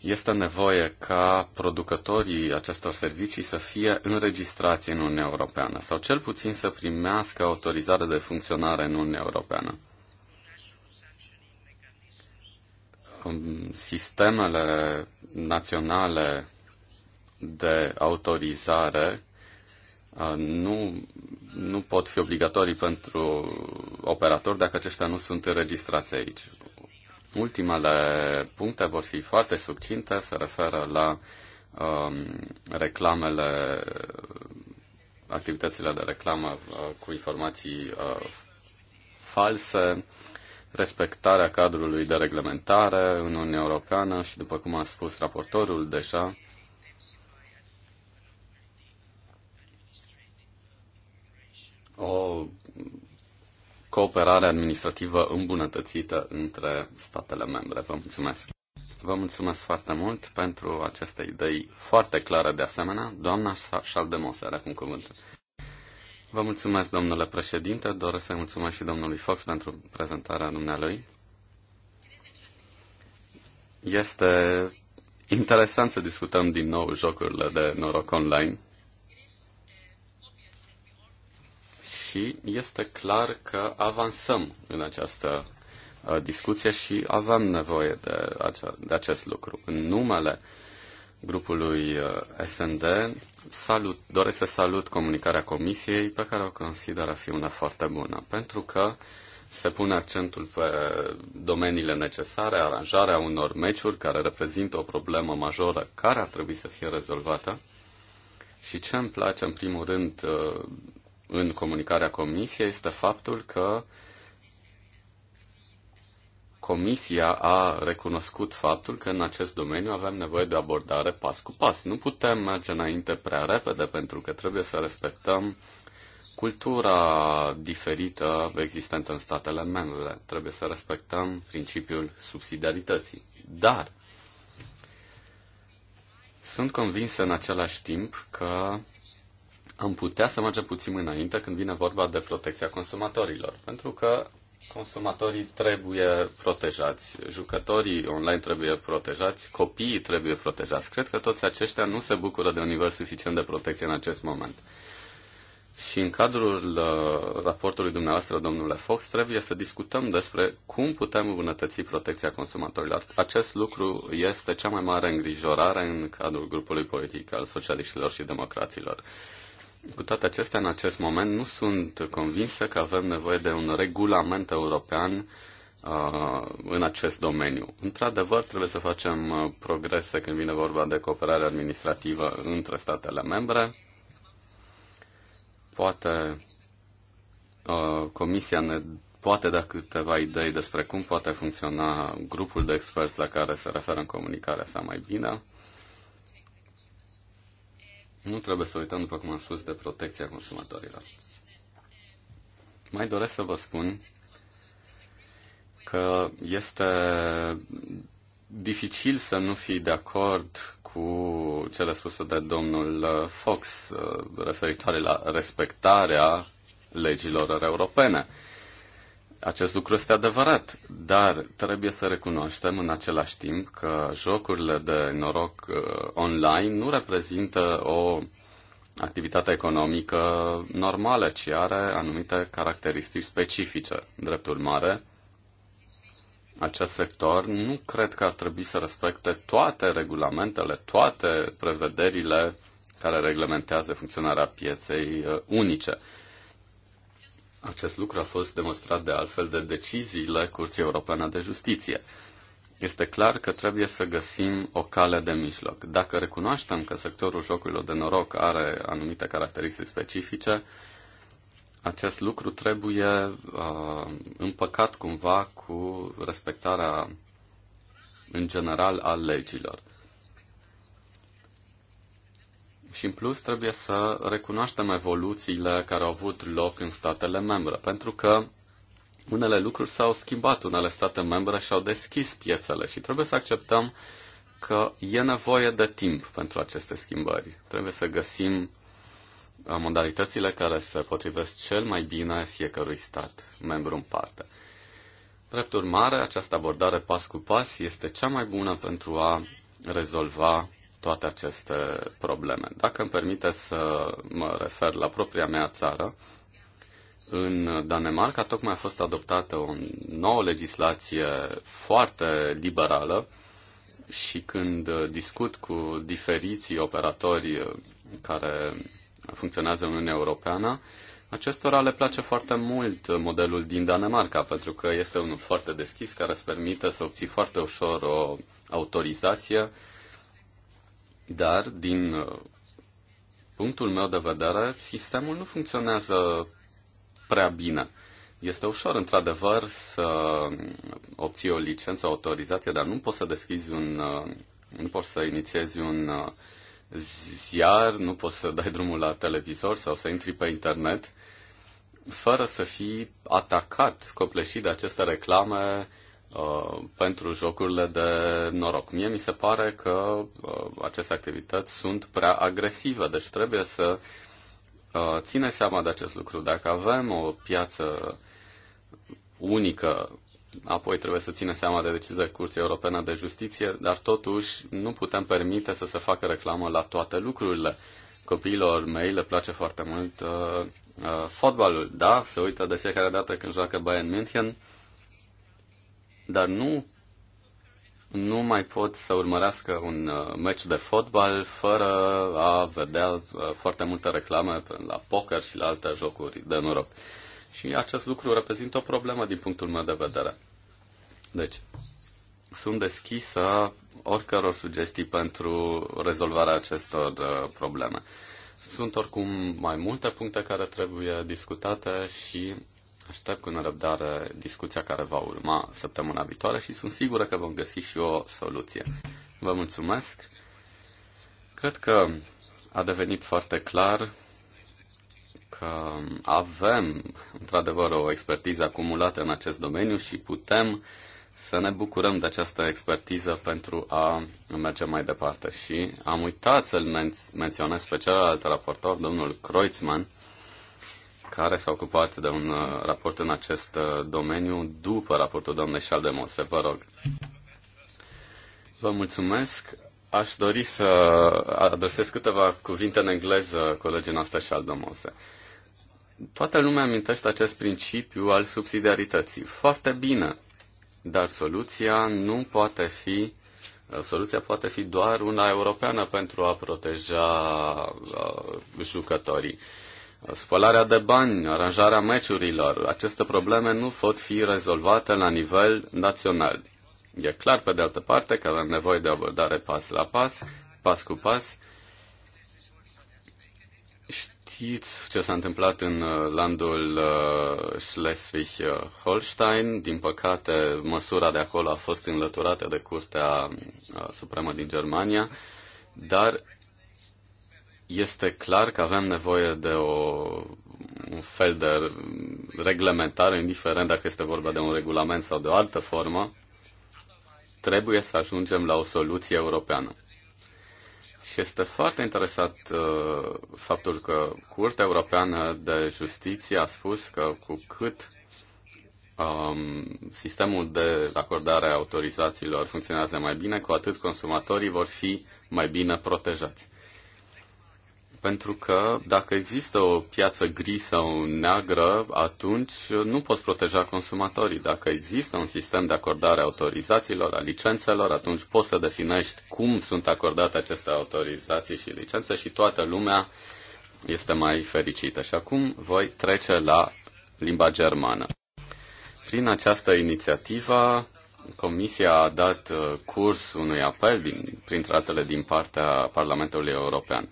este nevoie ca producătorii acestor servicii să fie înregistrați în Uniunea Europeană sau cel puțin să primească autorizare de funcționare în Uniunea Europeană. Um, sistemele naționale de autorizare uh, nu, nu pot fi obligatorii pentru operatori dacă aceștia nu sunt înregistrați aici. Ultimele puncte vor fi foarte subcinte, se referă la um, reclamele, activitățile de reclamă uh, cu informații uh, false, respectarea cadrului de reglementare în Uniunea Europeană și, după cum a spus raportorul deja, cooperare administrativă îmbunătățită între statele membre. Vă mulțumesc! Vă mulțumesc foarte mult pentru aceste idei foarte clare de asemenea. Doamna Șaldemos are acum cuvântul. Vă mulțumesc, domnule președinte. Doresc să-i mulțumesc și domnului Fox pentru prezentarea dumnealui. Este interesant să discutăm din nou jocurile de noroc online și este clar că avansăm în această uh, discuție și avem nevoie de, ace- de acest lucru. În numele grupului uh, SND salut, doresc să salut comunicarea Comisiei pe care o consider a fi una foarte bună, pentru că se pune accentul pe domeniile necesare, aranjarea unor meciuri care reprezintă o problemă majoră care ar trebui să fie rezolvată. Și ce îmi place, în primul rând, uh, în comunicarea Comisiei este faptul că Comisia a recunoscut faptul că în acest domeniu avem nevoie de abordare pas cu pas. Nu putem merge înainte prea repede pentru că trebuie să respectăm cultura diferită existentă în statele membre. Trebuie să respectăm principiul subsidiarității. Dar sunt convins în același timp că am putea să mergem puțin înainte când vine vorba de protecția consumatorilor, pentru că consumatorii trebuie protejați, jucătorii online trebuie protejați, copiii trebuie protejați. Cred că toți aceștia nu se bucură de un nivel suficient de protecție în acest moment. Și în cadrul uh, raportului dumneavoastră, domnule Fox, trebuie să discutăm despre cum putem îmbunătăți protecția consumatorilor. Acest lucru este cea mai mare îngrijorare în cadrul grupului politic al socialiștilor și democraților. Cu toate acestea, în acest moment nu sunt convinsă că avem nevoie de un regulament european uh, în acest domeniu. Într-adevăr, trebuie să facem uh, progrese când vine vorba de cooperare administrativă între statele membre. Poate uh, Comisia ne poate da câteva idei despre cum poate funcționa grupul de experți la care se referă în comunicarea sa mai bine. Nu trebuie să uităm, după cum am spus, de protecția consumatorilor. Mai doresc să vă spun că este dificil să nu fii de acord cu cele spuse de domnul Fox uh, referitoare la respectarea legilor europene. Acest lucru este adevărat, dar trebuie să recunoaștem în același timp că jocurile de noroc uh, online nu reprezintă o activitate economică normală, ci are anumite caracteristici specifice. Drept urmare, acest sector nu cred că ar trebui să respecte toate regulamentele, toate prevederile care reglementează funcționarea pieței uh, unice. Acest lucru a fost demonstrat de altfel de deciziile Curții Europene de Justiție. Este clar că trebuie să găsim o cale de mijloc. Dacă recunoaștem că sectorul jocurilor de noroc are anumite caracteristici specifice, acest lucru trebuie uh, împăcat cumva cu respectarea în general a legilor. Și în plus trebuie să recunoaștem evoluțiile care au avut loc în statele membre, pentru că unele lucruri s-au schimbat, unele state membre și-au deschis piețele și trebuie să acceptăm că e nevoie de timp pentru aceste schimbări. Trebuie să găsim uh, modalitățile care se potrivesc cel mai bine fiecărui stat membru în parte. Drept urmare, această abordare pas cu pas este cea mai bună pentru a rezolva toate aceste probleme. Dacă îmi permite să mă refer la propria mea țară, în Danemarca tocmai a fost adoptată o nouă legislație foarte liberală și când discut cu diferiții operatori care funcționează în Uniunea Europeană, acestora le place foarte mult modelul din Danemarca, pentru că este unul foarte deschis care îți permite să obții foarte ușor o autorizație dar, din uh, punctul meu de vedere, sistemul nu funcționează prea bine. Este ușor, într-adevăr, să obții o licență, o autorizație, dar nu poți să deschizi un, uh, nu poți să inițiezi un uh, ziar, nu poți să dai drumul la televizor sau să intri pe internet fără să fii atacat, copleșit de aceste reclame Uh, pentru jocurile de noroc. Mie mi se pare că uh, aceste activități sunt prea agresive, deci trebuie să uh, ține seama de acest lucru. Dacă avem o piață unică, apoi trebuie să ține seama de decizia Curții Europene de Justiție, dar totuși nu putem permite să se facă reclamă la toate lucrurile. Copiilor mei le place foarte mult uh, uh fotbalul, da, se uită de fiecare dată când joacă Bayern München, dar nu nu mai pot să urmărească un uh, meci de fotbal fără a vedea uh, foarte multă reclamă la poker și la alte jocuri de noroc. Și acest lucru reprezintă o problemă din punctul meu de vedere. Deci, sunt deschisă oricăror sugestii pentru rezolvarea acestor uh, probleme. Sunt oricum mai multe puncte care trebuie discutate și Aștept cu nerăbdare discuția care va urma săptămâna viitoare și sunt sigură că vom găsi și o soluție. Vă mulțumesc. Cred că a devenit foarte clar că avem, într-adevăr, o expertiză acumulată în acest domeniu și putem să ne bucurăm de această expertiză pentru a merge mai departe. Și am uitat să-l men- menționez pe celălalt raportor, domnul Kreutzmann, care s-a ocupat de un uh, raport în acest uh, domeniu după raportul doamnei Șaldemose. Vă rog. Vă mulțumesc. Aș dori să adresez câteva cuvinte în engleză colegii noastre Șaldemose. Toată lumea amintește acest principiu al subsidiarității. Foarte bine, dar soluția nu poate fi Soluția poate fi doar una europeană pentru a proteja uh, jucătorii spălarea de bani, aranjarea meciurilor, aceste probleme nu pot fi rezolvate la nivel național. E clar, pe de altă parte, că avem nevoie de abordare pas la pas, pas cu pas. Știți ce s-a întâmplat în uh, landul uh, Schleswig-Holstein. Din păcate, măsura de acolo a fost înlăturată de Curtea uh, Supremă din Germania, dar este clar că avem nevoie de o, un fel de reglementare, indiferent dacă este vorba de un regulament sau de o altă formă, trebuie să ajungem la o soluție europeană. Și este foarte interesat uh, faptul că Curtea Europeană de Justiție a spus că cu cât um, sistemul de acordare a autorizațiilor funcționează mai bine, cu atât consumatorii vor fi mai bine protejați. Pentru că dacă există o piață gri sau neagră, atunci nu poți proteja consumatorii. Dacă există un sistem de acordare a autorizațiilor, a licențelor, atunci poți să definești cum sunt acordate aceste autorizații și licențe și toată lumea este mai fericită. Și acum voi trece la limba germană. Prin această inițiativă, Comisia a dat uh, curs unui apel, din, printre altele, din partea Parlamentului European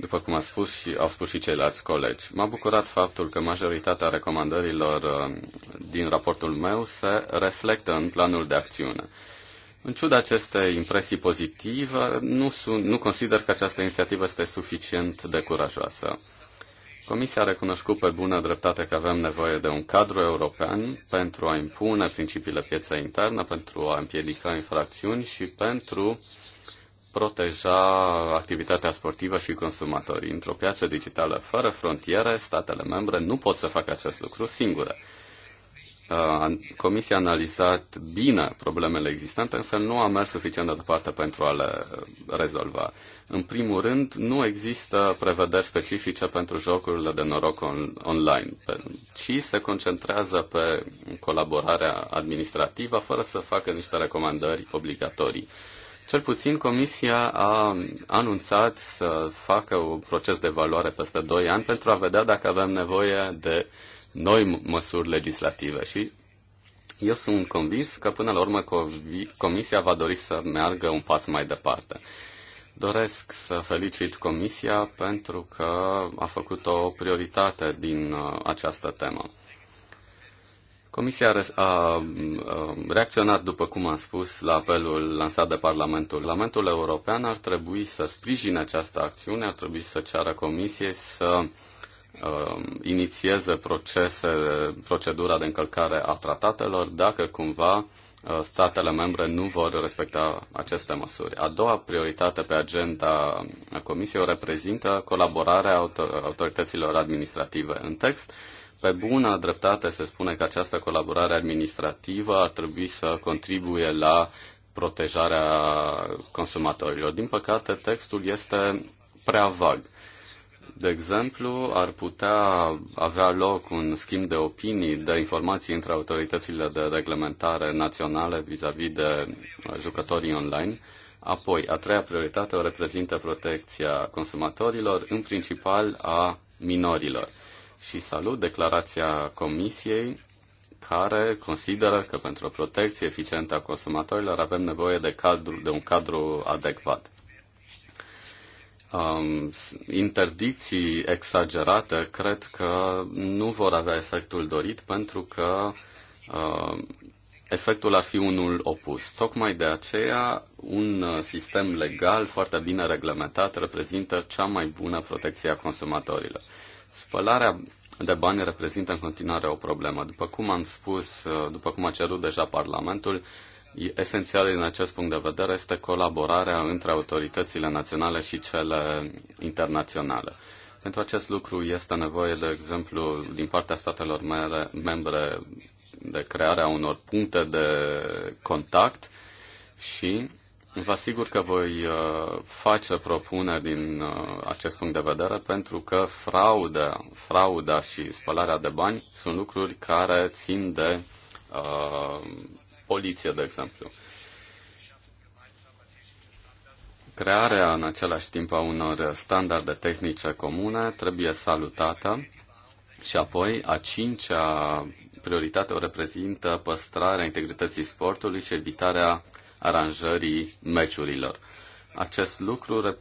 după cum a spus și, au spus și ceilalți colegi. M-a bucurat faptul că majoritatea recomandărilor uh, din raportul meu se reflectă în planul de acțiune. În ciuda acestei impresii pozitive, nu, sunt, nu consider că această inițiativă este suficient de curajoasă. Comisia a recunoscut pe bună dreptate că avem nevoie de un cadru european pentru a impune principiile pieței interne, pentru a împiedica infracțiuni și pentru proteja activitatea sportivă și consumatorii. Într-o piață digitală fără frontiere, statele membre nu pot să facă acest lucru singure. Uh, Comisia a analizat bine problemele existente, însă nu a mers suficient de departe pentru a le uh, rezolva. În primul rând, nu există prevederi specifice pentru jocurile de noroc on- online, ci se concentrează pe colaborarea administrativă fără să facă niște recomandări obligatorii. Cel puțin Comisia a anunțat să facă un proces de evaluare peste 2 ani pentru a vedea dacă avem nevoie de noi măsuri legislative și eu sunt convins că până la urmă Comisia va dori să meargă un pas mai departe. Doresc să felicit Comisia pentru că a făcut o prioritate din uh, această temă. Comisia a reacționat, după cum am spus, la apelul lansat de Parlamentul. Parlamentul European ar trebui să sprijine această acțiune, ar trebui să ceară Comisiei să uh, inițieze procese, procedura de încălcare a tratatelor dacă cumva statele membre nu vor respecta aceste măsuri. A doua prioritate pe agenda Comisiei o reprezintă colaborarea autor- autorităților administrative. În text, uh, pe bună dreptate se spune că această colaborare administrativă ar trebui să contribuie la protejarea consumatorilor. Din păcate, textul este prea vag. De exemplu, ar putea avea loc un schimb de opinii, de informații între autoritățile de reglementare naționale vis-a-vis -vis de uh, jucătorii online. Apoi, a treia prioritate o reprezintă protecția consumatorilor, în principal a minorilor și salut declarația Comisiei care consideră că pentru o protecție eficientă a consumatorilor avem nevoie de, cadru, de un cadru adecvat. Um, interdicții exagerate cred că nu vor avea efectul dorit pentru că um, efectul ar fi unul opus. Tocmai de aceea un uh, sistem legal foarte bine reglementat reprezintă cea mai bună protecție a consumatorilor. Spălarea de bani reprezintă în continuare o problemă. După cum am spus, uh, după cum a cerut deja Parlamentul, esențial din acest punct de vedere este colaborarea între autoritățile naționale și cele internaționale. Pentru acest lucru este nevoie, de exemplu, din partea statelor mele, membre de crearea unor puncte de contact și Vă asigur că voi uh, face propuneri din uh, acest punct de vedere pentru că fraude, frauda și spălarea de bani sunt lucruri care țin de uh, poliție, de exemplu. Crearea în același timp a unor standarde tehnice comune trebuie salutată și apoi a cincea prioritate o reprezintă păstrarea integrității sportului și evitarea aranjării meciurilor. Acest lucru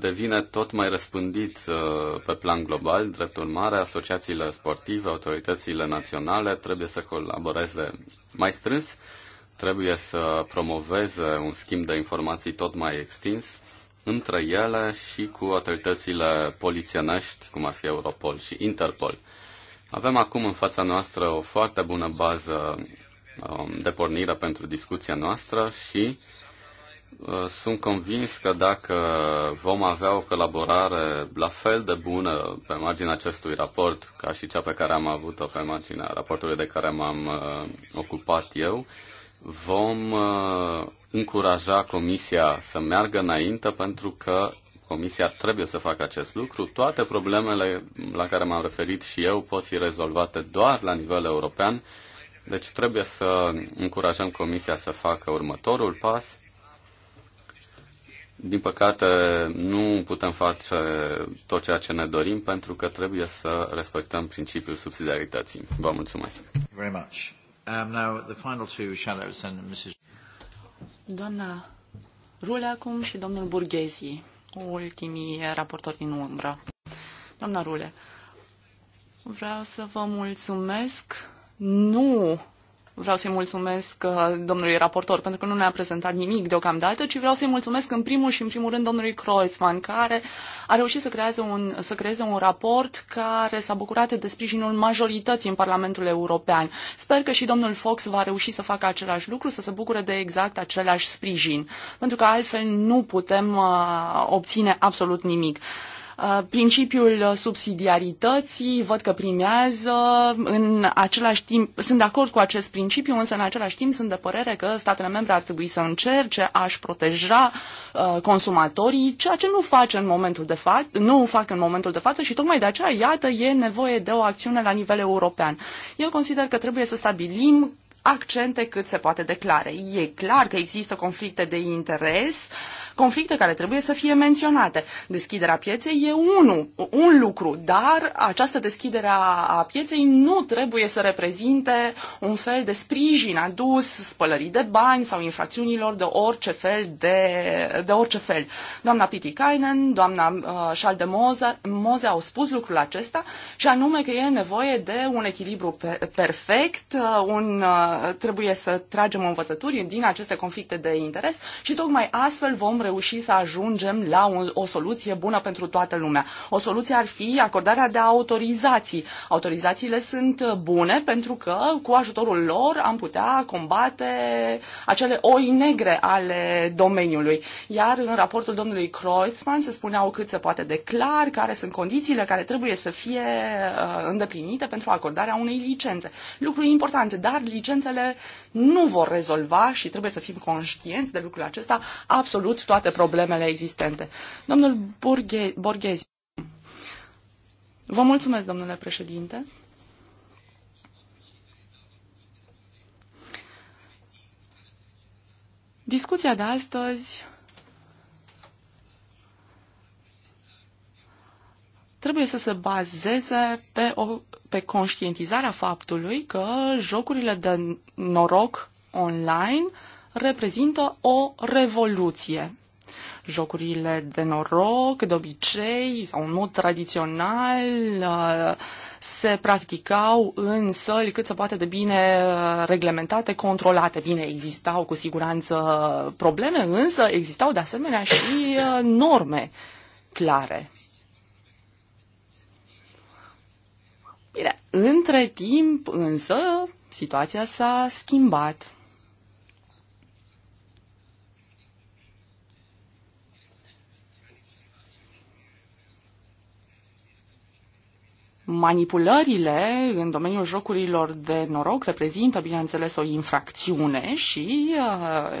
devine tot mai răspândit uh, pe plan global. Drept urmare, asociațiile sportive, autoritățile naționale trebuie să colaboreze mai strâns, trebuie să promoveze un schimb de informații tot mai extins între ele și cu autoritățile polițienești, cum ar fi Europol și Interpol. Avem acum în fața noastră o foarte bună bază Um, de pornire pentru discuția noastră și uh, sunt convins că dacă vom avea o colaborare la fel de bună pe marginea acestui raport ca și cea pe care am avut-o pe marginea raportului de care m-am uh, ocupat eu, vom uh, încuraja Comisia să meargă înainte pentru că Comisia trebuie să facă acest lucru. Toate problemele la care m-am referit și eu pot fi rezolvate doar la nivel european deci trebuie să încurajăm Comisia să facă următorul pas. Din păcate, nu putem face tot ceea ce ne dorim pentru că trebuie să respectăm principiul subsidiarității. Vă mulțumesc. Very much. Um, now the final two shadows and Mrs. Doamna Rule acum și domnul Burghezi, ultimii raportori din umbră. Doamna Rule, vreau să vă mulțumesc nu vreau să-i mulțumesc uh, domnului raportor pentru că nu ne-a prezentat nimic deocamdată, ci vreau să-i mulțumesc în primul și în primul rând domnului Kreuzmann, care a reușit să creeze un, să creeze un raport care s-a bucurat de sprijinul majorității în Parlamentul European. Sper că și domnul Fox va reuși să facă același lucru, să se bucure de exact același sprijin, pentru că altfel nu putem uh, obține absolut nimic. Uh, principiul subsidiarității, văd că primează, în același timp, sunt de acord cu acest principiu, însă în același timp sunt de părere că statele membre ar trebui să încerce a-și proteja uh, consumatorii, ceea ce nu face în momentul de fapt, nu fac în momentul de față și tocmai de aceea, iată, e nevoie de o acțiune la nivel european. Eu consider că trebuie să stabilim accente cât se poate declare. E clar că există conflicte de interes, uh, conflicte care trebuie să fie menționate. Deschiderea pieței e unul, un lucru, dar această deschidere a pieței nu trebuie să reprezinte un fel de sprijin adus spălării de bani sau infracțiunilor de orice fel. De, de orice fel. Doamna Pitikainen, doamna uh, de Moze, Moze au spus lucrul acesta și anume că e nevoie de un echilibru pe, perfect, uh, un, uh, trebuie să tragem învățături din aceste conflicte de interes și tocmai astfel vom reuși reuși să ajungem la un, o soluție bună pentru toată lumea. O soluție ar fi acordarea de autorizații. Autorizațiile sunt bune pentru că cu ajutorul lor am putea combate acele oi negre ale domeniului. Iar în raportul domnului Kreutzmann se spuneau cât se poate de clar care sunt condițiile care trebuie să fie uh, îndeplinite pentru acordarea unei licențe. Lucru important, dar licențele nu vor rezolva și trebuie să fim conștienți de lucrul acesta absolut toate problemele existente. Domnul Burghe, Borghezi, vă mulțumesc, domnule președinte. Discuția de astăzi trebuie să se bazeze pe, o, pe conștientizarea faptului că jocurile de noroc online reprezintă o revoluție jocurile de noroc, de obicei sau în mod tradițional, uh, se practicau în săli cât se poate de bine uh, reglementate, controlate. Bine, existau cu siguranță probleme, însă existau de asemenea și uh, norme clare. Bine, între timp însă situația s-a schimbat. Manipulările în domeniul jocurilor de noroc reprezintă, bineînțeles, o infracțiune și uh, uh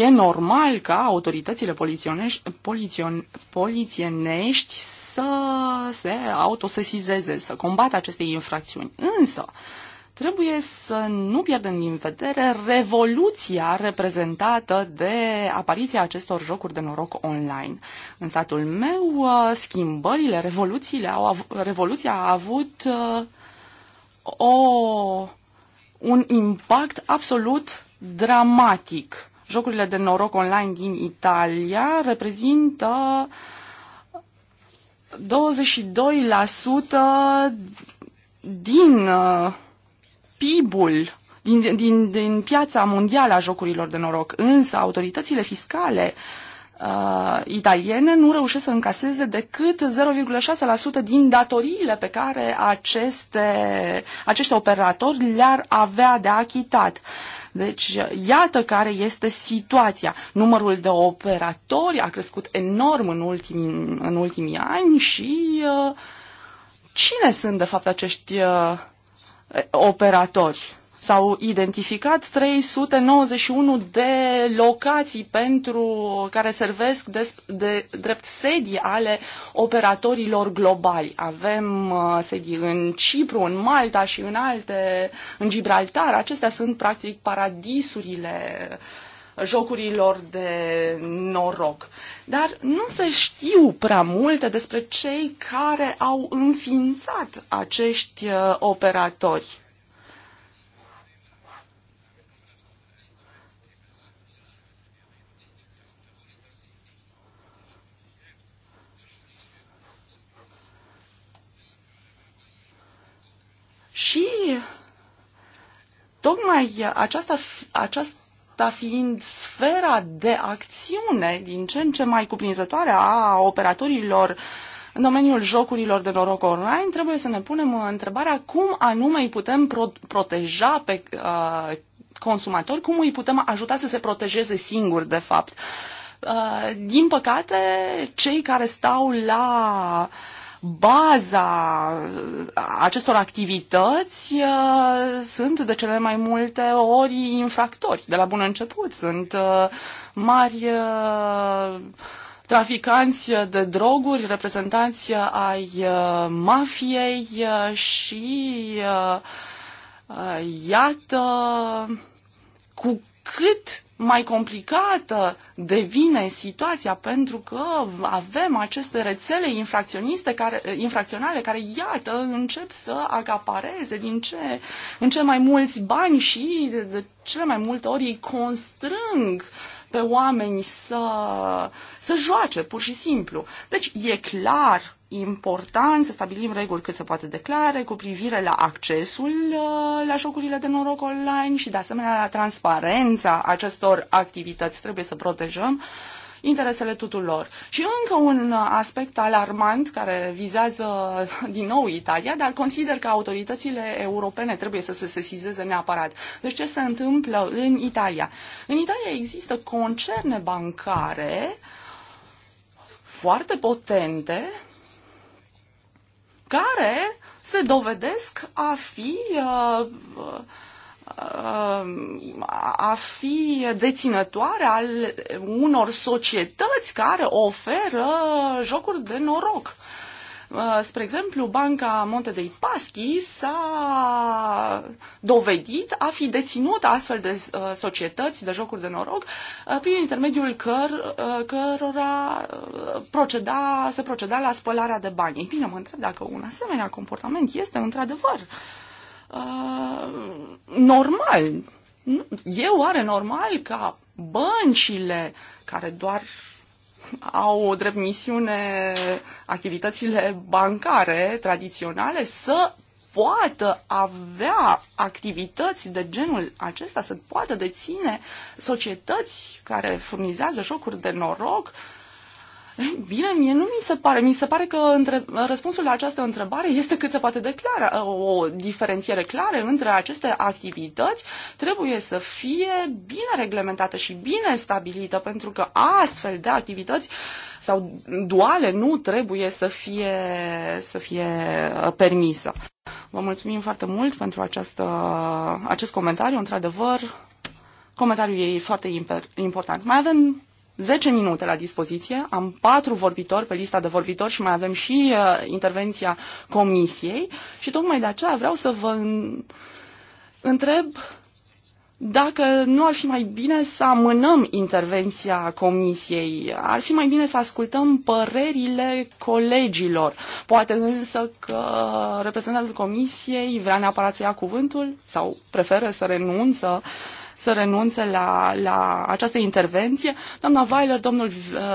e normal ca autoritățile polițienești să se autosesizeze, să combată aceste infracțiuni. Însă, Trebuie să nu pierdem din vedere revoluția reprezentată de apariția acestor jocuri de noroc online. În statul meu, uh, schimbările, revoluțiile, au, revoluția a avut uh, o, un impact absolut dramatic. Jocurile de noroc online din Italia reprezintă 22% din uh, PIB-ul din, din, din piața mondială a jocurilor de noroc, însă autoritățile fiscale uh, italiene nu reușesc să încaseze decât 0,6% din datoriile pe care aceste, acești operatori le-ar avea de achitat. Deci, iată care este situația. Numărul de operatori a crescut enorm în, ultim, în ultimii ani și uh, cine sunt, de fapt, acești uh, Eh, operatori. S-au identificat 391 de locații pentru care servesc de, de drept sedii ale operatorilor globali. Avem uh, sedii în Cipru, în Malta și în alte, în Gibraltar. Acestea sunt practic paradisurile jocurilor de noroc. Dar nu se știu prea multe despre cei care au înființat acești uh, operatori. Și tocmai această, această aceasta fiind sfera de acțiune din ce în ce mai cuprinzătoare a operatorilor în domeniul jocurilor de noroc online, trebuie să ne punem întrebarea cum anume îi putem pro- proteja pe uh, consumatori, cum îi putem ajuta să se protejeze singuri, de fapt. Uh, din păcate, cei care stau la uh, baza acestor activități uh, sunt de cele mai multe ori infractori. De la bun început sunt uh, mari uh, traficanți de droguri, reprezentanți ai mafiei și iată cu cât mai complicată devine situația pentru că avem aceste rețele infracționiste care, infracționale care, iată, încep să acapareze din ce, în ce mai mulți bani și de, de cele mai multe ori îi constrâng pe oameni să, să joace, pur și simplu. Deci e clar important să stabilim reguli cât se poate declare cu privire la accesul uh, la jocurile de noroc online și de asemenea la transparența acestor activități. Trebuie să protejăm interesele tuturor. Și încă un uh, aspect alarmant care vizează din nou Italia, dar consider că autoritățile europene trebuie să se sesizeze neapărat. Deci ce se întâmplă în Italia? În Italia există concerne bancare foarte potente care se dovedesc a fi uh, uh, a fi deținătoare al unor societăți care oferă jocuri de noroc. Uh, spre exemplu, Banca Monte dei Paschi s-a dovedit a fi deținută astfel de uh, societăți de jocuri de noroc uh, prin intermediul căr, cărora proceda, se proceda la spălarea de bani. Ei bine, mă întreb dacă un asemenea comportament este într-adevăr normal. E oare normal ca băncile care doar au drept misiune activitățile bancare tradiționale să poată avea activități de genul acesta, să poată deține societăți care furnizează jocuri de noroc uh, Bine, mie nu mi se pare. Mi se pare că între, răspunsul la această întrebare este cât se poate de O diferențiere clară între aceste activități trebuie să fie bine reglementată și bine stabilită, pentru că astfel de activități sau duale nu trebuie să fie, să fie uh, permisă. Vă mulțumim foarte mult pentru această, acest comentariu. Într-adevăr, comentariul e foarte important. Mai avem 10 minute la dispoziție, am patru vorbitori pe lista de vorbitori și mai avem și uh, intervenția comisiei și tocmai de aceea vreau să vă în... întreb dacă nu ar fi mai bine să amânăm intervenția comisiei, ar fi mai bine să ascultăm părerile colegilor. Poate însă că reprezentantul comisiei vrea neapărat să ia cuvântul sau preferă să renunță uh, să renunțe la, la această intervenție. Doamna Weiler, domnul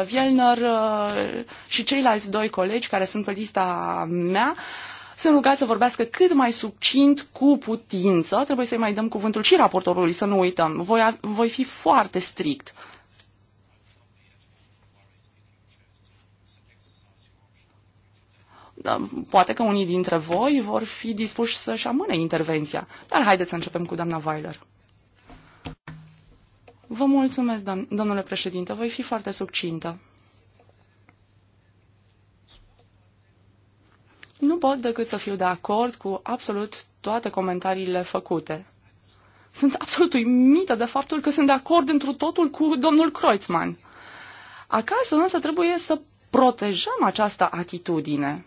Vielner uh, și ceilalți doi colegi care sunt pe lista mea sunt rugați să vorbească cât mai succint cu putință. Trebuie să-i mai dăm cuvântul și raportorului, să nu uităm. Voi, voi fi foarte strict. Da, poate că unii dintre voi vor fi dispuși să-și amâne intervenția. Dar haideți să începem cu doamna Weiler. Vă mulțumesc, domnule președinte. Voi fi foarte succintă. Nu pot decât să fiu de acord cu absolut toate comentariile făcute. Sunt absolut uimită de faptul că sunt de acord întru totul cu domnul Kreutzmann. Acasă însă trebuie să protejăm această atitudine.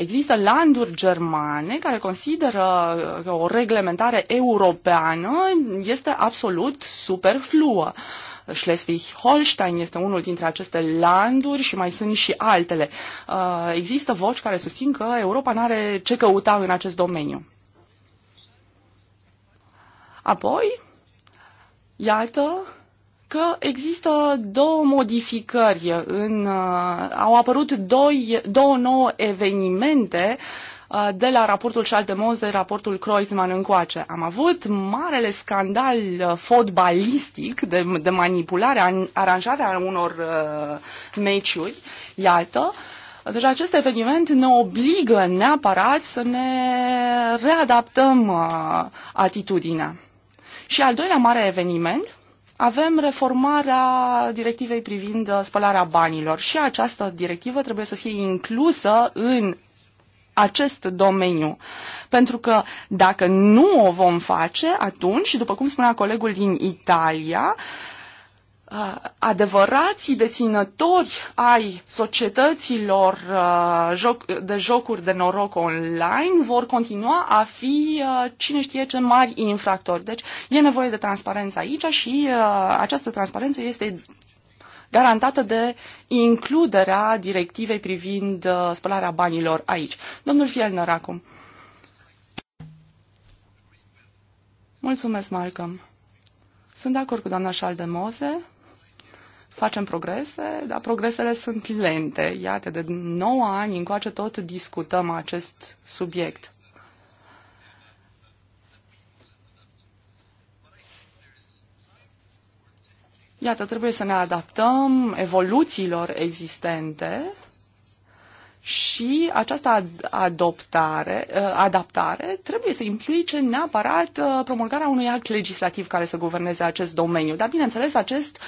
Există landuri germane care consideră că o reglementare europeană este absolut superfluă. Schleswig-Holstein este unul dintre aceste landuri și mai sunt și altele. Uh, există voci care susțin că Europa nu are ce căuta în acest domeniu. Apoi, iată, că există două modificări. În, uh, au apărut doi, două nouă evenimente uh, de la raportul Schaldemose, raportul Kreuzmann încoace. Am avut marele scandal uh, fotbalistic de, de manipulare, an, aranjarea unor uh, meciuri, iată. Deci acest eveniment ne obligă neapărat să ne readaptăm uh, atitudinea. Și al doilea mare eveniment avem reformarea directivei privind uh, spălarea banilor și această directivă trebuie să fie inclusă în acest domeniu. Pentru că dacă nu o vom face, atunci, după cum spunea colegul din Italia, uh, Uh, adevărații deținători ai societăților uh, de jocuri de noroc online vor continua a fi uh, cine știe ce mari infractori. Deci e nevoie de transparență aici și această transparență este garantată de includerea directivei privind spălarea banilor aici. Domnul Fielner acum. Mulțumesc, Malcolm. Sunt de acord cu doamna Șaldemose facem progrese, dar progresele sunt lente. Iată, de 9 ani încoace tot discutăm acest subiect. Iată, trebuie să ne adaptăm evoluțiilor existente și această adoptare, ă, adaptare trebuie să implice neapărat ă, promulgarea unui act legislativ care să guverneze acest domeniu. Dar, bineînțeles, acest uh,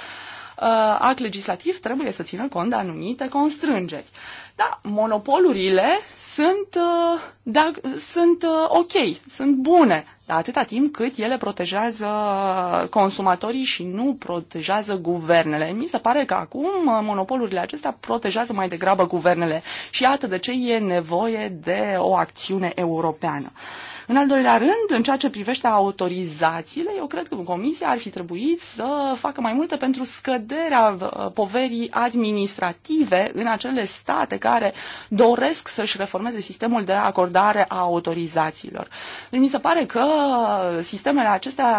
Uh, act legislativ trebuie să țină cont de anumite constrângeri. Da, monopolurile sunt, da, sunt uh, ok, sunt bune, dar atâta timp cât ele protejează consumatorii și nu protejează guvernele. Mi se pare că acum monopolurile acestea protejează mai degrabă guvernele și iată de ce e nevoie de o acțiune europeană. Uh, în al doilea rând, în ceea ce privește autorizațiile, eu cred că Comisia ar fi trebuit să facă mai multe pentru scăderea uh, poverii administrative în acele state care doresc să-și reformeze sistemul de acordare a autorizațiilor. Mi se pare că sistemele acestea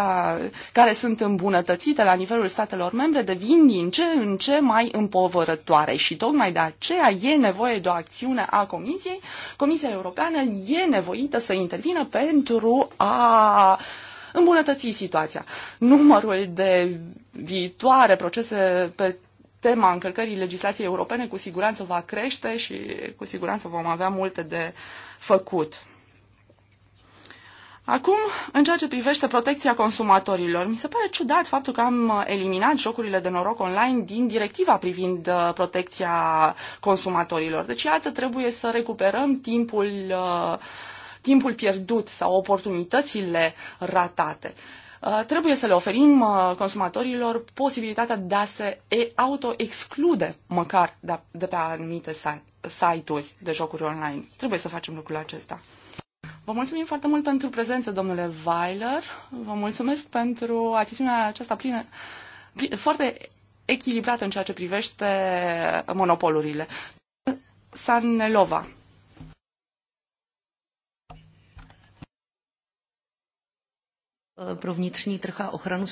care sunt îmbunătățite la nivelul statelor membre devin din ce în ce mai împovărătoare și tocmai de aceea e nevoie de o acțiune a Comisiei. Comisia Europeană e nevoită să intervină pe pentru a îmbunătăți situația. Numărul de viitoare procese pe tema încălcării legislației europene cu siguranță va crește și cu siguranță vom avea multe de făcut. Acum, în ceea ce privește protecția consumatorilor, mi se pare ciudat faptul că am eliminat jocurile de noroc online din directiva privind uh, protecția consumatorilor. Deci, iată, trebuie să recuperăm timpul uh, timpul pierdut sau oportunitățile ratate. Uh, trebuie să le oferim uh, consumatorilor posibilitatea de a se auto-exclude măcar de pe anumite site-uri de jocuri online. Trebuie să facem lucrul acesta. Vă mulțumim foarte mult pentru prezență, domnule Weiler. Vă mulțumesc pentru atitudinea aceasta plină, plină foarte echilibrată în ceea ce privește monopolurile. Sanelova. Eh, pro vnitřní trh a ochranu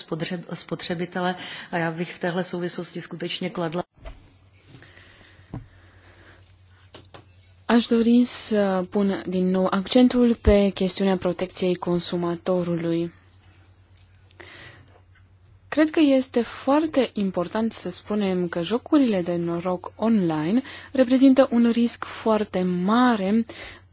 spotřebitele a já bych v téhle souvislosti skutečně kladla. Aș dori să pun din nou accentul pe chestiunea protecției consumatorului. Cred că este foarte important să spunem că jocurile de noroc online reprezintă un risc foarte mare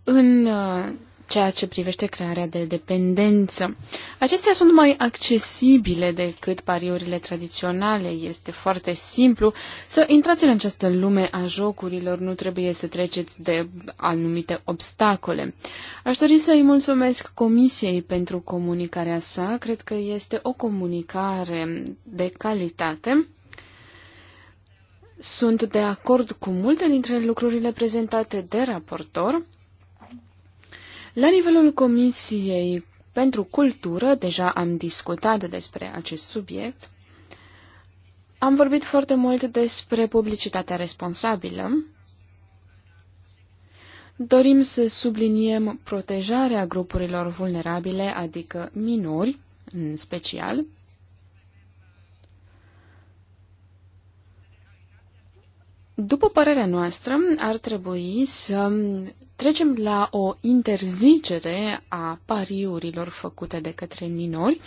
în eh, ceea ce privește crearea de dependență. Acestea sunt mai accesibile decât pariurile tradiționale. Este foarte simplu să intrați în această lume a jocurilor, nu trebuie să treceți de anumite obstacole. Aș dori să-i mulțumesc Comisiei pentru comunicarea sa. Cred că este o comunicare de calitate. Sunt de acord cu multe dintre lucrurile prezentate de raportor la nivelul Comisiei pentru Cultură, deja am discutat despre acest subiect, am vorbit foarte mult despre publicitatea responsabilă. Dorim să subliniem protejarea grupurilor vulnerabile, adică minori, în special, După părerea noastră, ar trebui să trecem la o interzicere a pariurilor făcute de către minori.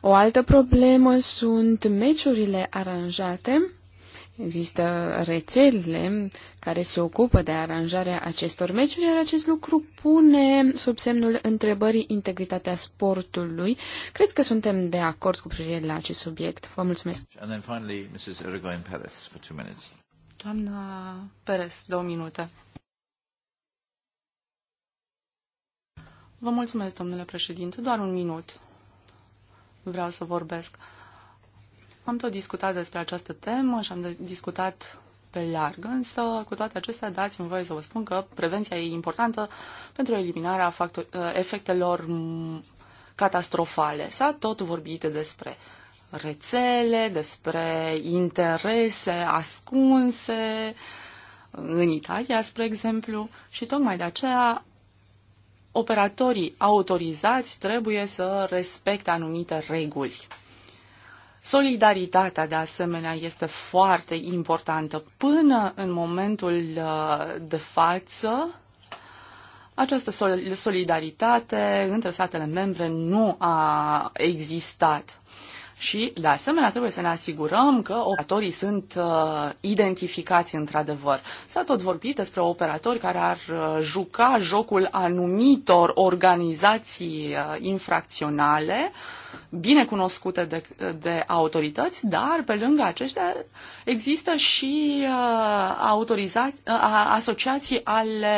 O altă problemă sunt meciurile aranjate. Există rețelele care se ocupă de aranjarea acestor meciuri, iar acest lucru pune sub semnul întrebării integritatea sportului. Cred că suntem de acord cu privire la acest subiect. Vă mulțumesc. And then finally, Mrs. Doamna Perez, două minute. Vă mulțumesc, domnule președinte, doar un minut. Vreau să vorbesc. Am tot discutat despre această temă și am discutat pe larg, însă cu toate acestea dați-mi voie să vă spun că prevenția e importantă pentru eliminarea factor- uh, efectelor catastrofale. S-a tot vorbit despre uh, rețele, despre interese ascunse în Italia, spre exemplu, și tocmai de aceea operatorii autorizați trebuie să respecte anumite reguli. Solidaritatea, de asemenea, este foarte importantă. Până în momentul uh, de față, această solidaritate între statele membre nu a existat. Și, de asemenea, trebuie să ne asigurăm că operatorii sunt uh, identificați într-adevăr. S-a tot vorbit despre operatori care ar uh, juca jocul anumitor organizații uh, infracționale bine cunoscute de, de autorități, dar pe lângă aceștia există și uh, autorizați, uh, asociații ale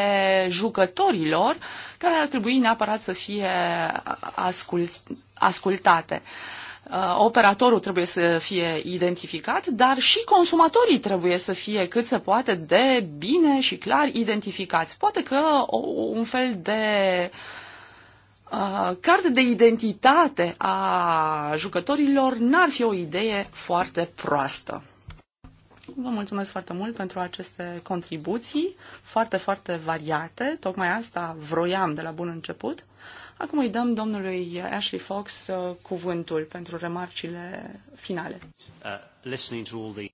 jucătorilor care ar trebui neapărat să fie uh, ascult, ascultate. Uh, Uh, operatorul trebuie să fie identificat, dar și consumatorii trebuie să fie cât se poate de bine și clar identificați. Poate că o, un fel de uh, carte de identitate a jucătorilor n-ar fi o idee foarte proastă. Vă mulțumesc foarte mult pentru aceste contribuții, foarte, foarte variate. Tocmai asta vroiam de la bun început. Acum îi dăm domnului Ashley Fox uh, cuvântul pentru remarcile finale. Uh,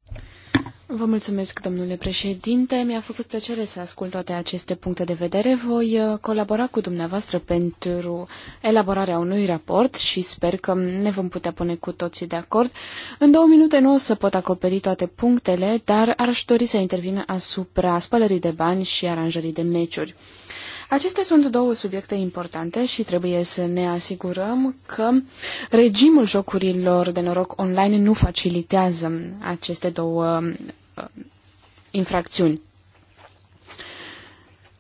Vă mulțumesc, domnule președinte. Mi-a făcut plăcere să ascult toate aceste puncte de vedere. Voi uh, colabora cu dumneavoastră pentru elaborarea unui raport și sper că ne vom putea pune cu toții de acord. În două minute nu o să pot acoperi toate punctele, dar aș dori să intervin asupra spălării de bani și aranjării de meciuri. Acestea sunt două subiecte importante și trebuie să ne asigurăm că regimul jocurilor de noroc online nu facilitează aceste două uh, infracțiuni.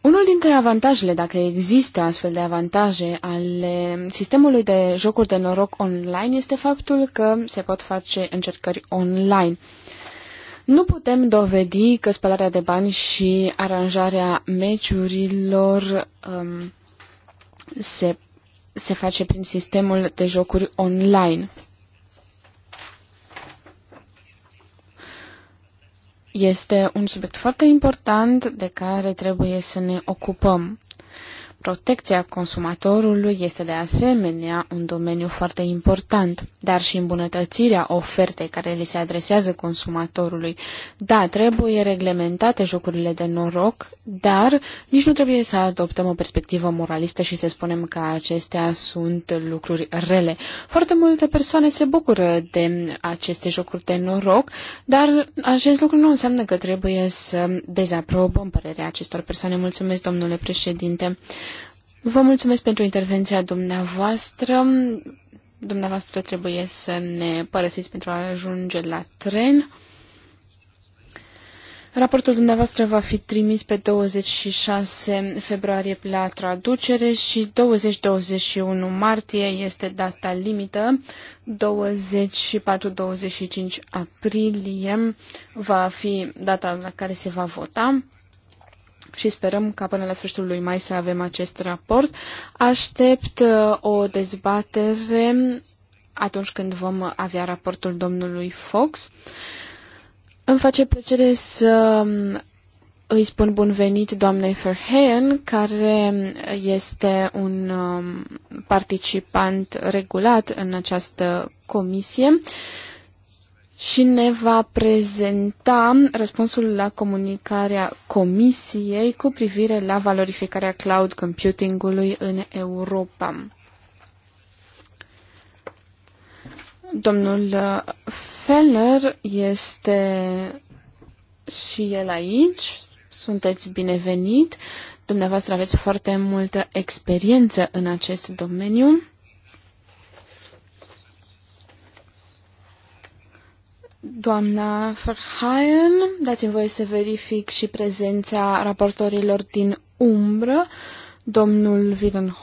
Unul dintre avantajele, dacă există astfel de avantaje ale sistemului de jocuri de noroc online, este faptul că se pot face încercări online. Nu putem dovedi că spălarea de bani și aranjarea meciurilor um, se, se face prin sistemul de jocuri online. Este un subiect foarte important de care trebuie să ne ocupăm. Protecția consumatorului este de asemenea un domeniu foarte important, dar și îmbunătățirea ofertei care li se adresează consumatorului. Da, trebuie reglementate jocurile de noroc, dar nici nu trebuie să adoptăm o perspectivă moralistă și să spunem că acestea sunt lucruri rele. Foarte multe persoane se bucură de aceste jocuri de noroc, dar acest lucru nu înseamnă că trebuie să dezaprobăm părerea acestor persoane. Mulțumesc, domnule președinte. Vă mulțumesc pentru intervenția dumneavoastră. Dumneavoastră trebuie să ne părăsiți pentru a ajunge la tren. Raportul dumneavoastră va fi trimis pe 26 februarie la traducere și 20-21 martie este data limită. 24-25 aprilie va fi data la care se va vota și sperăm ca până la sfârșitul lui mai să avem acest raport. Aștept uh, o dezbatere atunci când vom avea raportul domnului Fox. Îmi face plăcere să um, îi spun bun venit doamnei Verheyen, care este un um, participant regulat în această comisie și ne va prezenta răspunsul la comunicarea Comisiei cu privire la valorificarea cloud computingului în Europa. Domnul Feller este și el aici. Sunteți binevenit. Dumneavoastră aveți foarte multă experiență în acest domeniu. Doamna Verheyen, dați-mi voie să verific și prezența raportorilor din umbră, domnul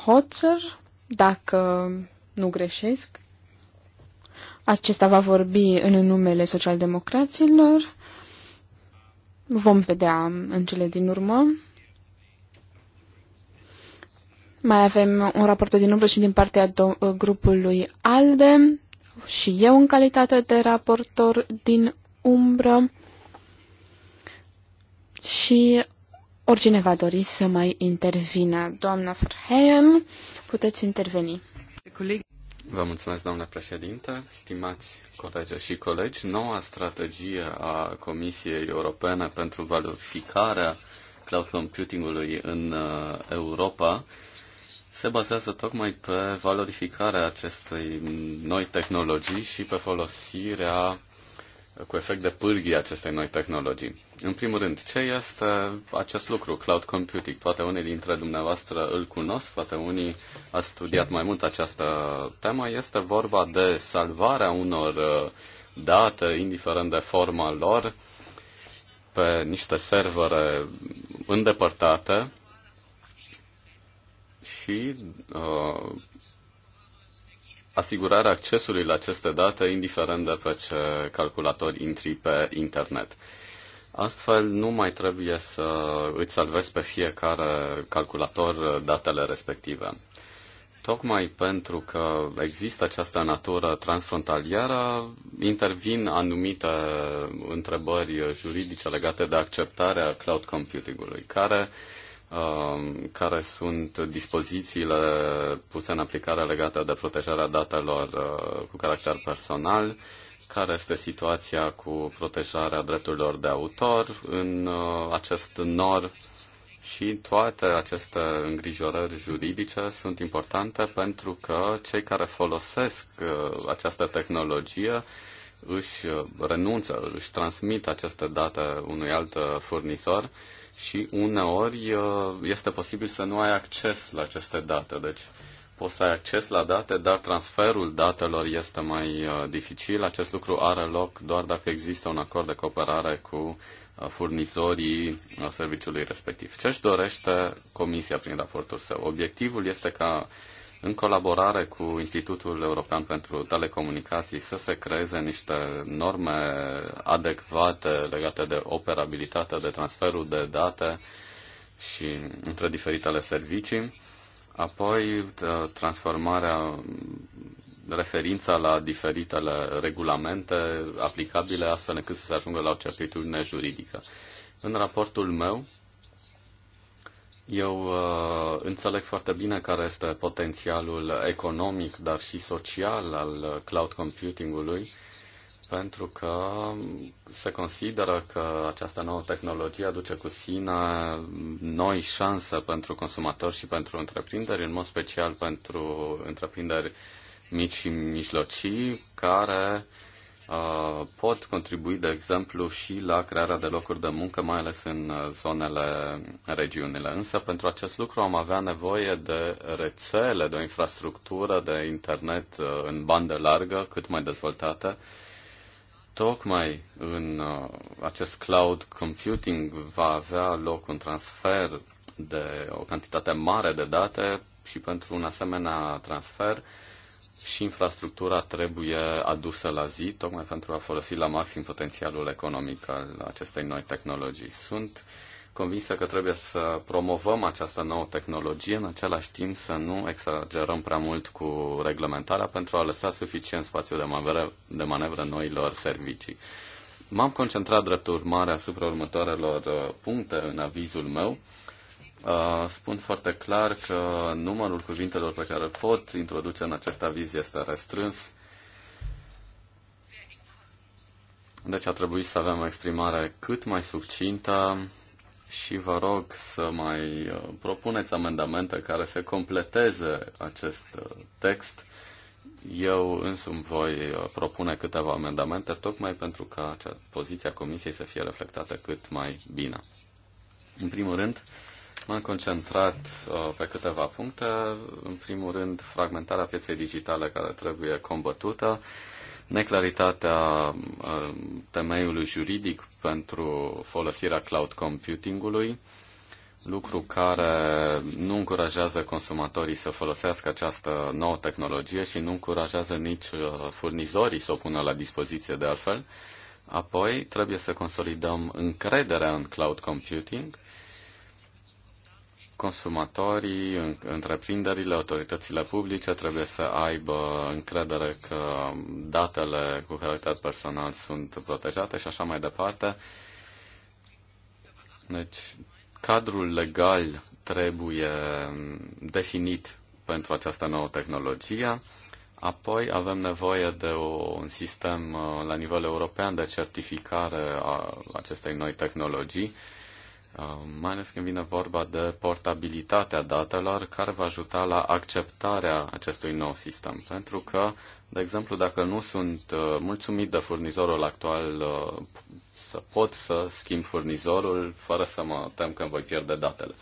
Hotzer, dacă nu greșesc. Acesta va vorbi în numele socialdemocraților. Vom vedea în cele din urmă. Mai avem un raport din umbră și din partea grupului ALDE, și eu în calitate de raportor din umbră și oricine va dori să mai intervină. Doamna Verheyen, puteți interveni. Vă mulțumesc, doamna președintă, stimați colegi și colegi. Noua strategie a Comisiei Europene pentru valorificarea cloud computingului în uh, Europa se bazează tocmai pe valorificarea acestei noi tehnologii și pe folosirea cu efect de pârghie acestei noi tehnologii. În primul rând, ce este acest lucru, cloud computing? Poate unii dintre dumneavoastră îl cunosc, poate unii a studiat mai mult această temă. Este vorba de salvarea unor uh, date, indiferent de forma lor, pe niște servere îndepărtate, și uh, asigurarea accesului la aceste date, indiferent de pe ce calculator intri pe internet. Astfel, nu mai trebuie să îți salvezi pe fiecare calculator datele respective. Tocmai pentru că există această natură transfrontalieră, intervin anumite întrebări juridice legate de acceptarea cloud computingului, care uh, Um, care sunt dispozițiile puse în aplicare legate de protejarea datelor uh, cu caracter personal, care este situația cu protejarea drepturilor de autor în uh, acest nor și toate aceste îngrijorări juridice sunt importante pentru că cei care folosesc uh, această tehnologie își renunță, își transmit aceste date unui alt furnizor și uneori uh, este posibil să nu ai acces la aceste date. Deci poți să ai acces la date, dar transferul datelor este mai uh, dificil. Acest lucru are loc doar dacă există un acord de cooperare cu uh, furnizorii serviciului respectiv. Ce își dorește Comisia prin raportul său? Obiectivul este ca în colaborare cu Institutul European pentru Telecomunicații să se creeze niște norme adecvate legate de operabilitatea, de transferul de date și între diferitele servicii. Apoi, ă, transformarea, referința la diferitele regulamente aplicabile, astfel încât să se ajungă la o certitudine juridică. În raportul meu, eu uh, înțeleg foarte bine care este potențialul economic, dar și social al cloud computingului, pentru că se consideră că această nouă tehnologie aduce cu sine noi șanse pentru consumatori și pentru întreprinderi, în mod special pentru întreprinderi mici și mijlocii, care uh, Uh, pot contribui, de exemplu, și la crearea de locuri de muncă, mai ales în uh, zonele, regiunile. Însă, pentru acest lucru am avea nevoie de rețele, de o infrastructură de internet uh, în bandă largă, cât mai dezvoltată, tocmai în acest cloud computing va avea loc un transfer de o cantitate mare de date și pentru un asemenea transfer uh, și infrastructura trebuie adusă la zi, tocmai pentru a folosi la maxim potențialul economic al acestei noi tehnologii. Sunt convinsă că trebuie să promovăm această nouă tehnologie, în același timp să nu exagerăm prea mult cu reglementarea pentru a lăsa suficient spațiu de manevră, de manevră noilor servicii. M-am concentrat drept urmare asupra următoarelor uh, puncte în avizul meu Uh, spun foarte clar că numărul cuvintelor pe care pot introduce în acest aviz este restrâns. Deci a trebuit să avem o exprimare cât mai succintă și vă rog să mai uh, propuneți amendamente care să completeze acest uh, text. Eu însumi voi propune câteva amendamente, tocmai pentru ca poziția Comisiei să fie reflectată cât mai bine. În primul rând, M-am concentrat uh, pe câteva puncte. În primul rând, fragmentarea pieței digitale care trebuie combătută, neclaritatea uh, temeiului juridic pentru folosirea cloud computingului, lucru care nu încurajează consumatorii să folosească această nouă tehnologie și nu încurajează nici uh, furnizorii să o pună la dispoziție de altfel. Apoi, trebuie să consolidăm încrederea în cloud computing, uh, consumatorii, întreprinderile, autoritățile publice trebuie să aibă încredere că datele cu caracter personal sunt protejate și așa mai departe. Deci, cadrul legal trebuie definit pentru această nouă tehnologie. Apoi avem nevoie de o, un sistem uh, la nivel european de certificare a acestei noi tehnologii Uh, mai ales când vine vorba de portabilitatea datelor care va ajuta la acceptarea acestui nou sistem. Pentru că, de exemplu, dacă nu sunt uh, mulțumit de furnizorul actual, uh, să pot să schimb furnizorul fără să mă tem că îmi voi pierde datele.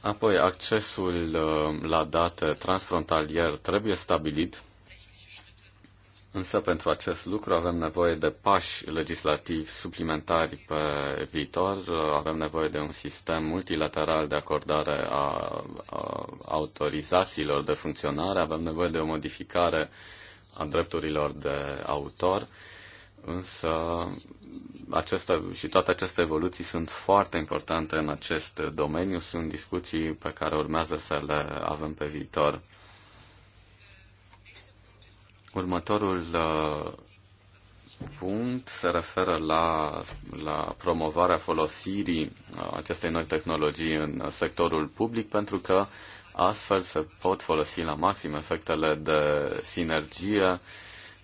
Apoi, accesul la date transfrontalier trebuie stabilit Însă pentru acest lucru avem nevoie de pași legislativi suplimentari pe viitor, avem nevoie de un sistem multilateral de acordare a, a autorizațiilor de funcționare, avem nevoie de o modificare a drepturilor de autor, însă aceste, și toate aceste evoluții sunt foarte importante în acest domeniu, sunt discuții pe care urmează să le avem pe viitor. Următorul uh, punct se referă la, la promovarea folosirii uh, acestei noi tehnologii în sectorul public, pentru că astfel se pot folosi la maxim efectele de sinergie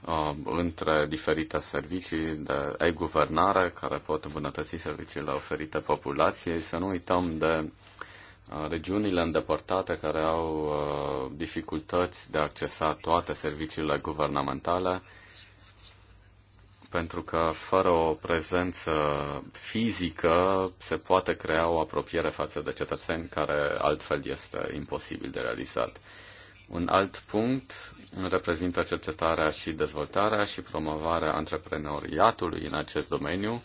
uh, între diferite servicii de e-guvernare care pot îmbunătăți serviciile oferite populației. Să nu uităm de Uh, regiunile îndepărtate care au uh, dificultăți de a accesa toate serviciile guvernamentale, pentru că fără o prezență fizică se poate crea o apropiere față de cetățeni care altfel este imposibil de realizat. Un alt punct reprezintă cercetarea și dezvoltarea și promovarea antreprenoriatului în acest domeniu,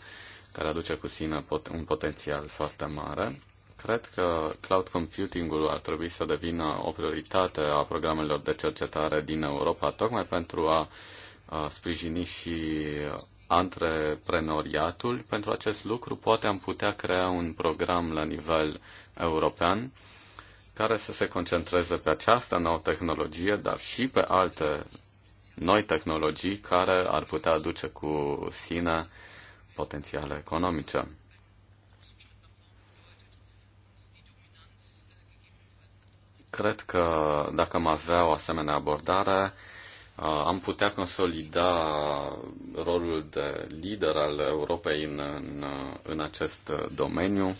care aduce cu sine un potențial foarte mare. Cred că cloud computing-ul ar trebui să devină o prioritate a programelor de cercetare din Europa, tocmai pentru a, a sprijini și antreprenoriatul. Pentru acest lucru poate am putea crea un program la nivel european care să se concentreze pe această nouă tehnologie, dar și pe alte noi tehnologii care ar putea aduce cu sine potențiale economice. Cred că dacă am avea o asemenea abordare, uh, am putea consolida rolul de lider al Europei în, în, uh, în acest uh, domeniu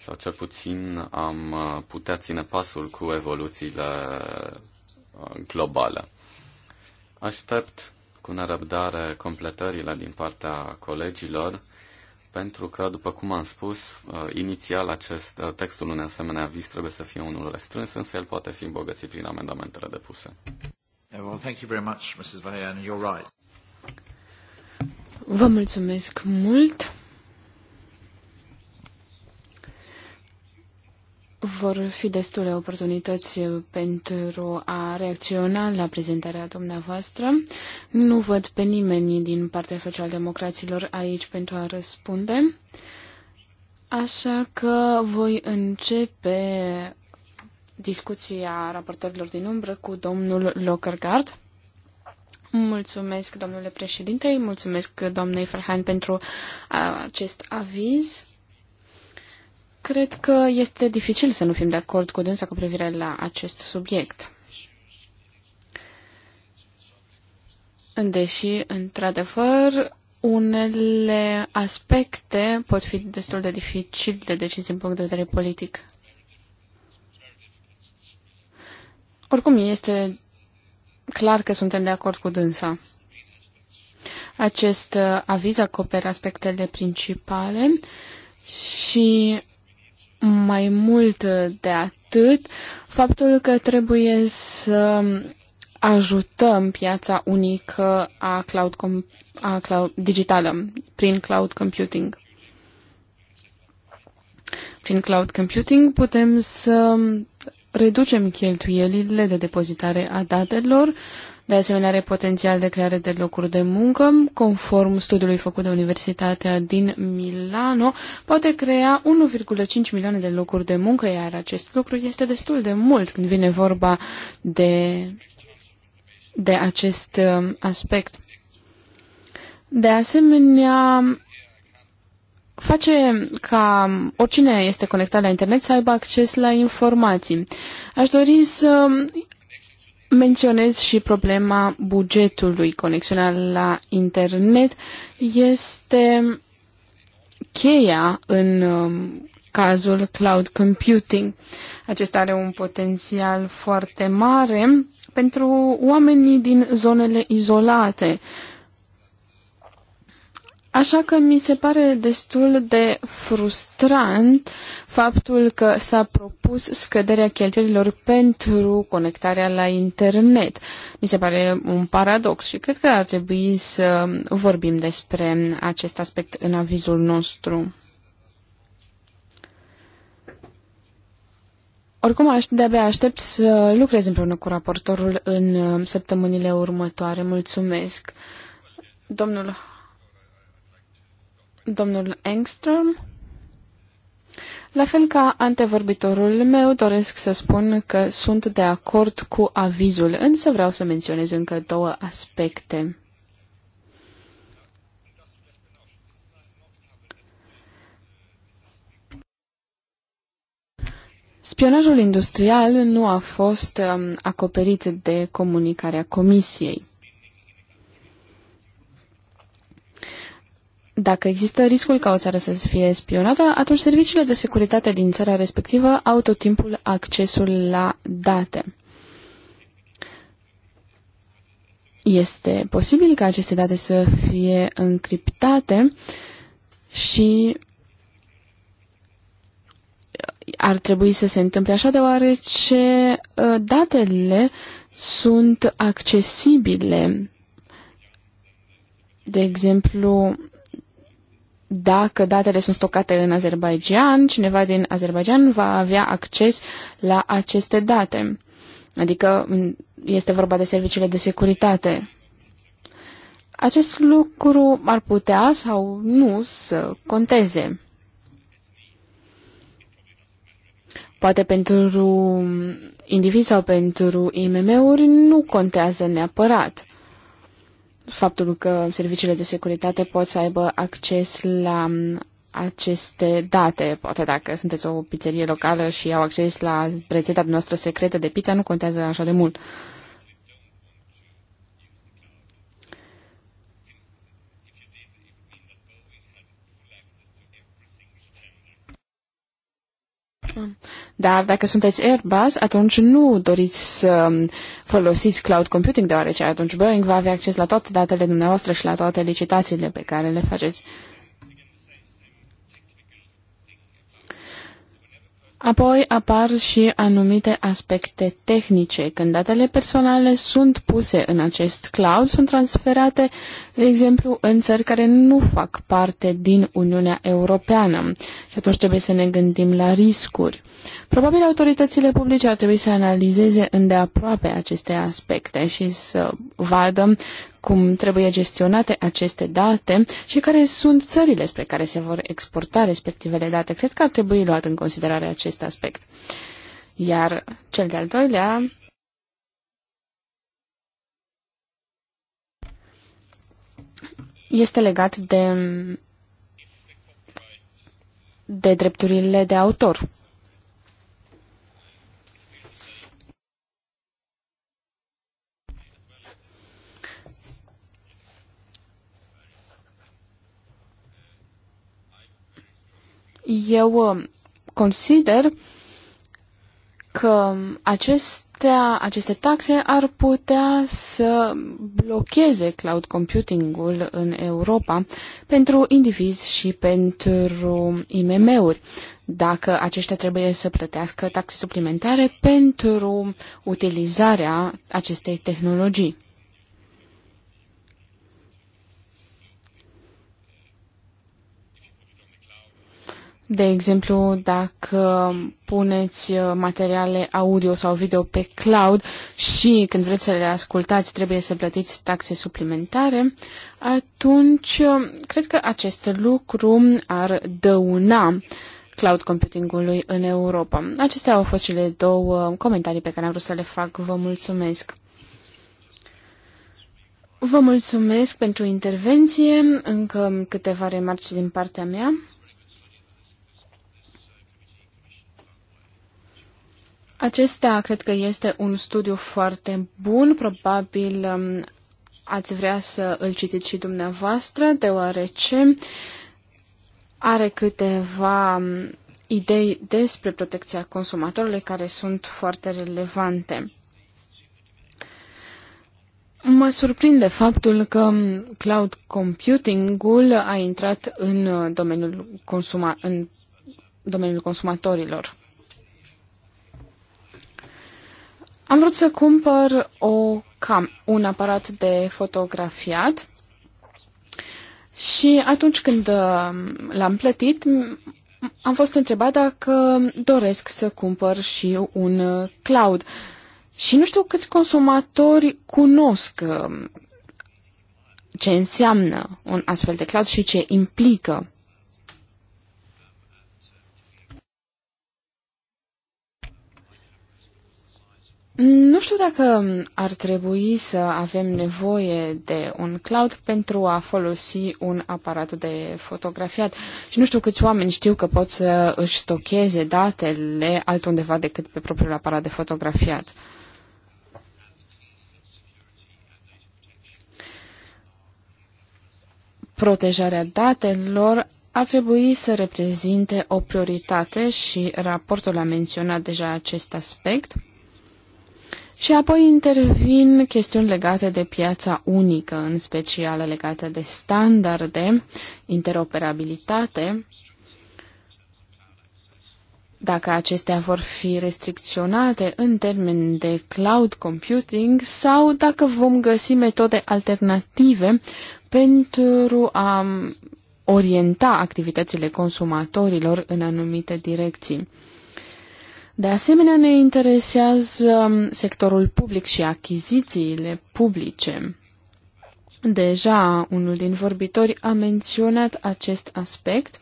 sau cel puțin am putea ține pasul cu evoluțiile globale. Aștept cu nerăbdare completările din partea colegilor pentru că, după cum am spus, uh, inițial acest uh, textul unei asemenea vis trebuie să fie unul restrâns, însă el poate fi îmbogățit prin amendamentele depuse. Well, thank you very much, Mrs. You're right. Vă mulțumesc mult. vor fi destule oportunități pentru a reacționa la prezentarea dumneavoastră. Nu văd pe nimeni din partea socialdemocraților aici pentru a răspunde, așa că voi începe discuția raportorilor din umbră cu domnul Lockergard. Mulțumesc, domnule președinte, mulțumesc doamnei Ferhan pentru acest aviz. Cred că este dificil să nu fim de acord cu dânsa cu privire la acest subiect. Deși, într-adevăr, unele aspecte pot fi destul de dificil de decis din punct de vedere politic. Oricum, este clar că suntem de acord cu dânsa. Acest uh, aviz acoperă aspectele principale și mai mult de atât, faptul că trebuie să ajutăm piața unică a cloud, com a cloud digitală prin cloud computing. Prin cloud computing putem să reducem cheltuielile de depozitare a datelor de asemenea are potențial de creare de locuri de muncă, conform studiului făcut de Universitatea din Milano, poate crea 1,5 milioane de locuri de muncă, iar acest lucru este destul de mult când vine vorba de, de acest um, aspect. De asemenea, face ca oricine este conectat la internet să aibă acces la informații. Aș dori să Menționez și problema bugetului. Conexiunea la internet este cheia în um, cazul cloud computing. Acesta are un potențial foarte mare pentru oamenii din zonele izolate, Așa că mi se pare destul de frustrant faptul că s-a propus scăderea cheltuielilor pentru conectarea la internet. Mi se pare un paradox și cred că ar trebui să vorbim despre acest aspect în avizul nostru. Oricum, aș, de-abia aștept să lucrez împreună cu raportorul în uh, săptămânile următoare. Mulțumesc. Domnul domnul Engström. La fel ca antevorbitorul meu, doresc să spun că sunt de acord cu avizul, însă vreau să menționez încă două aspecte. Spionajul industrial nu a fost um, acoperit de comunicarea Comisiei. Dacă există riscul ca o țară să fie spionată, atunci serviciile de securitate din țara respectivă au tot timpul accesul la date. Este posibil ca aceste date să fie încriptate și ar trebui să se întâmple așa deoarece ă, datele sunt accesibile. De exemplu, dacă datele sunt stocate în Azerbaijan, cineva din Azerbaijan va avea acces la aceste date. Adică este vorba de serviciile de securitate. Acest lucru ar putea sau nu să conteze. Poate pentru indivizi sau pentru IMM-uri nu contează neapărat faptul că serviciile de securitate pot să aibă acces la aceste date. Poate dacă sunteți o pizzerie locală și au acces la rețeta noastră secretă de pizza, nu contează așa de mult. Uh, Dar dacă sunteți Airbus, atunci nu doriți să folosiți cloud computing, deoarece atunci Boeing va avea acces la toate datele dumneavoastră și la toate licitațiile pe care le faceți. Apoi apar și anumite aspecte tehnice. Când datele personale sunt puse în acest cloud, sunt transferate, de exemplu, în țări care nu fac parte din Uniunea Europeană. Și atunci trebuie să ne gândim la riscuri. Probabil autoritățile publice ar trebui să analizeze îndeaproape aceste aspecte și să vadă cum trebuie gestionate aceste date și care sunt țările spre care se vor exporta respectivele date. Cred că ar trebui luat în considerare acest aspect. Iar cel de-al doilea este legat de, de drepturile de autor. Eu uh, consider că acestea, aceste taxe ar putea să blocheze cloud computing-ul în Europa pentru indivizi și pentru IMM-uri, dacă aceștia trebuie să plătească taxe suplimentare pentru utilizarea acestei tehnologii. De exemplu, dacă puneți uh, materiale audio sau video pe cloud și când vreți să le ascultați trebuie să plătiți taxe suplimentare, atunci uh, cred că acest lucru ar dăuna cloud computingului în Europa. Acestea au fost cele două comentarii pe care am vrut să le fac. Vă mulțumesc! Vă mulțumesc pentru intervenție. Încă câteva remarci din partea mea. Acesta cred că este un studiu foarte bun, probabil um, ați vrea să îl citiți și dumneavoastră, deoarece are câteva um, idei despre protecția consumatorului care sunt foarte relevante. Mă surprinde faptul că um, cloud computing-ul a intrat în uh, domeniul, consuma- în domeniul consumatorilor. Am vrut să cumpăr o cam, un aparat de fotografiat și atunci când uh, l-am plătit, am fost întrebat dacă doresc să cumpăr și un uh, cloud. Și nu știu câți consumatori cunosc uh, ce înseamnă un astfel de cloud și ce implică. Nu știu dacă ar trebui să avem nevoie de un cloud pentru a folosi un aparat de fotografiat și nu știu câți oameni știu că pot să își stocheze datele altundeva decât pe propriul aparat de fotografiat. Protejarea datelor ar trebui să reprezinte o prioritate și raportul a menționat deja acest aspect – și apoi intervin chestiuni legate de piața unică, în special legate de standarde, interoperabilitate, dacă acestea vor fi restricționate în termen de cloud computing sau dacă vom găsi metode alternative pentru a orienta activitățile consumatorilor în anumite direcții. De asemenea, ne interesează um, sectorul public și achizițiile publice. Deja unul din vorbitori a menționat acest aspect.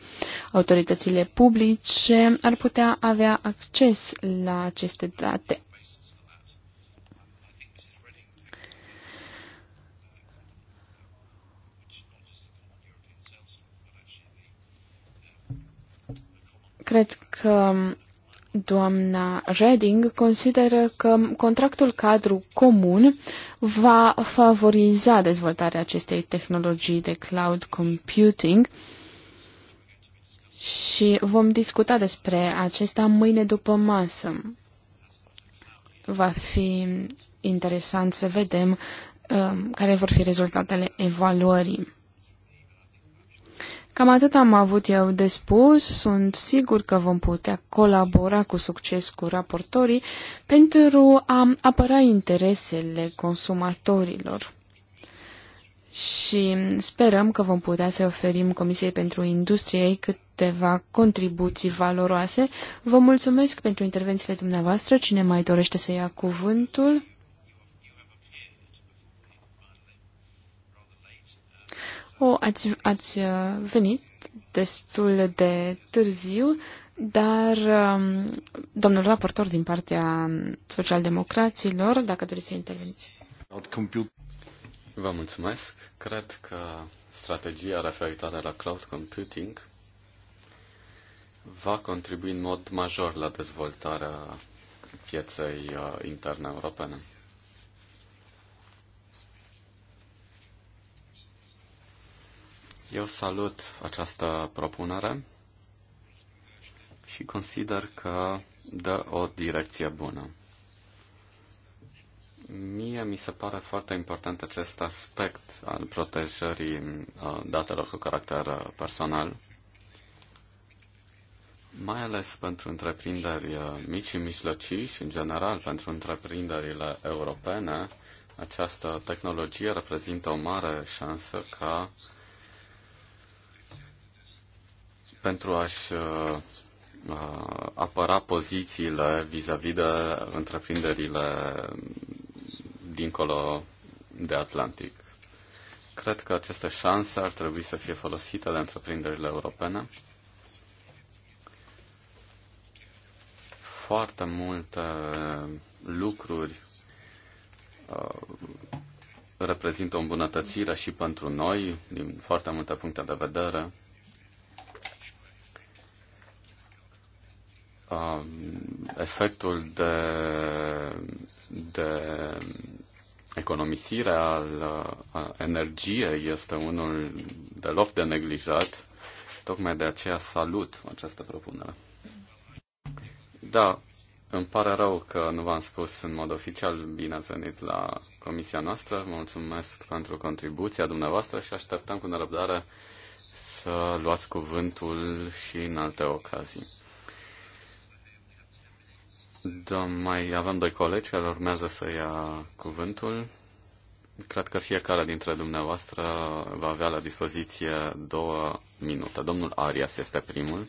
Autoritățile publice ar putea avea acces la aceste date. Cred că um, Doamna Reding consideră că contractul cadru comun va favoriza dezvoltarea acestei tehnologii de cloud computing și vom discuta despre acesta mâine după masă. Va fi interesant să vedem uh, care vor fi rezultatele evaluării. Cam atât am avut eu de spus. Sunt sigur că vom putea colabora cu succes cu raportorii pentru a apăra interesele consumatorilor. Și sperăm că vom putea să oferim Comisiei pentru Industriei câteva contribuții valoroase. Vă mulțumesc pentru intervențiile dumneavoastră. Cine mai dorește să ia cuvântul? O, ați, ați uh, venit destul de târziu, dar um, domnul raportor din partea socialdemocraților, dacă doriți să interveniți. Vă mulțumesc. Cred că strategia referitoare la cloud computing va contribui în mod major la dezvoltarea pieței uh, interne europene. Eu salut această propunere și consider că dă o direcție bună. Mie mi se pare foarte important acest aspect al protejării uh, datelor cu caracter uh, personal, mai ales pentru întreprinderi uh, mici și mijlocii și, în general, pentru întreprinderile europene, această tehnologie reprezintă o mare șansă ca pentru a-și uh, uh, apăra pozițiile vis-a-vis -vis de întreprinderile dincolo de Atlantic. Cred că aceste șanse ar trebui să fie folosite de întreprinderile europene. Foarte multe lucruri uh, reprezintă o îmbunătățire și pentru noi, din foarte multe puncte de vedere, Um, efectul de, de economisire al uh, a energiei este unul deloc de neglijat. Tocmai de aceea salut această propunere. Da, îmi pare rău că nu v-am spus în mod oficial bine ați venit la comisia noastră. Mulțumesc pentru contribuția dumneavoastră și așteptăm cu nerăbdare să luați cuvântul și în alte ocazii mai avem doi colegi care urmează să ia cuvântul. Cred că fiecare dintre dumneavoastră va avea la dispoziție două minute. Domnul Arias este primul.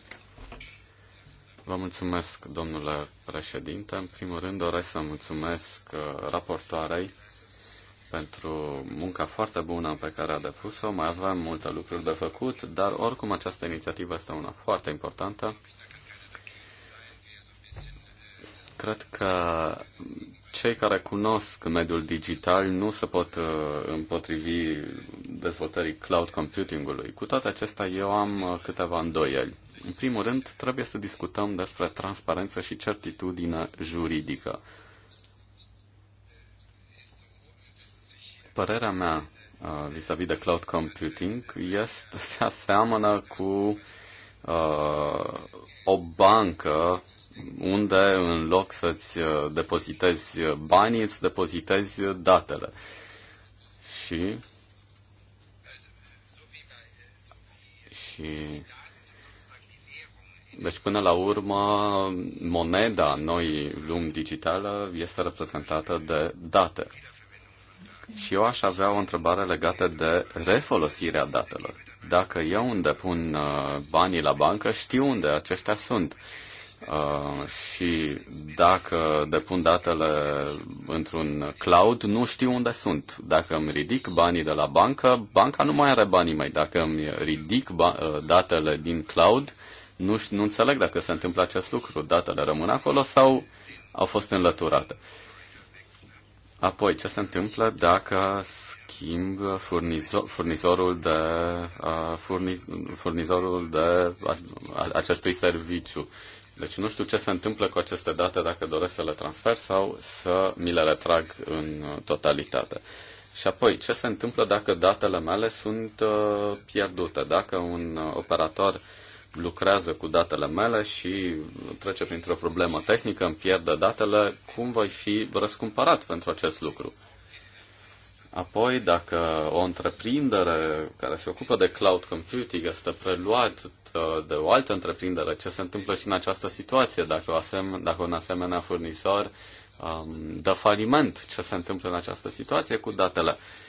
Vă mulțumesc, domnule președinte. În primul rând doresc să mulțumesc uh, raportoarei pentru munca foarte bună pe care a depus-o. Mai avem multe lucruri de făcut, dar oricum această inițiativă este una foarte importantă. Cred că cei care cunosc mediul digital nu se pot uh, împotrivi dezvoltării cloud computingului. Cu toate acestea, eu am uh, câteva îndoieli. În primul rând, trebuie să discutăm despre transparență și certitudine juridică. Părerea mea uh, vis-a-vis -vis de cloud computing este, se aseamănă cu uh, o bancă unde în loc să-ți uh, depozitezi uh, banii, îți depozitezi uh, datele. Și și deci până la urmă moneda noi lumi digitală este reprezentată de date. Și eu aș avea o întrebare legată de refolosirea datelor. Dacă eu îmi depun banii la bancă, știu unde aceștia sunt. Uh, și dacă depun datele într-un cloud, nu știu unde sunt. Dacă îmi ridic banii de la bancă, banca nu mai are banii mei. Dacă îmi ridic uh, datele din cloud, nu, știu, nu înțeleg dacă se întâmplă acest lucru. Datele rămân acolo sau au fost înlăturate. Apoi, ce se întâmplă dacă schimb furnizor, furnizorul de, uh, furniz, furnizorul de a, acestui serviciu? Deci nu știu ce se întâmplă cu aceste date dacă doresc să le transfer sau să mi le retrag în totalitate. Și apoi, ce se întâmplă dacă datele mele sunt uh, pierdute? Dacă un operator lucrează cu datele mele și trece printr-o problemă tehnică, îmi pierde datele, cum voi fi răscumpărat pentru acest lucru? Apoi, dacă o întreprindere care se ocupă de cloud computing este preluată uh, de o altă întreprindere, ce se întâmplă și în această situație? Dacă, o asem- dacă un asemenea furnizor um, dă faliment, ce se întâmplă în această situație cu datele? Uh,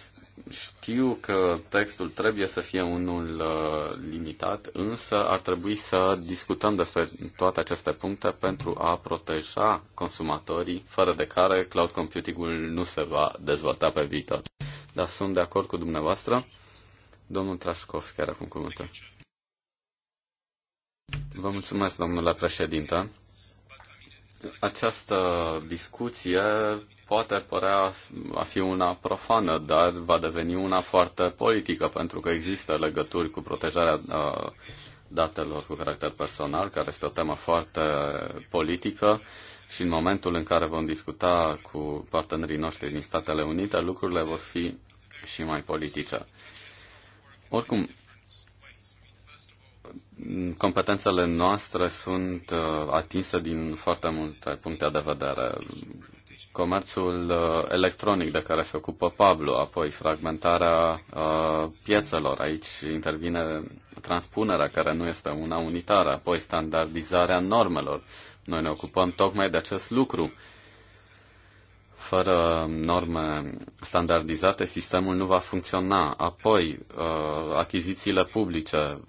știu că textul trebuie să fie unul uh, limitat, însă ar trebui să discutăm despre toate aceste puncte pentru a proteja consumatorii, fără de care cloud computingul nu se va dezvolta pe viitor. Dar sunt de acord cu dumneavoastră. Domnul Trașcov, are acum cuvântul. Vă mulțumesc, domnule președinte. Această discuție poate părea a fi una profană, dar va deveni una foarte politică, pentru că există legături cu protejarea uh, datelor cu caracter personal, care este o temă foarte politică și în momentul în care vom discuta cu partenerii noștri din Statele Unite, lucrurile vor fi și mai politice. Oricum, competențele noastre sunt uh, atinse din foarte multe puncte de vedere comerțul uh, electronic de care se ocupă Pablo, apoi fragmentarea uh, piețelor. Aici intervine transpunerea care nu este una unitară, apoi standardizarea normelor. Noi ne ocupăm tocmai de acest lucru. Fără norme standardizate, sistemul nu va funcționa. Apoi, uh, achizițiile publice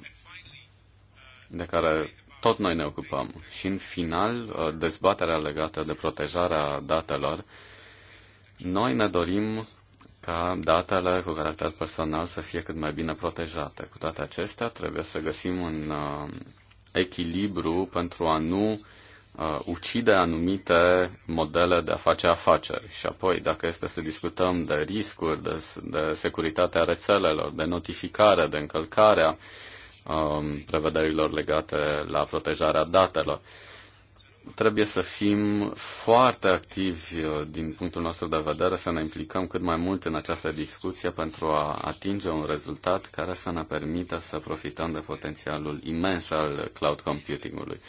de care tot noi ne ocupăm. Și în final, uh, dezbaterea legată de protejarea datelor, noi ne dorim ca datele cu caracter personal să fie cât mai bine protejate. Cu toate acestea, trebuie să găsim un uh, echilibru pentru a nu uh, ucide anumite modele de a face afaceri. Și apoi, dacă este să discutăm de riscuri, de, de securitatea rețelelor, de notificare, de încălcarea uh, um, prevederilor legate la protejarea datelor. Trebuie să fim foarte activi uh, din punctul nostru de vedere, să ne implicăm cât mai mult în această discuție pentru a atinge un rezultat care să ne permită să profităm de potențialul imens al cloud computingului.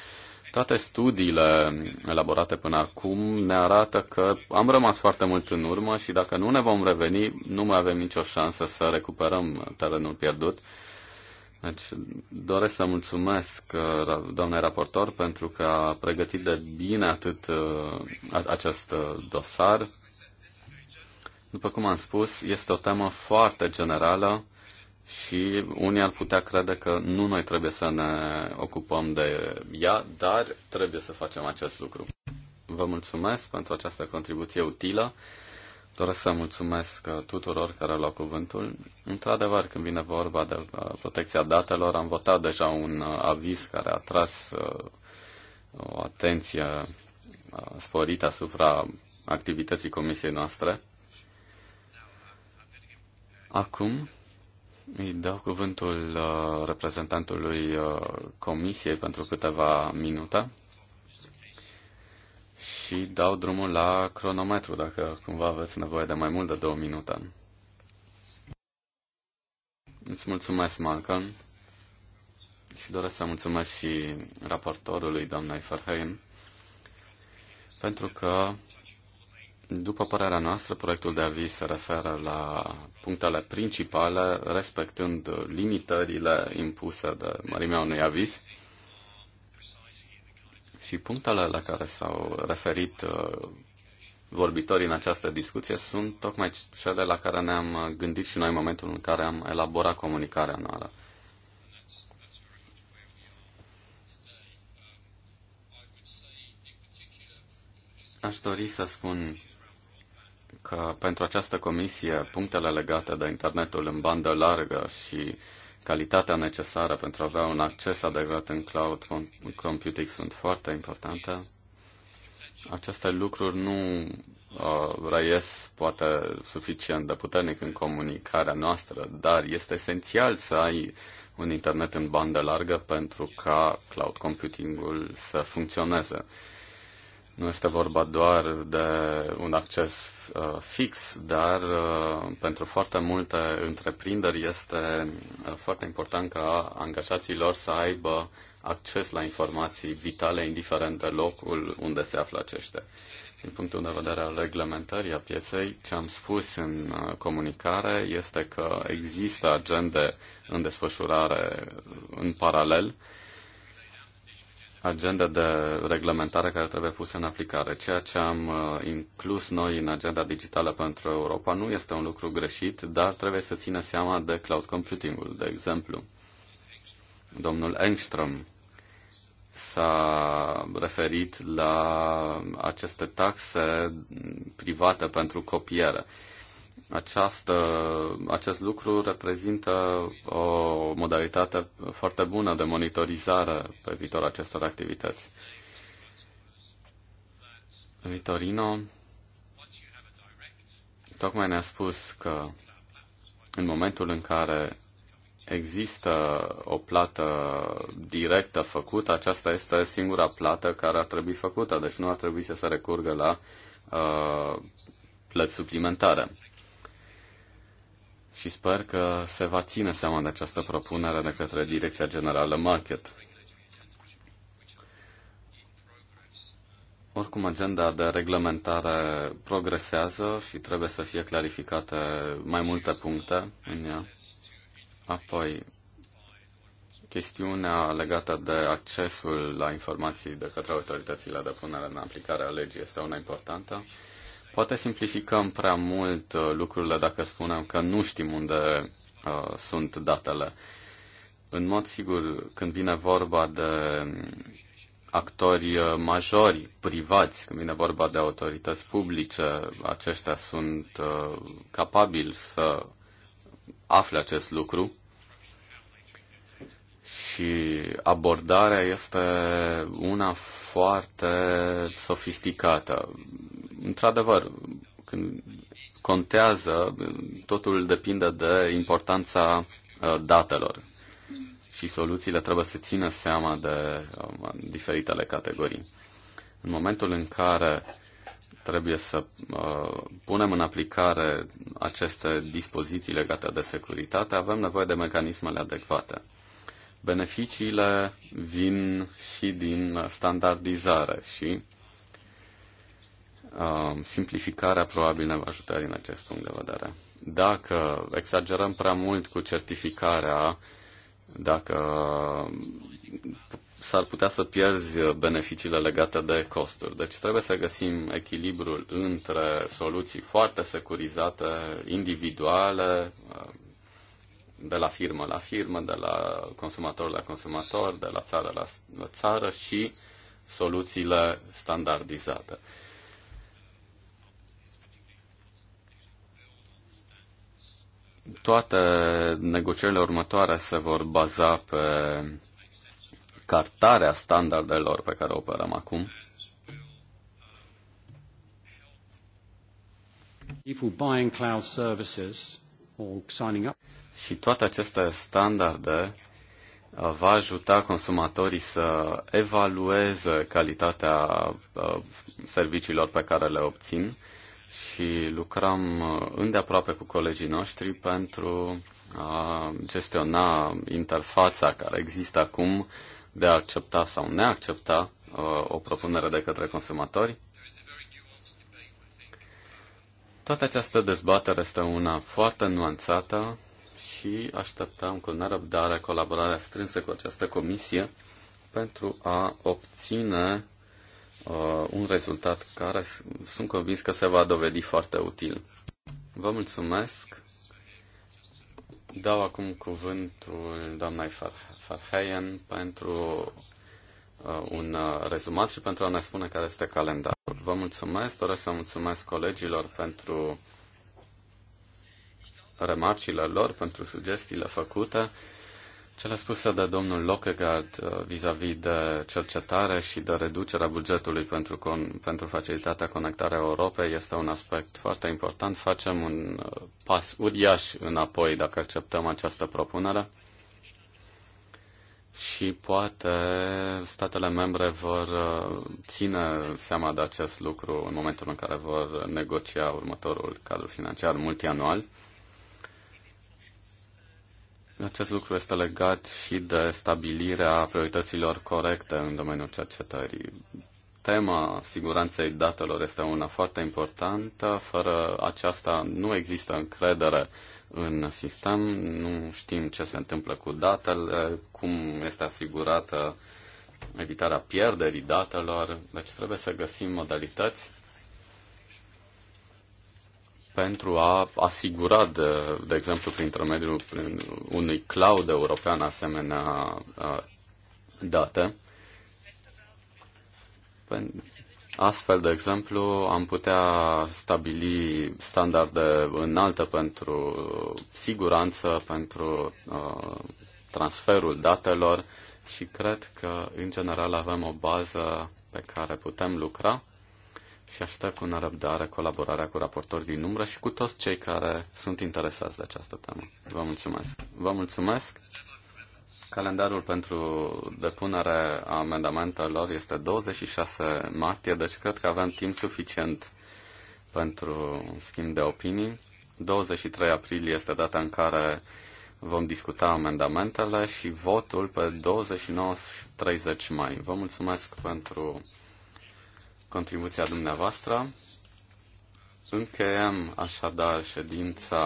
Toate studiile elaborate până acum ne arată că am rămas foarte mult în urmă și dacă nu ne vom reveni, nu mai avem nicio șansă să recuperăm terenul pierdut deci, doresc să mulțumesc uh, doamnei raportor pentru că a pregătit de bine atât uh, acest uh, dosar. După cum am spus, este o temă foarte generală și unii ar putea crede că nu noi trebuie să ne ocupăm de ea, dar trebuie să facem acest lucru. Vă mulțumesc pentru această contribuție utilă. Doresc să mulțumesc tuturor care au luat cuvântul. Într-adevăr, când vine vorba de uh, protecția datelor, am votat deja un uh, aviz care a tras uh, o atenție sporită asupra activității comisiei noastre. Acum îi dau cuvântul reprezentantului comisiei pentru câteva minute și dau drumul la cronometru dacă cumva aveți nevoie de mai mult de două minute. Îți mulțumesc, Malcolm, și doresc să mulțumesc și raportorului, doamnei Farheim, pentru că, după părerea noastră, proiectul de aviz se referă la punctele principale, respectând limitările impuse de mărimea unui aviz și punctele la care s-au referit uh, vorbitorii în această discuție sunt tocmai cele la care ne-am gândit și noi în momentul în care am elaborat comunicarea noastră. Aș dori să spun că pentru această comisie punctele legate de internetul în bandă largă și calitatea necesară pentru a avea un acces adecvat în cloud computing sunt foarte importante. Aceste lucruri nu uh, răiesc poate suficient de puternic în comunicarea noastră, dar este esențial să ai un internet în bandă largă pentru ca cloud computingul să funcționeze. Nu este vorba doar de un acces uh, fix, dar uh, pentru foarte multe întreprinderi este uh, foarte important ca angajații lor să aibă acces la informații vitale, indiferent de locul unde se află aceștia. Din punctul de vedere al reglementării a pieței, ce am spus în uh, comunicare este că există agende în desfășurare în paralel agenda de reglementare care trebuie pusă în aplicare. Ceea ce am uh, inclus noi în agenda digitală pentru Europa nu este un lucru greșit, dar trebuie să țină seama de cloud computing-ul, de exemplu. Domnul Engström s-a referit la aceste taxe private pentru copiere. Această, acest lucru reprezintă o modalitate foarte bună de monitorizare pe viitor acestor activități. Vitorino tocmai ne-a spus că în momentul în care există o plată directă făcută, aceasta este singura plată care ar trebui făcută, deci nu ar trebui să se recurgă la uh, plăți suplimentare și sper că se va ține seama de această propunere de către Direcția Generală Market. Oricum, agenda de reglementare progresează și trebuie să fie clarificate mai multe puncte în ea. Apoi, chestiunea legată de accesul la informații de către autoritățile de punere în aplicare a legii este una importantă. Poate simplificăm prea mult uh, lucrurile dacă spunem că nu știm unde uh, sunt datele. În mod sigur, când vine vorba de mm, actori uh, majori, privați, când vine vorba de autorități publice, aceștia sunt uh, capabili să afle acest lucru și abordarea este una foarte sofisticată. Într-adevăr, când contează, totul depinde de importanța ă, datelor și soluțiile trebuie să țină seama de ă, diferitele categorii. În momentul în care trebuie să ă, punem în aplicare aceste dispoziții legate de securitate, avem nevoie de mecanismele adecvate. Beneficiile vin și din standardizare și uh, simplificarea probabil ne va ajuta din acest punct de vedere. Dacă exagerăm prea mult cu certificarea, dacă s-ar putea să pierzi beneficiile legate de costuri. Deci trebuie să găsim echilibrul între soluții foarte securizate, individuale, uh, de la firmă la firmă, de la consumator la consumator, de la țară la, țară și soluțiile standardizate. Toate negocierile următoare se vor baza pe cartarea standardelor pe care operăm acum. People buying cloud services or signing up. Și toate aceste standarde uh, va ajuta consumatorii să evalueze calitatea uh, serviciilor pe care le obțin și lucrăm uh, îndeaproape cu colegii noștri pentru a gestiona interfața care există acum de a accepta sau neaccepta o propunere de către consumatori. Toată această dezbatere este una foarte nuanțată și așteptăm cu nerăbdare colaborarea strânsă cu această comisie pentru a obține uh, un rezultat care sunt convins că se va dovedi foarte util. Vă mulțumesc. Dau acum cuvântul doamnei Far- Farheyen pentru uh, un uh, rezumat și pentru a ne spune care este calendarul. Vă mulțumesc, doresc să mulțumesc colegilor pentru remarcile lor, pentru sugestiile făcute. Cele spuse de domnul Lockegaard uh, vis-a-vis de cercetare și de reducerea bugetului pentru, con- pentru facilitatea conectarea Europei este un aspect foarte important. Facem un uh, pas uriaș înapoi dacă acceptăm această propunere și poate statele membre vor uh, ține seama de acest lucru în momentul în care vor negocia următorul cadru financiar multianual. Acest lucru este legat și de stabilirea priorităților corecte în domeniul cercetării. Tema siguranței datelor este una foarte importantă. Fără aceasta nu există încredere în sistem, nu știm ce se întâmplă cu datele, cum este asigurată evitarea pierderii datelor, deci trebuie să găsim modalități pentru a asigura, de, de exemplu, prin intermediul prin unui cloud european asemenea date. Astfel, de exemplu, am putea stabili standarde înalte pentru siguranță, pentru transferul datelor și cred că, în general, avem o bază pe care putem lucra și aștept cu nerăbdare colaborarea cu raportori din umbră și cu toți cei care sunt interesați de această temă. Vă mulțumesc. Vă mulțumesc. Calendarul pentru depunere a amendamentelor este 26 martie, deci cred că avem timp suficient pentru schimb de opinii. 23 aprilie este data în care vom discuta amendamentele și votul pe 29-30 mai. Vă mulțumesc pentru contribuția dumneavoastră. Încheiem așadar ședința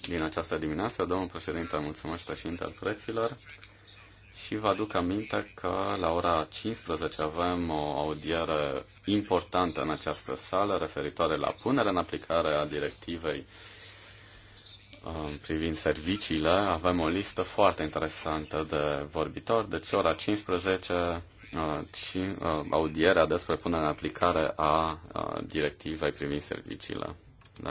din această dimineață. Domnul președinte mulțumesc și interpreților și vă aduc aminte că la ora 15 avem o audiere importantă în această sală referitoare la punerea în aplicare a directivei um, privind serviciile. Avem o listă foarte interesantă de vorbitori, deci ora 15 Uh, și uh, audierea despre punerea în aplicare a uh, directivei privind serviciile